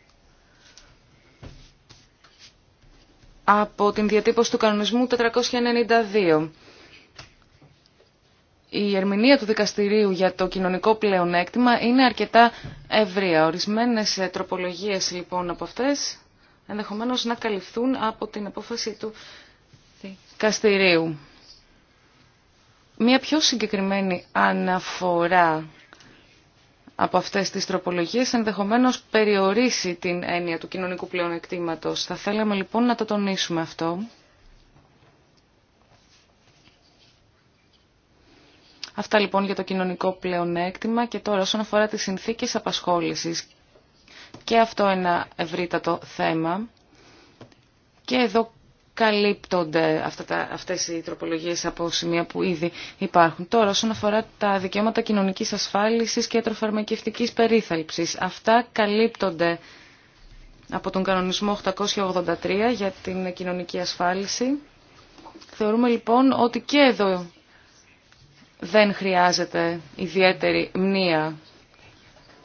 από την διατύπωση του κανονισμού 492. Η ερμηνεία του δικαστηρίου για το κοινωνικό πλεονέκτημα είναι αρκετά ευρία. Ορισμένες ε, τροπολογίες λοιπόν από αυτές ενδεχομένως να καλυφθούν από την απόφαση του δικαστηρίου. Μία πιο συγκεκριμένη αναφορά από αυτές τις τροπολογίες ενδεχομένως περιορίσει την έννοια του κοινωνικού πλεονεκτήματος. Θα θέλαμε λοιπόν να το τονίσουμε αυτό. Αυτά λοιπόν για το κοινωνικό πλεονέκτημα και τώρα όσον αφορά τις συνθήκες απασχόλησης. Και αυτό ένα ευρύτατο θέμα. Και εδώ καλύπτονται αυτά αυτές οι τροπολογίες από σημεία που ήδη υπάρχουν. Τώρα, όσον αφορά τα δικαιώματα κοινωνικής ασφάλισης και τροφαρμακευτικής περίθαλψης, αυτά καλύπτονται από τον κανονισμό 883 για την κοινωνική ασφάλιση. Θεωρούμε λοιπόν ότι και εδώ δεν χρειάζεται ιδιαίτερη μνήα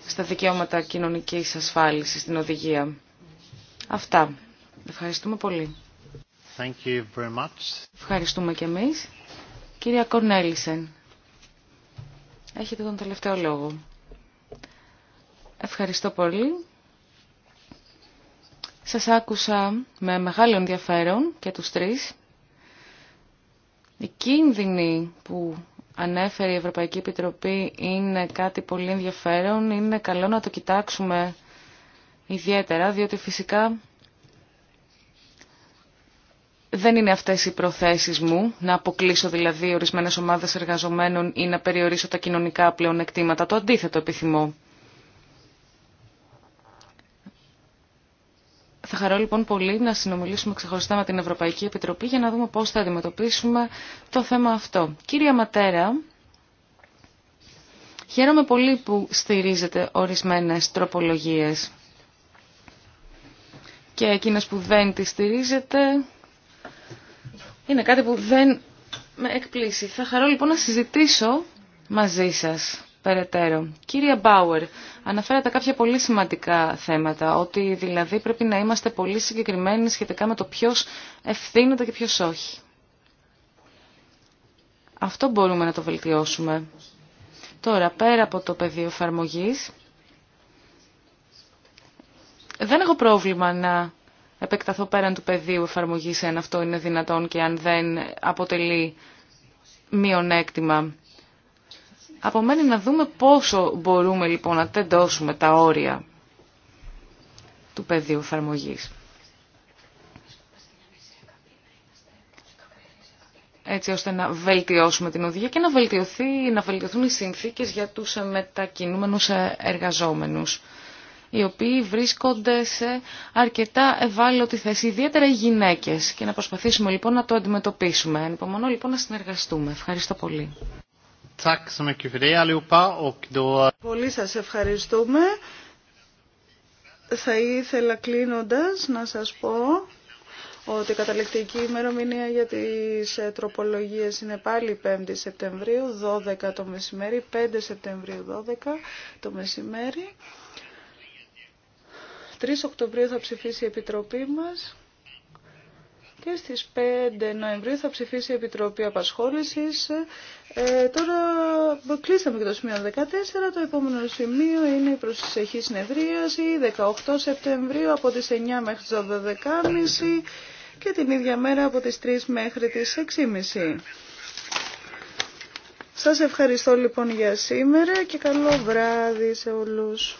στα δικαιώματα κοινωνικής ασφάλισης στην οδηγία. Αυτά. Ευχαριστούμε πολύ. Ευχαριστούμε και εμείς. Κυρία Κορνέλισεν, έχετε τον τελευταίο λόγο. Ευχαριστώ πολύ. Σας άκουσα με μεγάλο ενδιαφέρον και τους τρεις. Η κίνδυνη που ανέφερε η Ευρωπαϊκή Επιτροπή είναι κάτι πολύ ενδιαφέρον. Είναι καλό να το κοιτάξουμε ιδιαίτερα, διότι φυσικά δεν είναι αυτέ οι προθέσει μου, να αποκλείσω δηλαδή ορισμένες ομάδε εργαζομένων ή να περιορίσω τα κοινωνικά πλεονεκτήματα. Το αντίθετο επιθυμώ. Θα χαρώ λοιπόν πολύ να συνομιλήσουμε ξεχωριστά με την Ευρωπαϊκή Επιτροπή για να δούμε πώς θα αντιμετωπίσουμε το θέμα αυτό. Κύρια Ματέρα, χαίρομαι πολύ που στηρίζετε ορισμένες τροπολογίες και εκείνες που δεν τις στηρίζετε είναι κάτι που δεν με εκπλήσει. Θα χαρώ λοιπόν να συζητήσω μαζί σας περαιτέρω. Κύριε Μπάουερ, αναφέρατε κάποια πολύ σημαντικά θέματα, ότι δηλαδή πρέπει να είμαστε πολύ συγκεκριμένοι σχετικά με το ποιος ευθύνεται και ποιος όχι. Αυτό μπορούμε να το βελτιώσουμε. Τώρα, πέρα από το πεδίο εφαρμογή, δεν έχω πρόβλημα να επεκταθώ πέραν του πεδίου εφαρμογής εάν αυτό είναι δυνατόν και αν δεν αποτελεί μειονέκτημα. Απομένει να δούμε πόσο μπορούμε λοιπόν να τεντώσουμε τα όρια του πεδίου εφαρμογή. έτσι ώστε να βελτιώσουμε την οδηγία και να, βελτιωθεί, να βελτιωθούν οι συνθήκες για τους μετακινούμενους εργαζόμενους οι οποίοι βρίσκονται σε αρκετά ευάλωτη θέση, ιδιαίτερα οι γυναίκες. Και να προσπαθήσουμε λοιπόν να το αντιμετωπίσουμε. Ανυπομονώ λοιπόν να συνεργαστούμε. Ευχαριστώ πολύ. Πολύ σας ευχαριστούμε. Θα ήθελα κλείνοντας να σας πω ότι η καταληκτική ημερομηνία για τις ε, τροπολογίες είναι πάλι 5η Σεπτεμβρίου, 12 το μεσημέρι, 5 Σεπτεμβρίου, 12 το μεσημέρι. 3 Οκτωβρίου θα ψηφίσει η Επιτροπή μας και στις 5 Νοεμβρίου θα ψηφίσει η Επιτροπή Απασχόλησης. Ε, τώρα κλείσαμε και το σημείο 14, το επόμενο σημείο είναι η προσεχή συνεδρίαση 18 Σεπτεμβρίου από τις 9 μέχρι τις 12.30 και την ίδια μέρα από τις 3 μέχρι τις 6.30. Σας ευχαριστώ λοιπόν για σήμερα και καλό βράδυ σε όλους.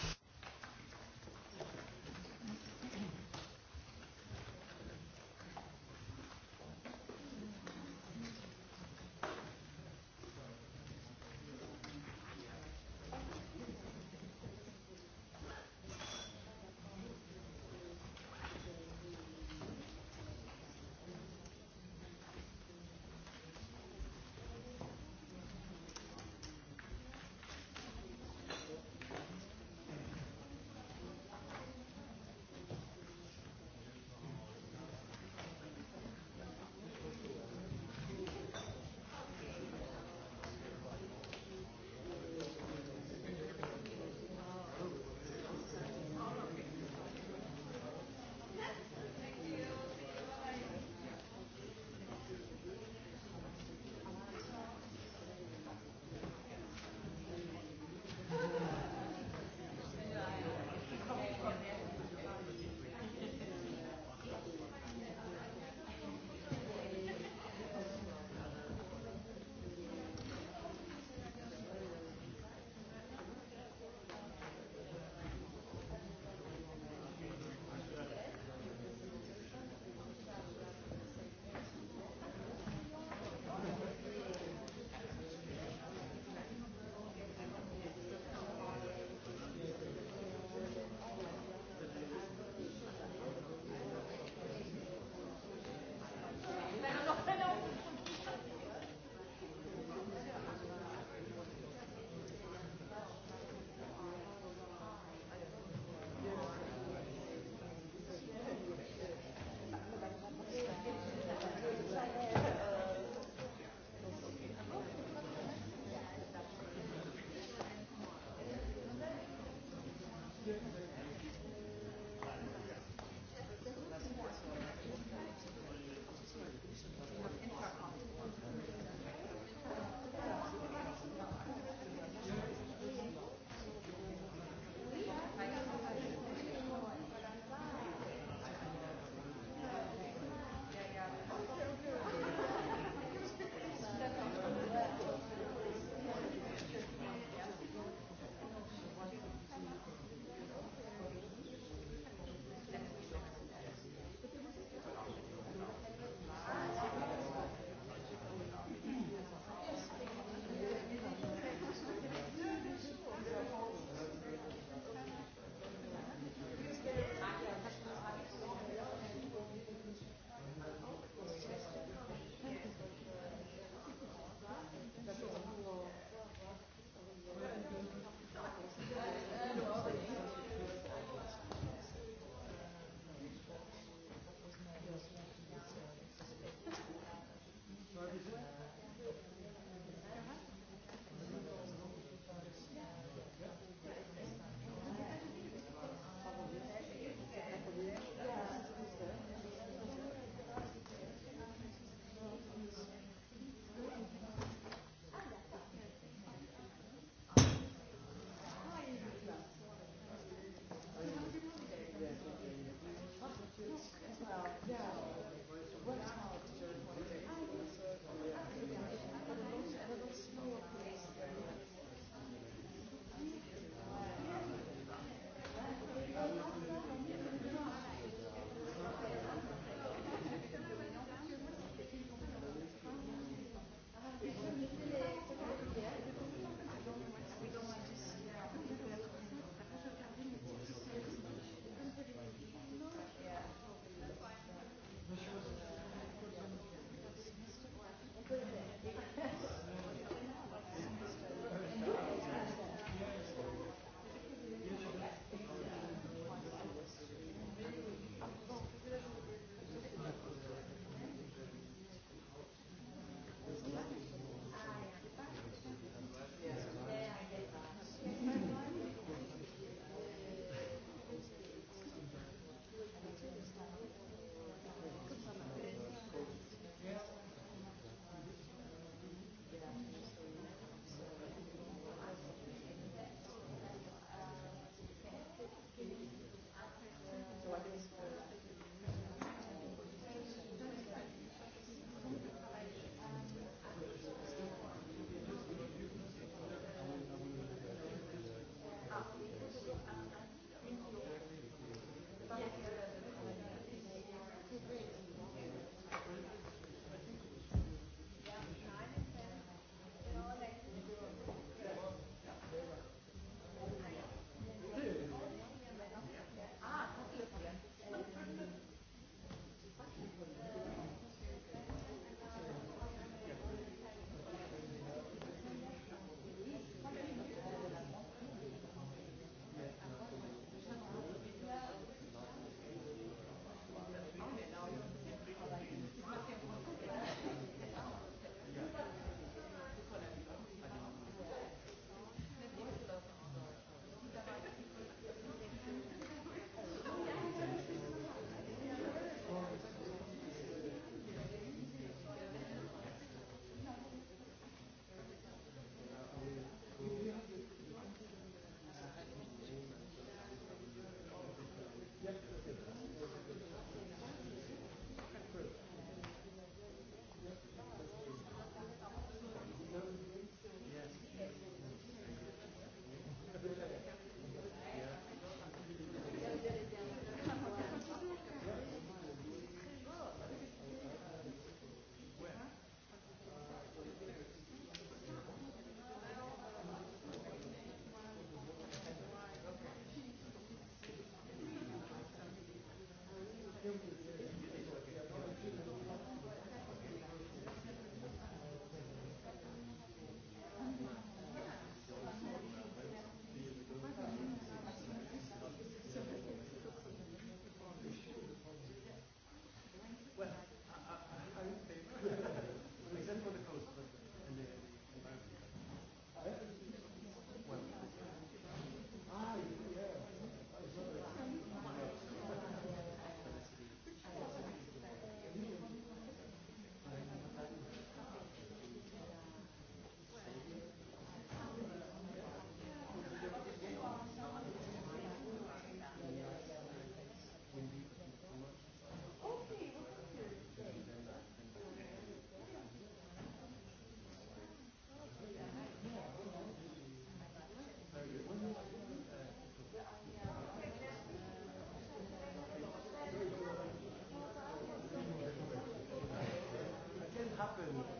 Υπότιτλοι AUTHORWAVE